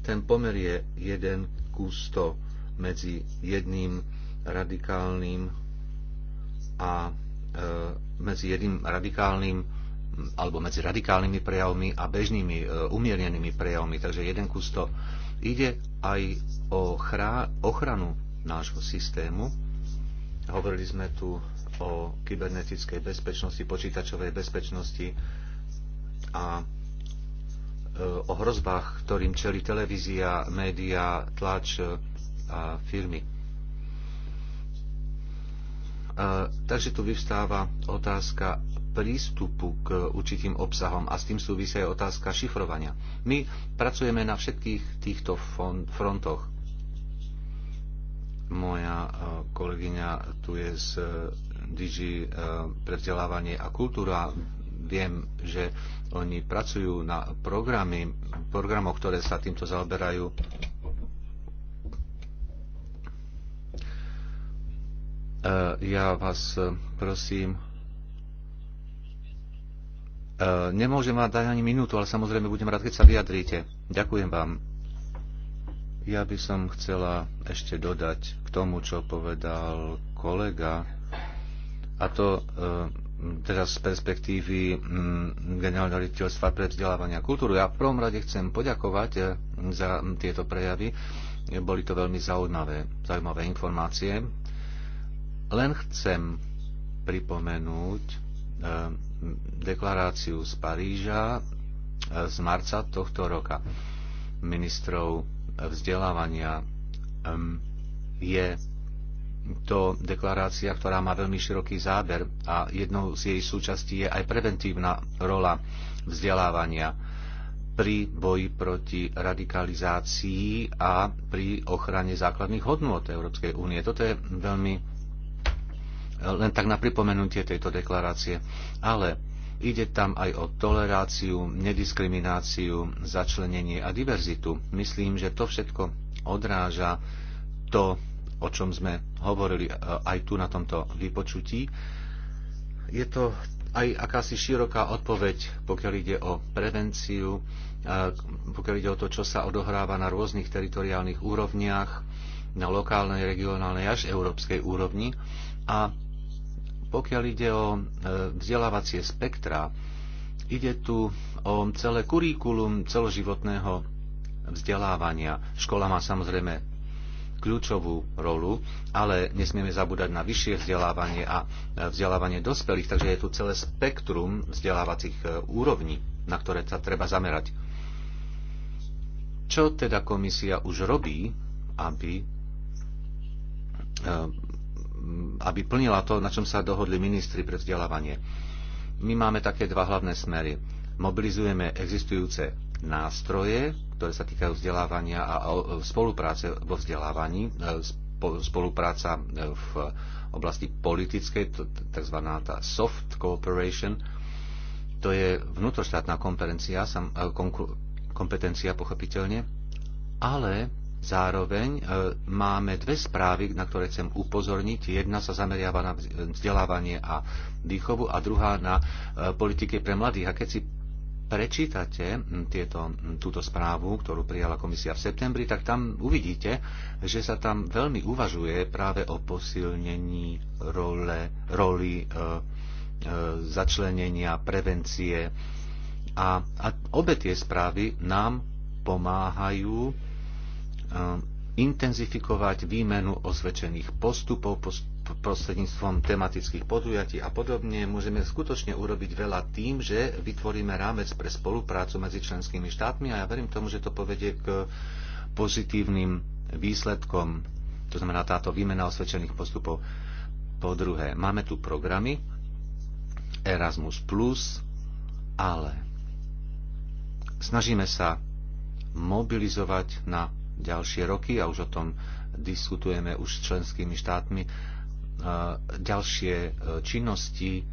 Ten pomer je 1 k 100 medzi jedným radikálnym a e, medzi jedným radikálnym alebo medzi radikálnymi prejavmi a bežnými e, umiernenými prejavmi. Takže jeden kus to ide aj o ochranu nášho systému. Hovorili sme tu o kybernetickej bezpečnosti, počítačovej bezpečnosti a e, o hrozbách, ktorým čeli televízia, média, tlač e, a firmy. Takže tu vyvstáva otázka, prístupu k určitým obsahom a s tým súvisia aj otázka šifrovania. My pracujeme na všetkých týchto frontoch. Moja e, kolegyňa tu je z e, Digi e, pre vzdelávanie a kultúra. Viem, že oni pracujú na programy, programoch, ktoré sa týmto zaoberajú. Ja vás prosím, E, nemôžem vám dať ani minútu, ale samozrejme budem rád, keď sa vyjadríte. Ďakujem vám. Ja by som chcela ešte dodať k tomu, čo povedal kolega, a to e, teraz z perspektívy generálneho riaditeľstva pre vzdelávania a kultúru. Ja v prvom rade chcem poďakovať e, za tieto prejavy. Boli to veľmi zaujímavé, zaujímavé informácie. Len chcem pripomenúť deklaráciu z Paríža e, z marca tohto roka ministrov vzdelávania je to deklarácia, ktorá má veľmi široký záber a jednou z jej súčastí je aj preventívna rola vzdelávania pri boji proti radikalizácii a pri ochrane základných hodnôt Európskej únie. Toto je veľmi len tak na pripomenutie tejto deklarácie, ale ide tam aj o toleráciu, nediskrimináciu, začlenenie a diverzitu. Myslím, že to všetko odráža to, o čom sme hovorili e, aj tu na tomto vypočutí. Je to aj akási široká odpoveď, pokiaľ ide o prevenciu, e, pokiaľ ide o to, čo sa odohráva na rôznych teritoriálnych úrovniach, na lokálnej, regionálnej až európskej úrovni. A pokiaľ ide o e, vzdelávacie spektra, ide tu o celé kurikulum celoživotného vzdelávania. Škola má samozrejme kľúčovú rolu, ale nesmieme zabúdať na vyššie vzdelávanie a e, vzdelávanie dospelých, takže je tu celé spektrum vzdelávacích e, úrovní, na ktoré sa treba zamerať. Čo teda komisia už robí, aby aby plnila to, na čom sa dohodli ministri pre vzdelávanie. My máme také dva hlavné smery. Mobilizujeme existujúce nástroje, ktoré sa týkajú vzdelávania a spolupráce vo vzdelávaní, e, spolupráca e, v oblasti politickej, tzv. tá soft cooperation, to je vnútroštátna kompetencia, e, kompetencia pochopiteľne, ale Zároveň e, máme dve správy, na ktoré chcem upozorniť. Jedna sa zameriava na vzdelávanie a výchovu a druhá na e, politike pre mladých. A keď si prečítate tieto, túto správu, ktorú prijala komisia v septembri, tak tam uvidíte, že sa tam veľmi uvažuje práve o posilnení role, roli e, e, začlenenia, prevencie. A, a obe tie správy nám pomáhajú Um, intenzifikovať výmenu osvedčených postupov prostredníctvom tematických podujatí a podobne. Môžeme skutočne urobiť veľa tým, že vytvoríme rámec pre spoluprácu medzi členskými štátmi a ja verím tomu, že to povedie k pozitívnym výsledkom. To znamená táto výmena osvedčených postupov. Po druhé, máme tu programy Erasmus+, ale snažíme sa mobilizovať na ďalšie roky a už o tom diskutujeme už s členskými štátmi. Ďalšie e, činnosti,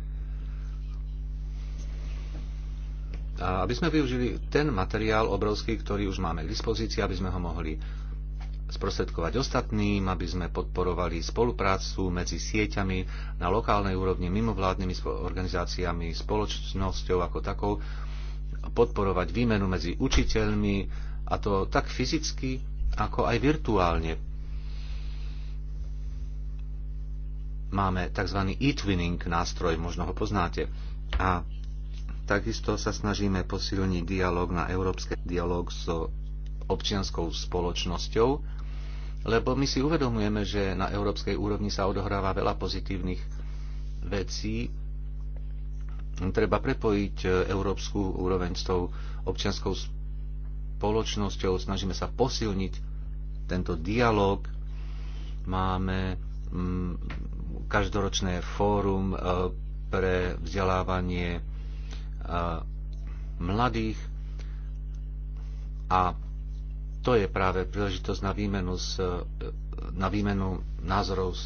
aby sme využili ten materiál obrovský, ktorý už máme k dispozícii, aby sme ho mohli sprostredkovať ostatným, aby sme podporovali spoluprácu medzi sieťami na lokálnej úrovni, mimovládnymi organizáciami, spoločnosťou ako takou, podporovať výmenu medzi učiteľmi, a to tak fyzicky, ako aj virtuálne. Máme tzv. e-twinning nástroj, možno ho poznáte. A takisto sa snažíme posilniť dialog na európske dialog so občianskou spoločnosťou, lebo my si uvedomujeme, že na európskej úrovni sa odohráva veľa pozitívnych vecí. Treba prepojiť e, európsku úroveň s tou občianskou spoločnosťou spoločnosťou, snažíme sa posilniť tento dialog. Máme mm, každoročné fórum e, pre vzdelávanie e, mladých a to je práve príležitosť na výmenu, s, e, na výmenu názorov s,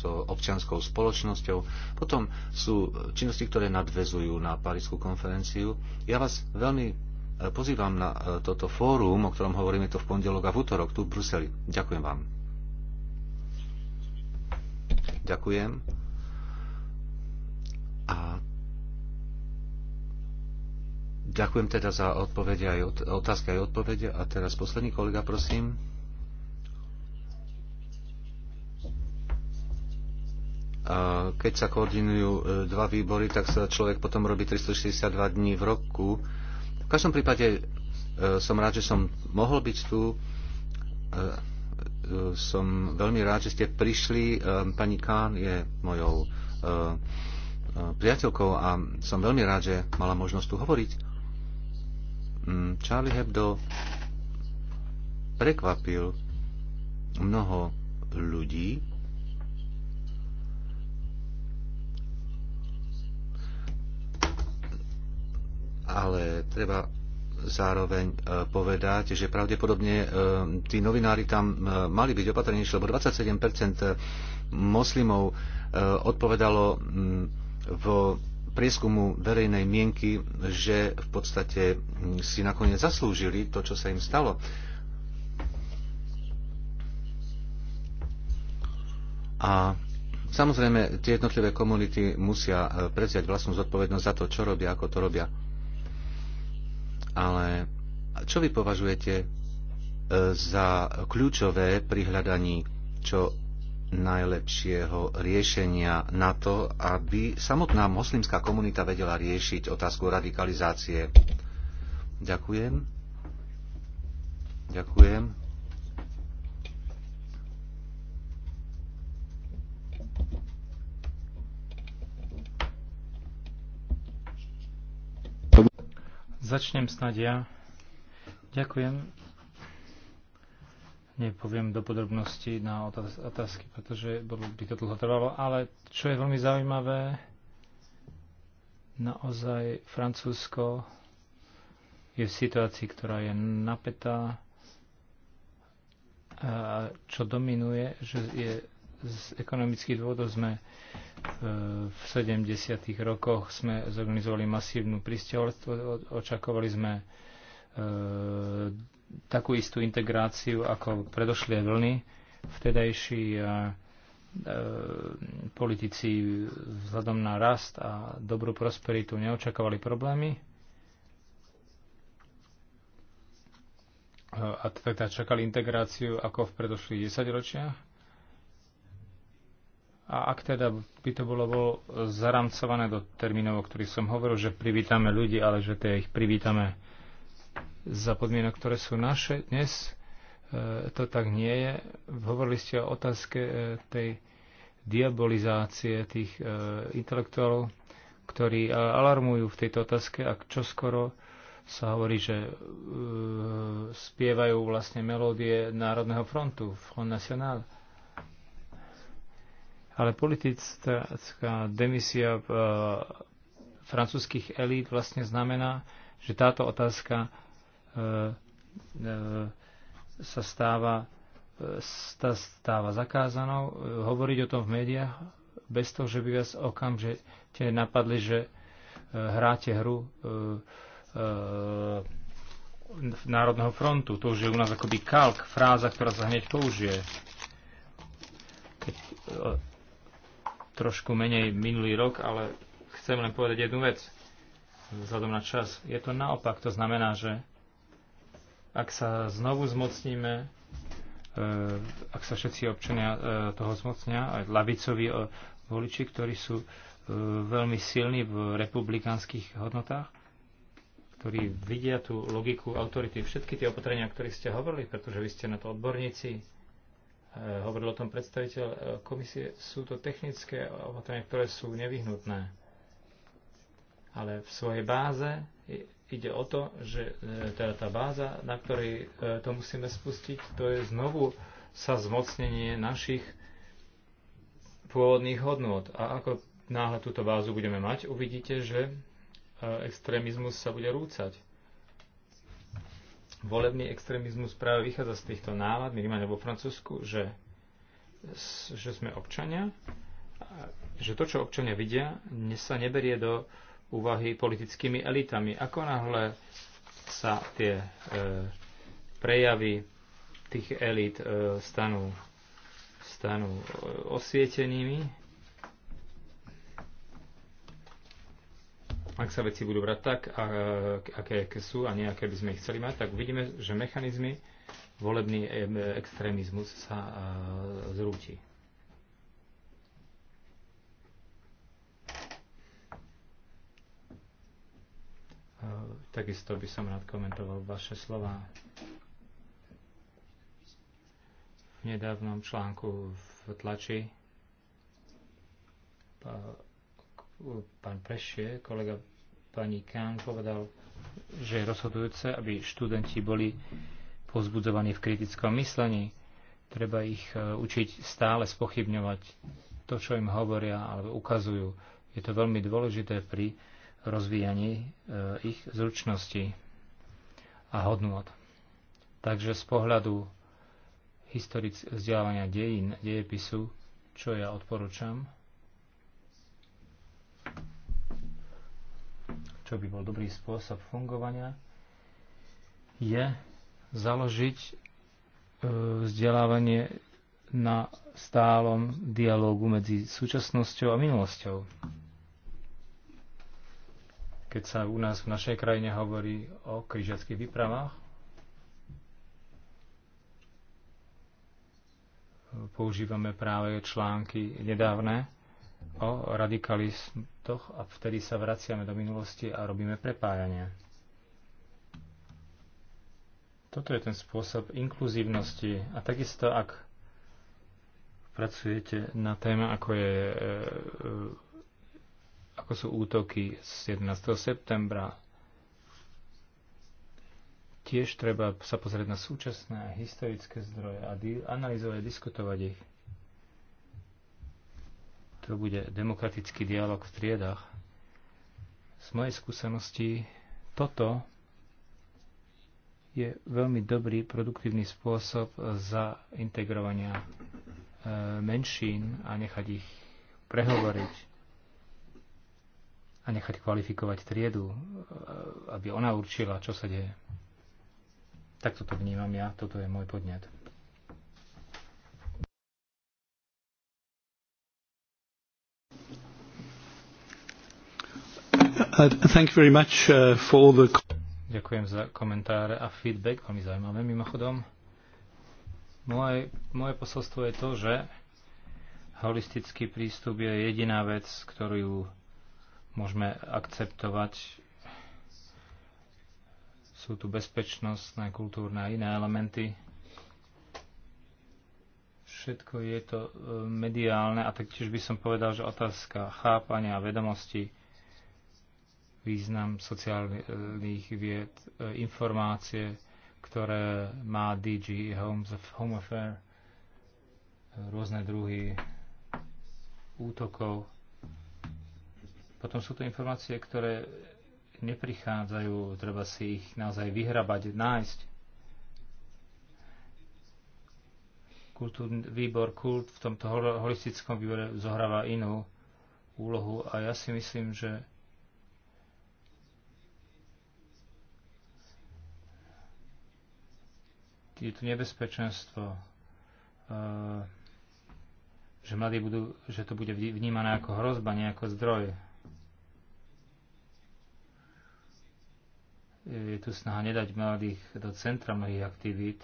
so občianskou spoločnosťou. Potom sú činnosti, ktoré nadvezujú na Parísku konferenciu. Ja vás veľmi pozývam na e, toto fórum, o ktorom hovoríme to v pondelok a v útorok tu v Bruseli. Ďakujem vám. Ďakujem. A ďakujem teda za odpovede aj od, otázky aj odpovede. A teraz posledný kolega, prosím. Keď sa koordinujú e, dva výbory, tak sa človek potom robí 362 dní v roku v každom prípade e, som rád, že som mohol byť tu. E, e, som veľmi rád, že ste prišli. Pani Kán je mojou priateľkou a som veľmi rád, že mala možnosť tu hovoriť. Mm, Charlie Hebdo prekvapil mnoho ľudí ale treba zároveň e, povedať, že pravdepodobne e, tí novinári tam e, mali byť opatrnejší, lebo 27% moslimov odpovedalo mm, v prieskumu verejnej mienky, že v podstate mm, si nakoniec zaslúžili to, čo sa im stalo. A samozrejme, tie jednotlivé komunity musia prevziať vlastnú zodpovednosť za to, čo robia, ako to robia ale čo vy považujete e, za kľúčové pri hľadaní čo najlepšieho riešenia na to, aby samotná moslimská komunita vedela riešiť otázku radikalizácie? Ďakujem. Ďakujem. Začnem snad ja. Ďakujem. Nepoviem do podrobností na otázky, pretože by to dlho trvalo, ale čo je veľmi zaujímavé, naozaj Francúzsko je v situácii, ktorá je napätá, a čo dominuje, že je z ekonomických dôvodov sme v 70. rokoch sme zorganizovali masívnu pristiaľstvo, očakovali sme e, takú istú integráciu ako predošlé vlny. Vtedajší e, politici vzhľadom na rast a dobrú prosperitu neočakovali problémy. E, a teda čakali integráciu ako v predošlých desaťročiach a ak teda by to bolo, bolo zaramcované do termínov, o ktorých som hovoril, že privítame ľudí, ale že tie teda ich privítame za podmienok, ktoré sú naše dnes, e, to tak nie je. Hovorili ste o otázke e, tej diabolizácie tých e, intelektuálov, ktorí e, alarmujú v tejto otázke a skoro sa hovorí, že e, spievajú vlastne melódie Národného frontu, Front National. E, ale politická demisia e, francúzských elít vlastne znamená, že táto otázka e, e, sa stáva, sa stáva zakázanou. Hovoriť o tom v médiách bez toho, že by vás okamžite napadli, že hráte hru Národného frontu. To už je u nás akoby kalk, fráza, ktorá sa hneď použije. Keď trošku menej minulý rok, ale chcem len povedať jednu vec vzhľadom na čas. Je to naopak, to znamená, že ak sa znovu zmocníme, e, ak sa všetci občania e, toho zmocnia, aj lavicoví e, voliči, ktorí sú veľmi silní v republikánskych hodnotách, ktorí vidia tú logiku autority, všetky tie opatrenia, o ktorých ste hovorili, pretože vy ste na to odborníci, Eh, hovoril o tom predstaviteľ eh, komisie, sú to technické opatrenia, ktoré sú nevyhnutné. Ale v svojej báze ide o to, že eh, teda tá báza, na ktorej to musíme spustiť, to je znovu sa zmocnenie našich pôvodných hodnôt. A ako náhle túto bázu budeme mať, uvidíte, že extrémizmus sa bude rúcať volebný extrémizmus práve vychádza z týchto nálad, minimálne vo Francúzsku, že, že sme občania, že to, čo občania vidia, sa neberie do úvahy politickými elitami. Ako náhle sa tie e, prejavy tých elít e, stanú, stanú e, osvietenými, Ak sa veci budú brať tak, a, e, aké, aké sú a nejaké by sme ich chceli mať, tak uvidíme, že mechanizmy volebný e, e, extrémizmus sa zrúti. Takisto by som rád komentoval vaše slova. V nedávnom článku v tlači pán Prešie, kolega pani Kán povedal, že je rozhodujúce, aby študenti boli pozbudzovaní v kritickom myslení. Treba ich e, učiť stále spochybňovať to, čo im hovoria alebo ukazujú. Je to veľmi dôležité pri rozvíjaní e, ich zručností a hodnot. Takže z pohľadu historic- vzdelávania dejín, dejepisu, čo ja odporúčam, čo by bol dobrý spôsob fungovania, je založiť e, vzdelávanie na stálom dialógu medzi súčasnosťou a minulosťou. Keď sa u nás v našej krajine hovorí o križiackých výpravách, používame práve články nedávne, o radikalistoch a vtedy sa vraciame do minulosti a robíme prepájanie. Toto je ten spôsob inkluzívnosti a takisto ak pracujete na téma, ako, je, e, e, ako sú útoky z 11. septembra, tiež treba sa pozrieť na súčasné a historické zdroje a analyzovať, diskutovať ich to bude demokratický dialog v triedach. Z mojej skúsenosti toto je veľmi dobrý, produktívny spôsob za integrovania e, menšín a nechať ich prehovoriť a nechať kvalifikovať triedu, e, aby ona určila, čo sa deje. Tak toto vnímam ja, toto je môj podnet. Uh, thank you very much uh, for the... Ďakujem za komentáre a feedback, veľmi zaujímavé mimochodom. Moje, moje posolstvo je to, že holistický prístup je jediná vec, ktorú môžeme akceptovať. Sú tu bezpečnostné, kultúrne a iné elementy. Všetko je to eh, mediálne a taktiež by som povedal, že otázka chápania a vedomosti význam sociálnych vied, e, informácie, ktoré má DG Home, Home Affair, e, rôzne druhy útokov. Potom sú to informácie, ktoré neprichádzajú, treba si ich naozaj vyhrabať, nájsť. Kultúr, výbor kult v tomto holistickom výbore zohráva inú úlohu a ja si myslím, že je tu nebezpečenstvo, e, že mladí budú, že to bude vnímané ako hrozba, nie ako zdroj. Je tu snaha nedať mladých do centra mnohých aktivít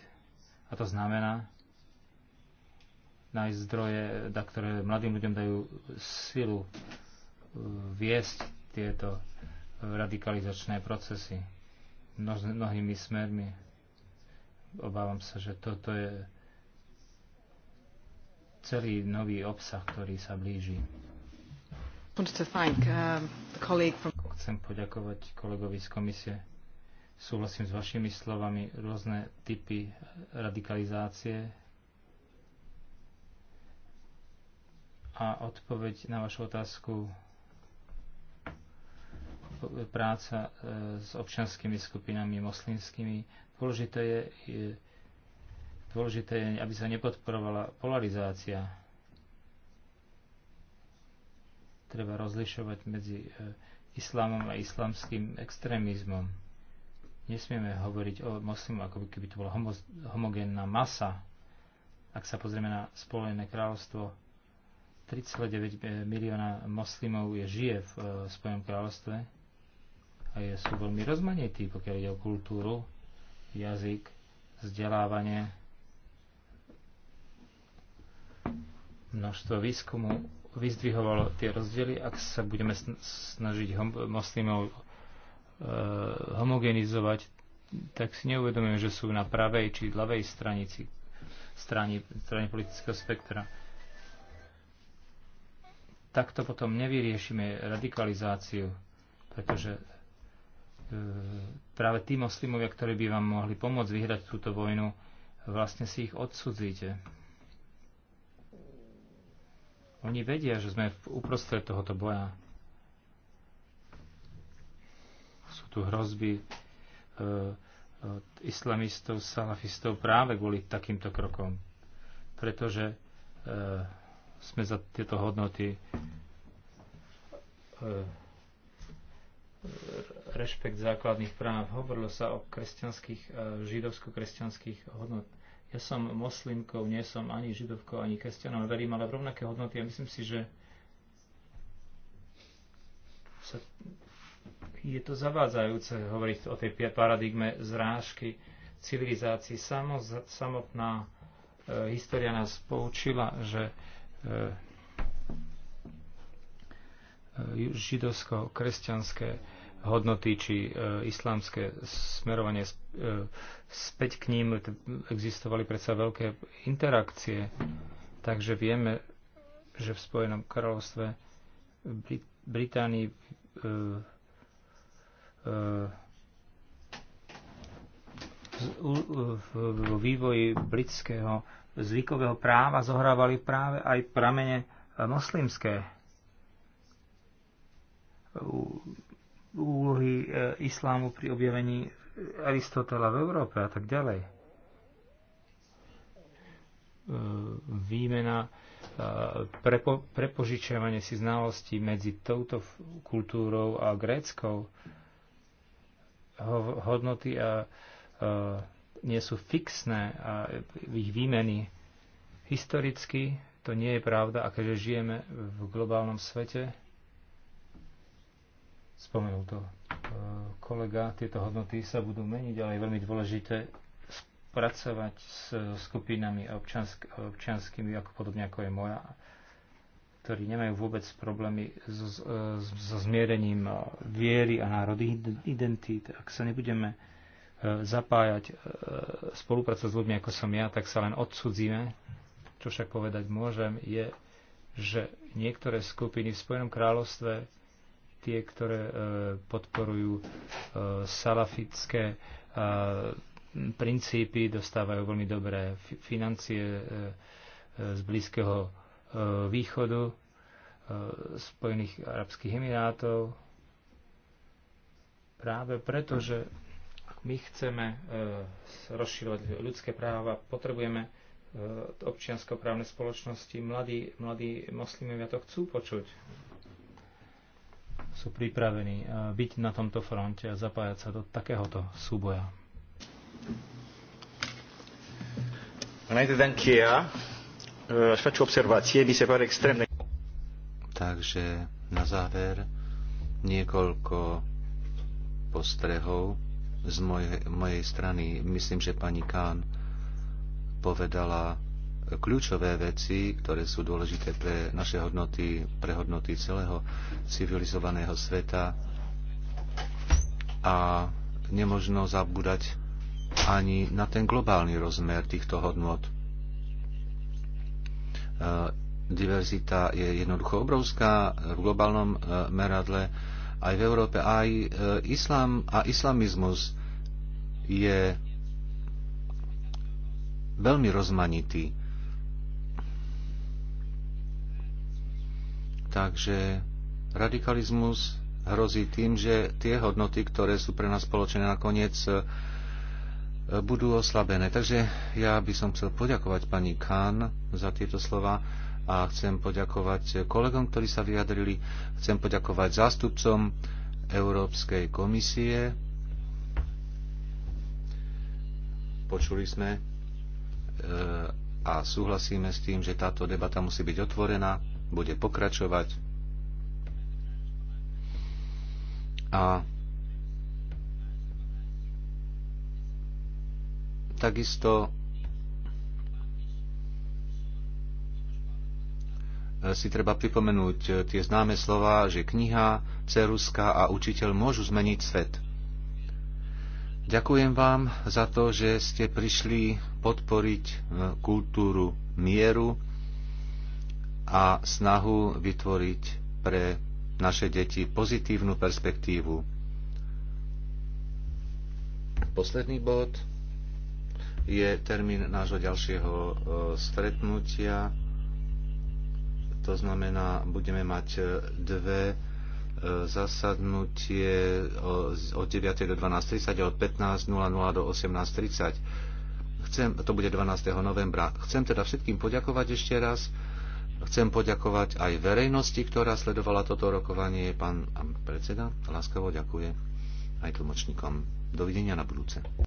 a to znamená nájsť zdroje, da, ktoré mladým ľuďom dajú silu e, viesť tieto radikalizačné procesy mnohými smermi Obávam sa, že toto je celý nový obsah, ktorý sa blíži. Um, Chcem poďakovať kolegovi z komisie. Súhlasím s vašimi slovami. Rôzne typy radikalizácie a odpoveď na vašu otázku e, práca e, s občianskými skupinami moslimskými Dôležité je, je, dôležité je aby sa nepodporovala polarizácia. Treba rozlišovať medzi e, islámom a islamským extrémizmom. Nesmieme hovoriť o moslimu, ako keby to bola homo, homogénna masa. Ak sa pozrieme na Spojené kráľovstvo, 39 e, milióna moslimov je, žije v e, Spojenom kráľovstve a je, sú veľmi rozmanití, pokiaľ ide o kultúru, jazyk, vzdelávanie, množstvo výskumu vyzdvihovalo tie rozdiely. Ak sa budeme snažiť hom- moslimov e, homogenizovať, tak si neuvedomujem, že sú na pravej či ľavej stranici, strane, strane politického spektra. Takto potom nevyriešime radikalizáciu, pretože E, práve tí moslimovia, ktorí by vám mohli pomôcť vyhrať túto vojnu, vlastne si ich odsudzíte. Oni vedia, že sme v uprostred tohoto boja. Sú tu hrozby e, od e, islamistov, salafistov práve kvôli takýmto krokom. Pretože e, sme za tieto hodnoty e, rešpekt základných práv. Hovorilo sa o kresťanských, e, židovsko-kresťanských hodnot. Ja som moslimkou, nie som ani židovkou, ani kresťanom, verím, ale v rovnaké hodnoty. Ja myslím si, že sa, je to zavádzajúce hovoriť o tej paradigme zrážky civilizácií. samotná e, história nás poučila, že e, e židovsko-kresťanské hodnoty či e, islámske smerovanie e, späť k ním existovali predsa veľké interakcie. Takže vieme, že v Spojenom kráľovstve Brit- Británii e, e, vývoji britského zvykového práva zohrávali práve aj pramene moslimské úlohy e, islámu pri objavení e, Aristotela v Európe a tak ďalej. E, výmena, prepo, prepožičiavanie si znalostí medzi touto kultúrou a gréckou hodnoty a, a nie sú fixné a ich výmeny historicky to nie je pravda a keďže žijeme v globálnom svete, Spomenul to e, kolega, tieto hodnoty sa budú meniť, ale je veľmi dôležité pracovať s skupinami občansk- občianskými, ako podobne ako je moja, ktorí nemajú vôbec problémy so, so zmierením viery a národných identít. Ak sa nebudeme e, zapájať, e, spolupracovať s ľuďmi ako som ja, tak sa len odsudzíme. Čo však povedať môžem, je, že niektoré skupiny v Spojenom kráľovstve tie, ktoré e, podporujú e, salafické e, princípy, dostávajú veľmi dobré financie z Blízkeho východu, Spojených arabských emirátov. Práve preto, že my chceme rozširovať ľudské práva, potrebujeme občiansko občiansko-právne spoločnosti, mladí, mladí moslimovia to chcú počuť sú pripravení eh, byť na tomto fronte a zapájať sa do takéhoto súboja. Eh, Takže na záver niekoľko postrehov z mojej, mojej strany. Myslím, že pani Kán povedala kľúčové veci, ktoré sú dôležité pre naše hodnoty, pre hodnoty celého civilizovaného sveta a nemožno zabúdať ani na ten globálny rozmer týchto hodnot. E, diverzita je jednoducho obrovská v globálnom e, meradle aj v Európe. Aj e, islám a islamizmus je veľmi rozmanitý Takže radikalizmus hrozí tým, že tie hodnoty, ktoré sú pre nás spoločené, nakoniec e, budú oslabené. Takže ja by som chcel poďakovať pani Kán za tieto slova a chcem poďakovať kolegom, ktorí sa vyjadrili, chcem poďakovať zástupcom Európskej komisie. Počuli sme e, a súhlasíme s tým, že táto debata musí byť otvorená bude pokračovať a takisto e, si treba pripomenúť e, tie známe slova, že kniha, ceruska a učiteľ môžu zmeniť svet. Ďakujem vám za to, že ste prišli podporiť e, kultúru mieru a snahu vytvoriť pre naše deti pozitívnu perspektívu. Posledný bod je termín nášho ďalšieho e, stretnutia. To znamená, budeme mať e, dve e, zasadnutie od 9. do 12.30 a od 15.00 do 18.30. Chcem, to bude 12. novembra. Chcem teda všetkým poďakovať ešte raz Chcem poďakovať aj verejnosti, ktorá sledovala toto rokovanie. Pán predseda, láskavo ďakuje aj tlmočníkom. Dovidenia na budúce.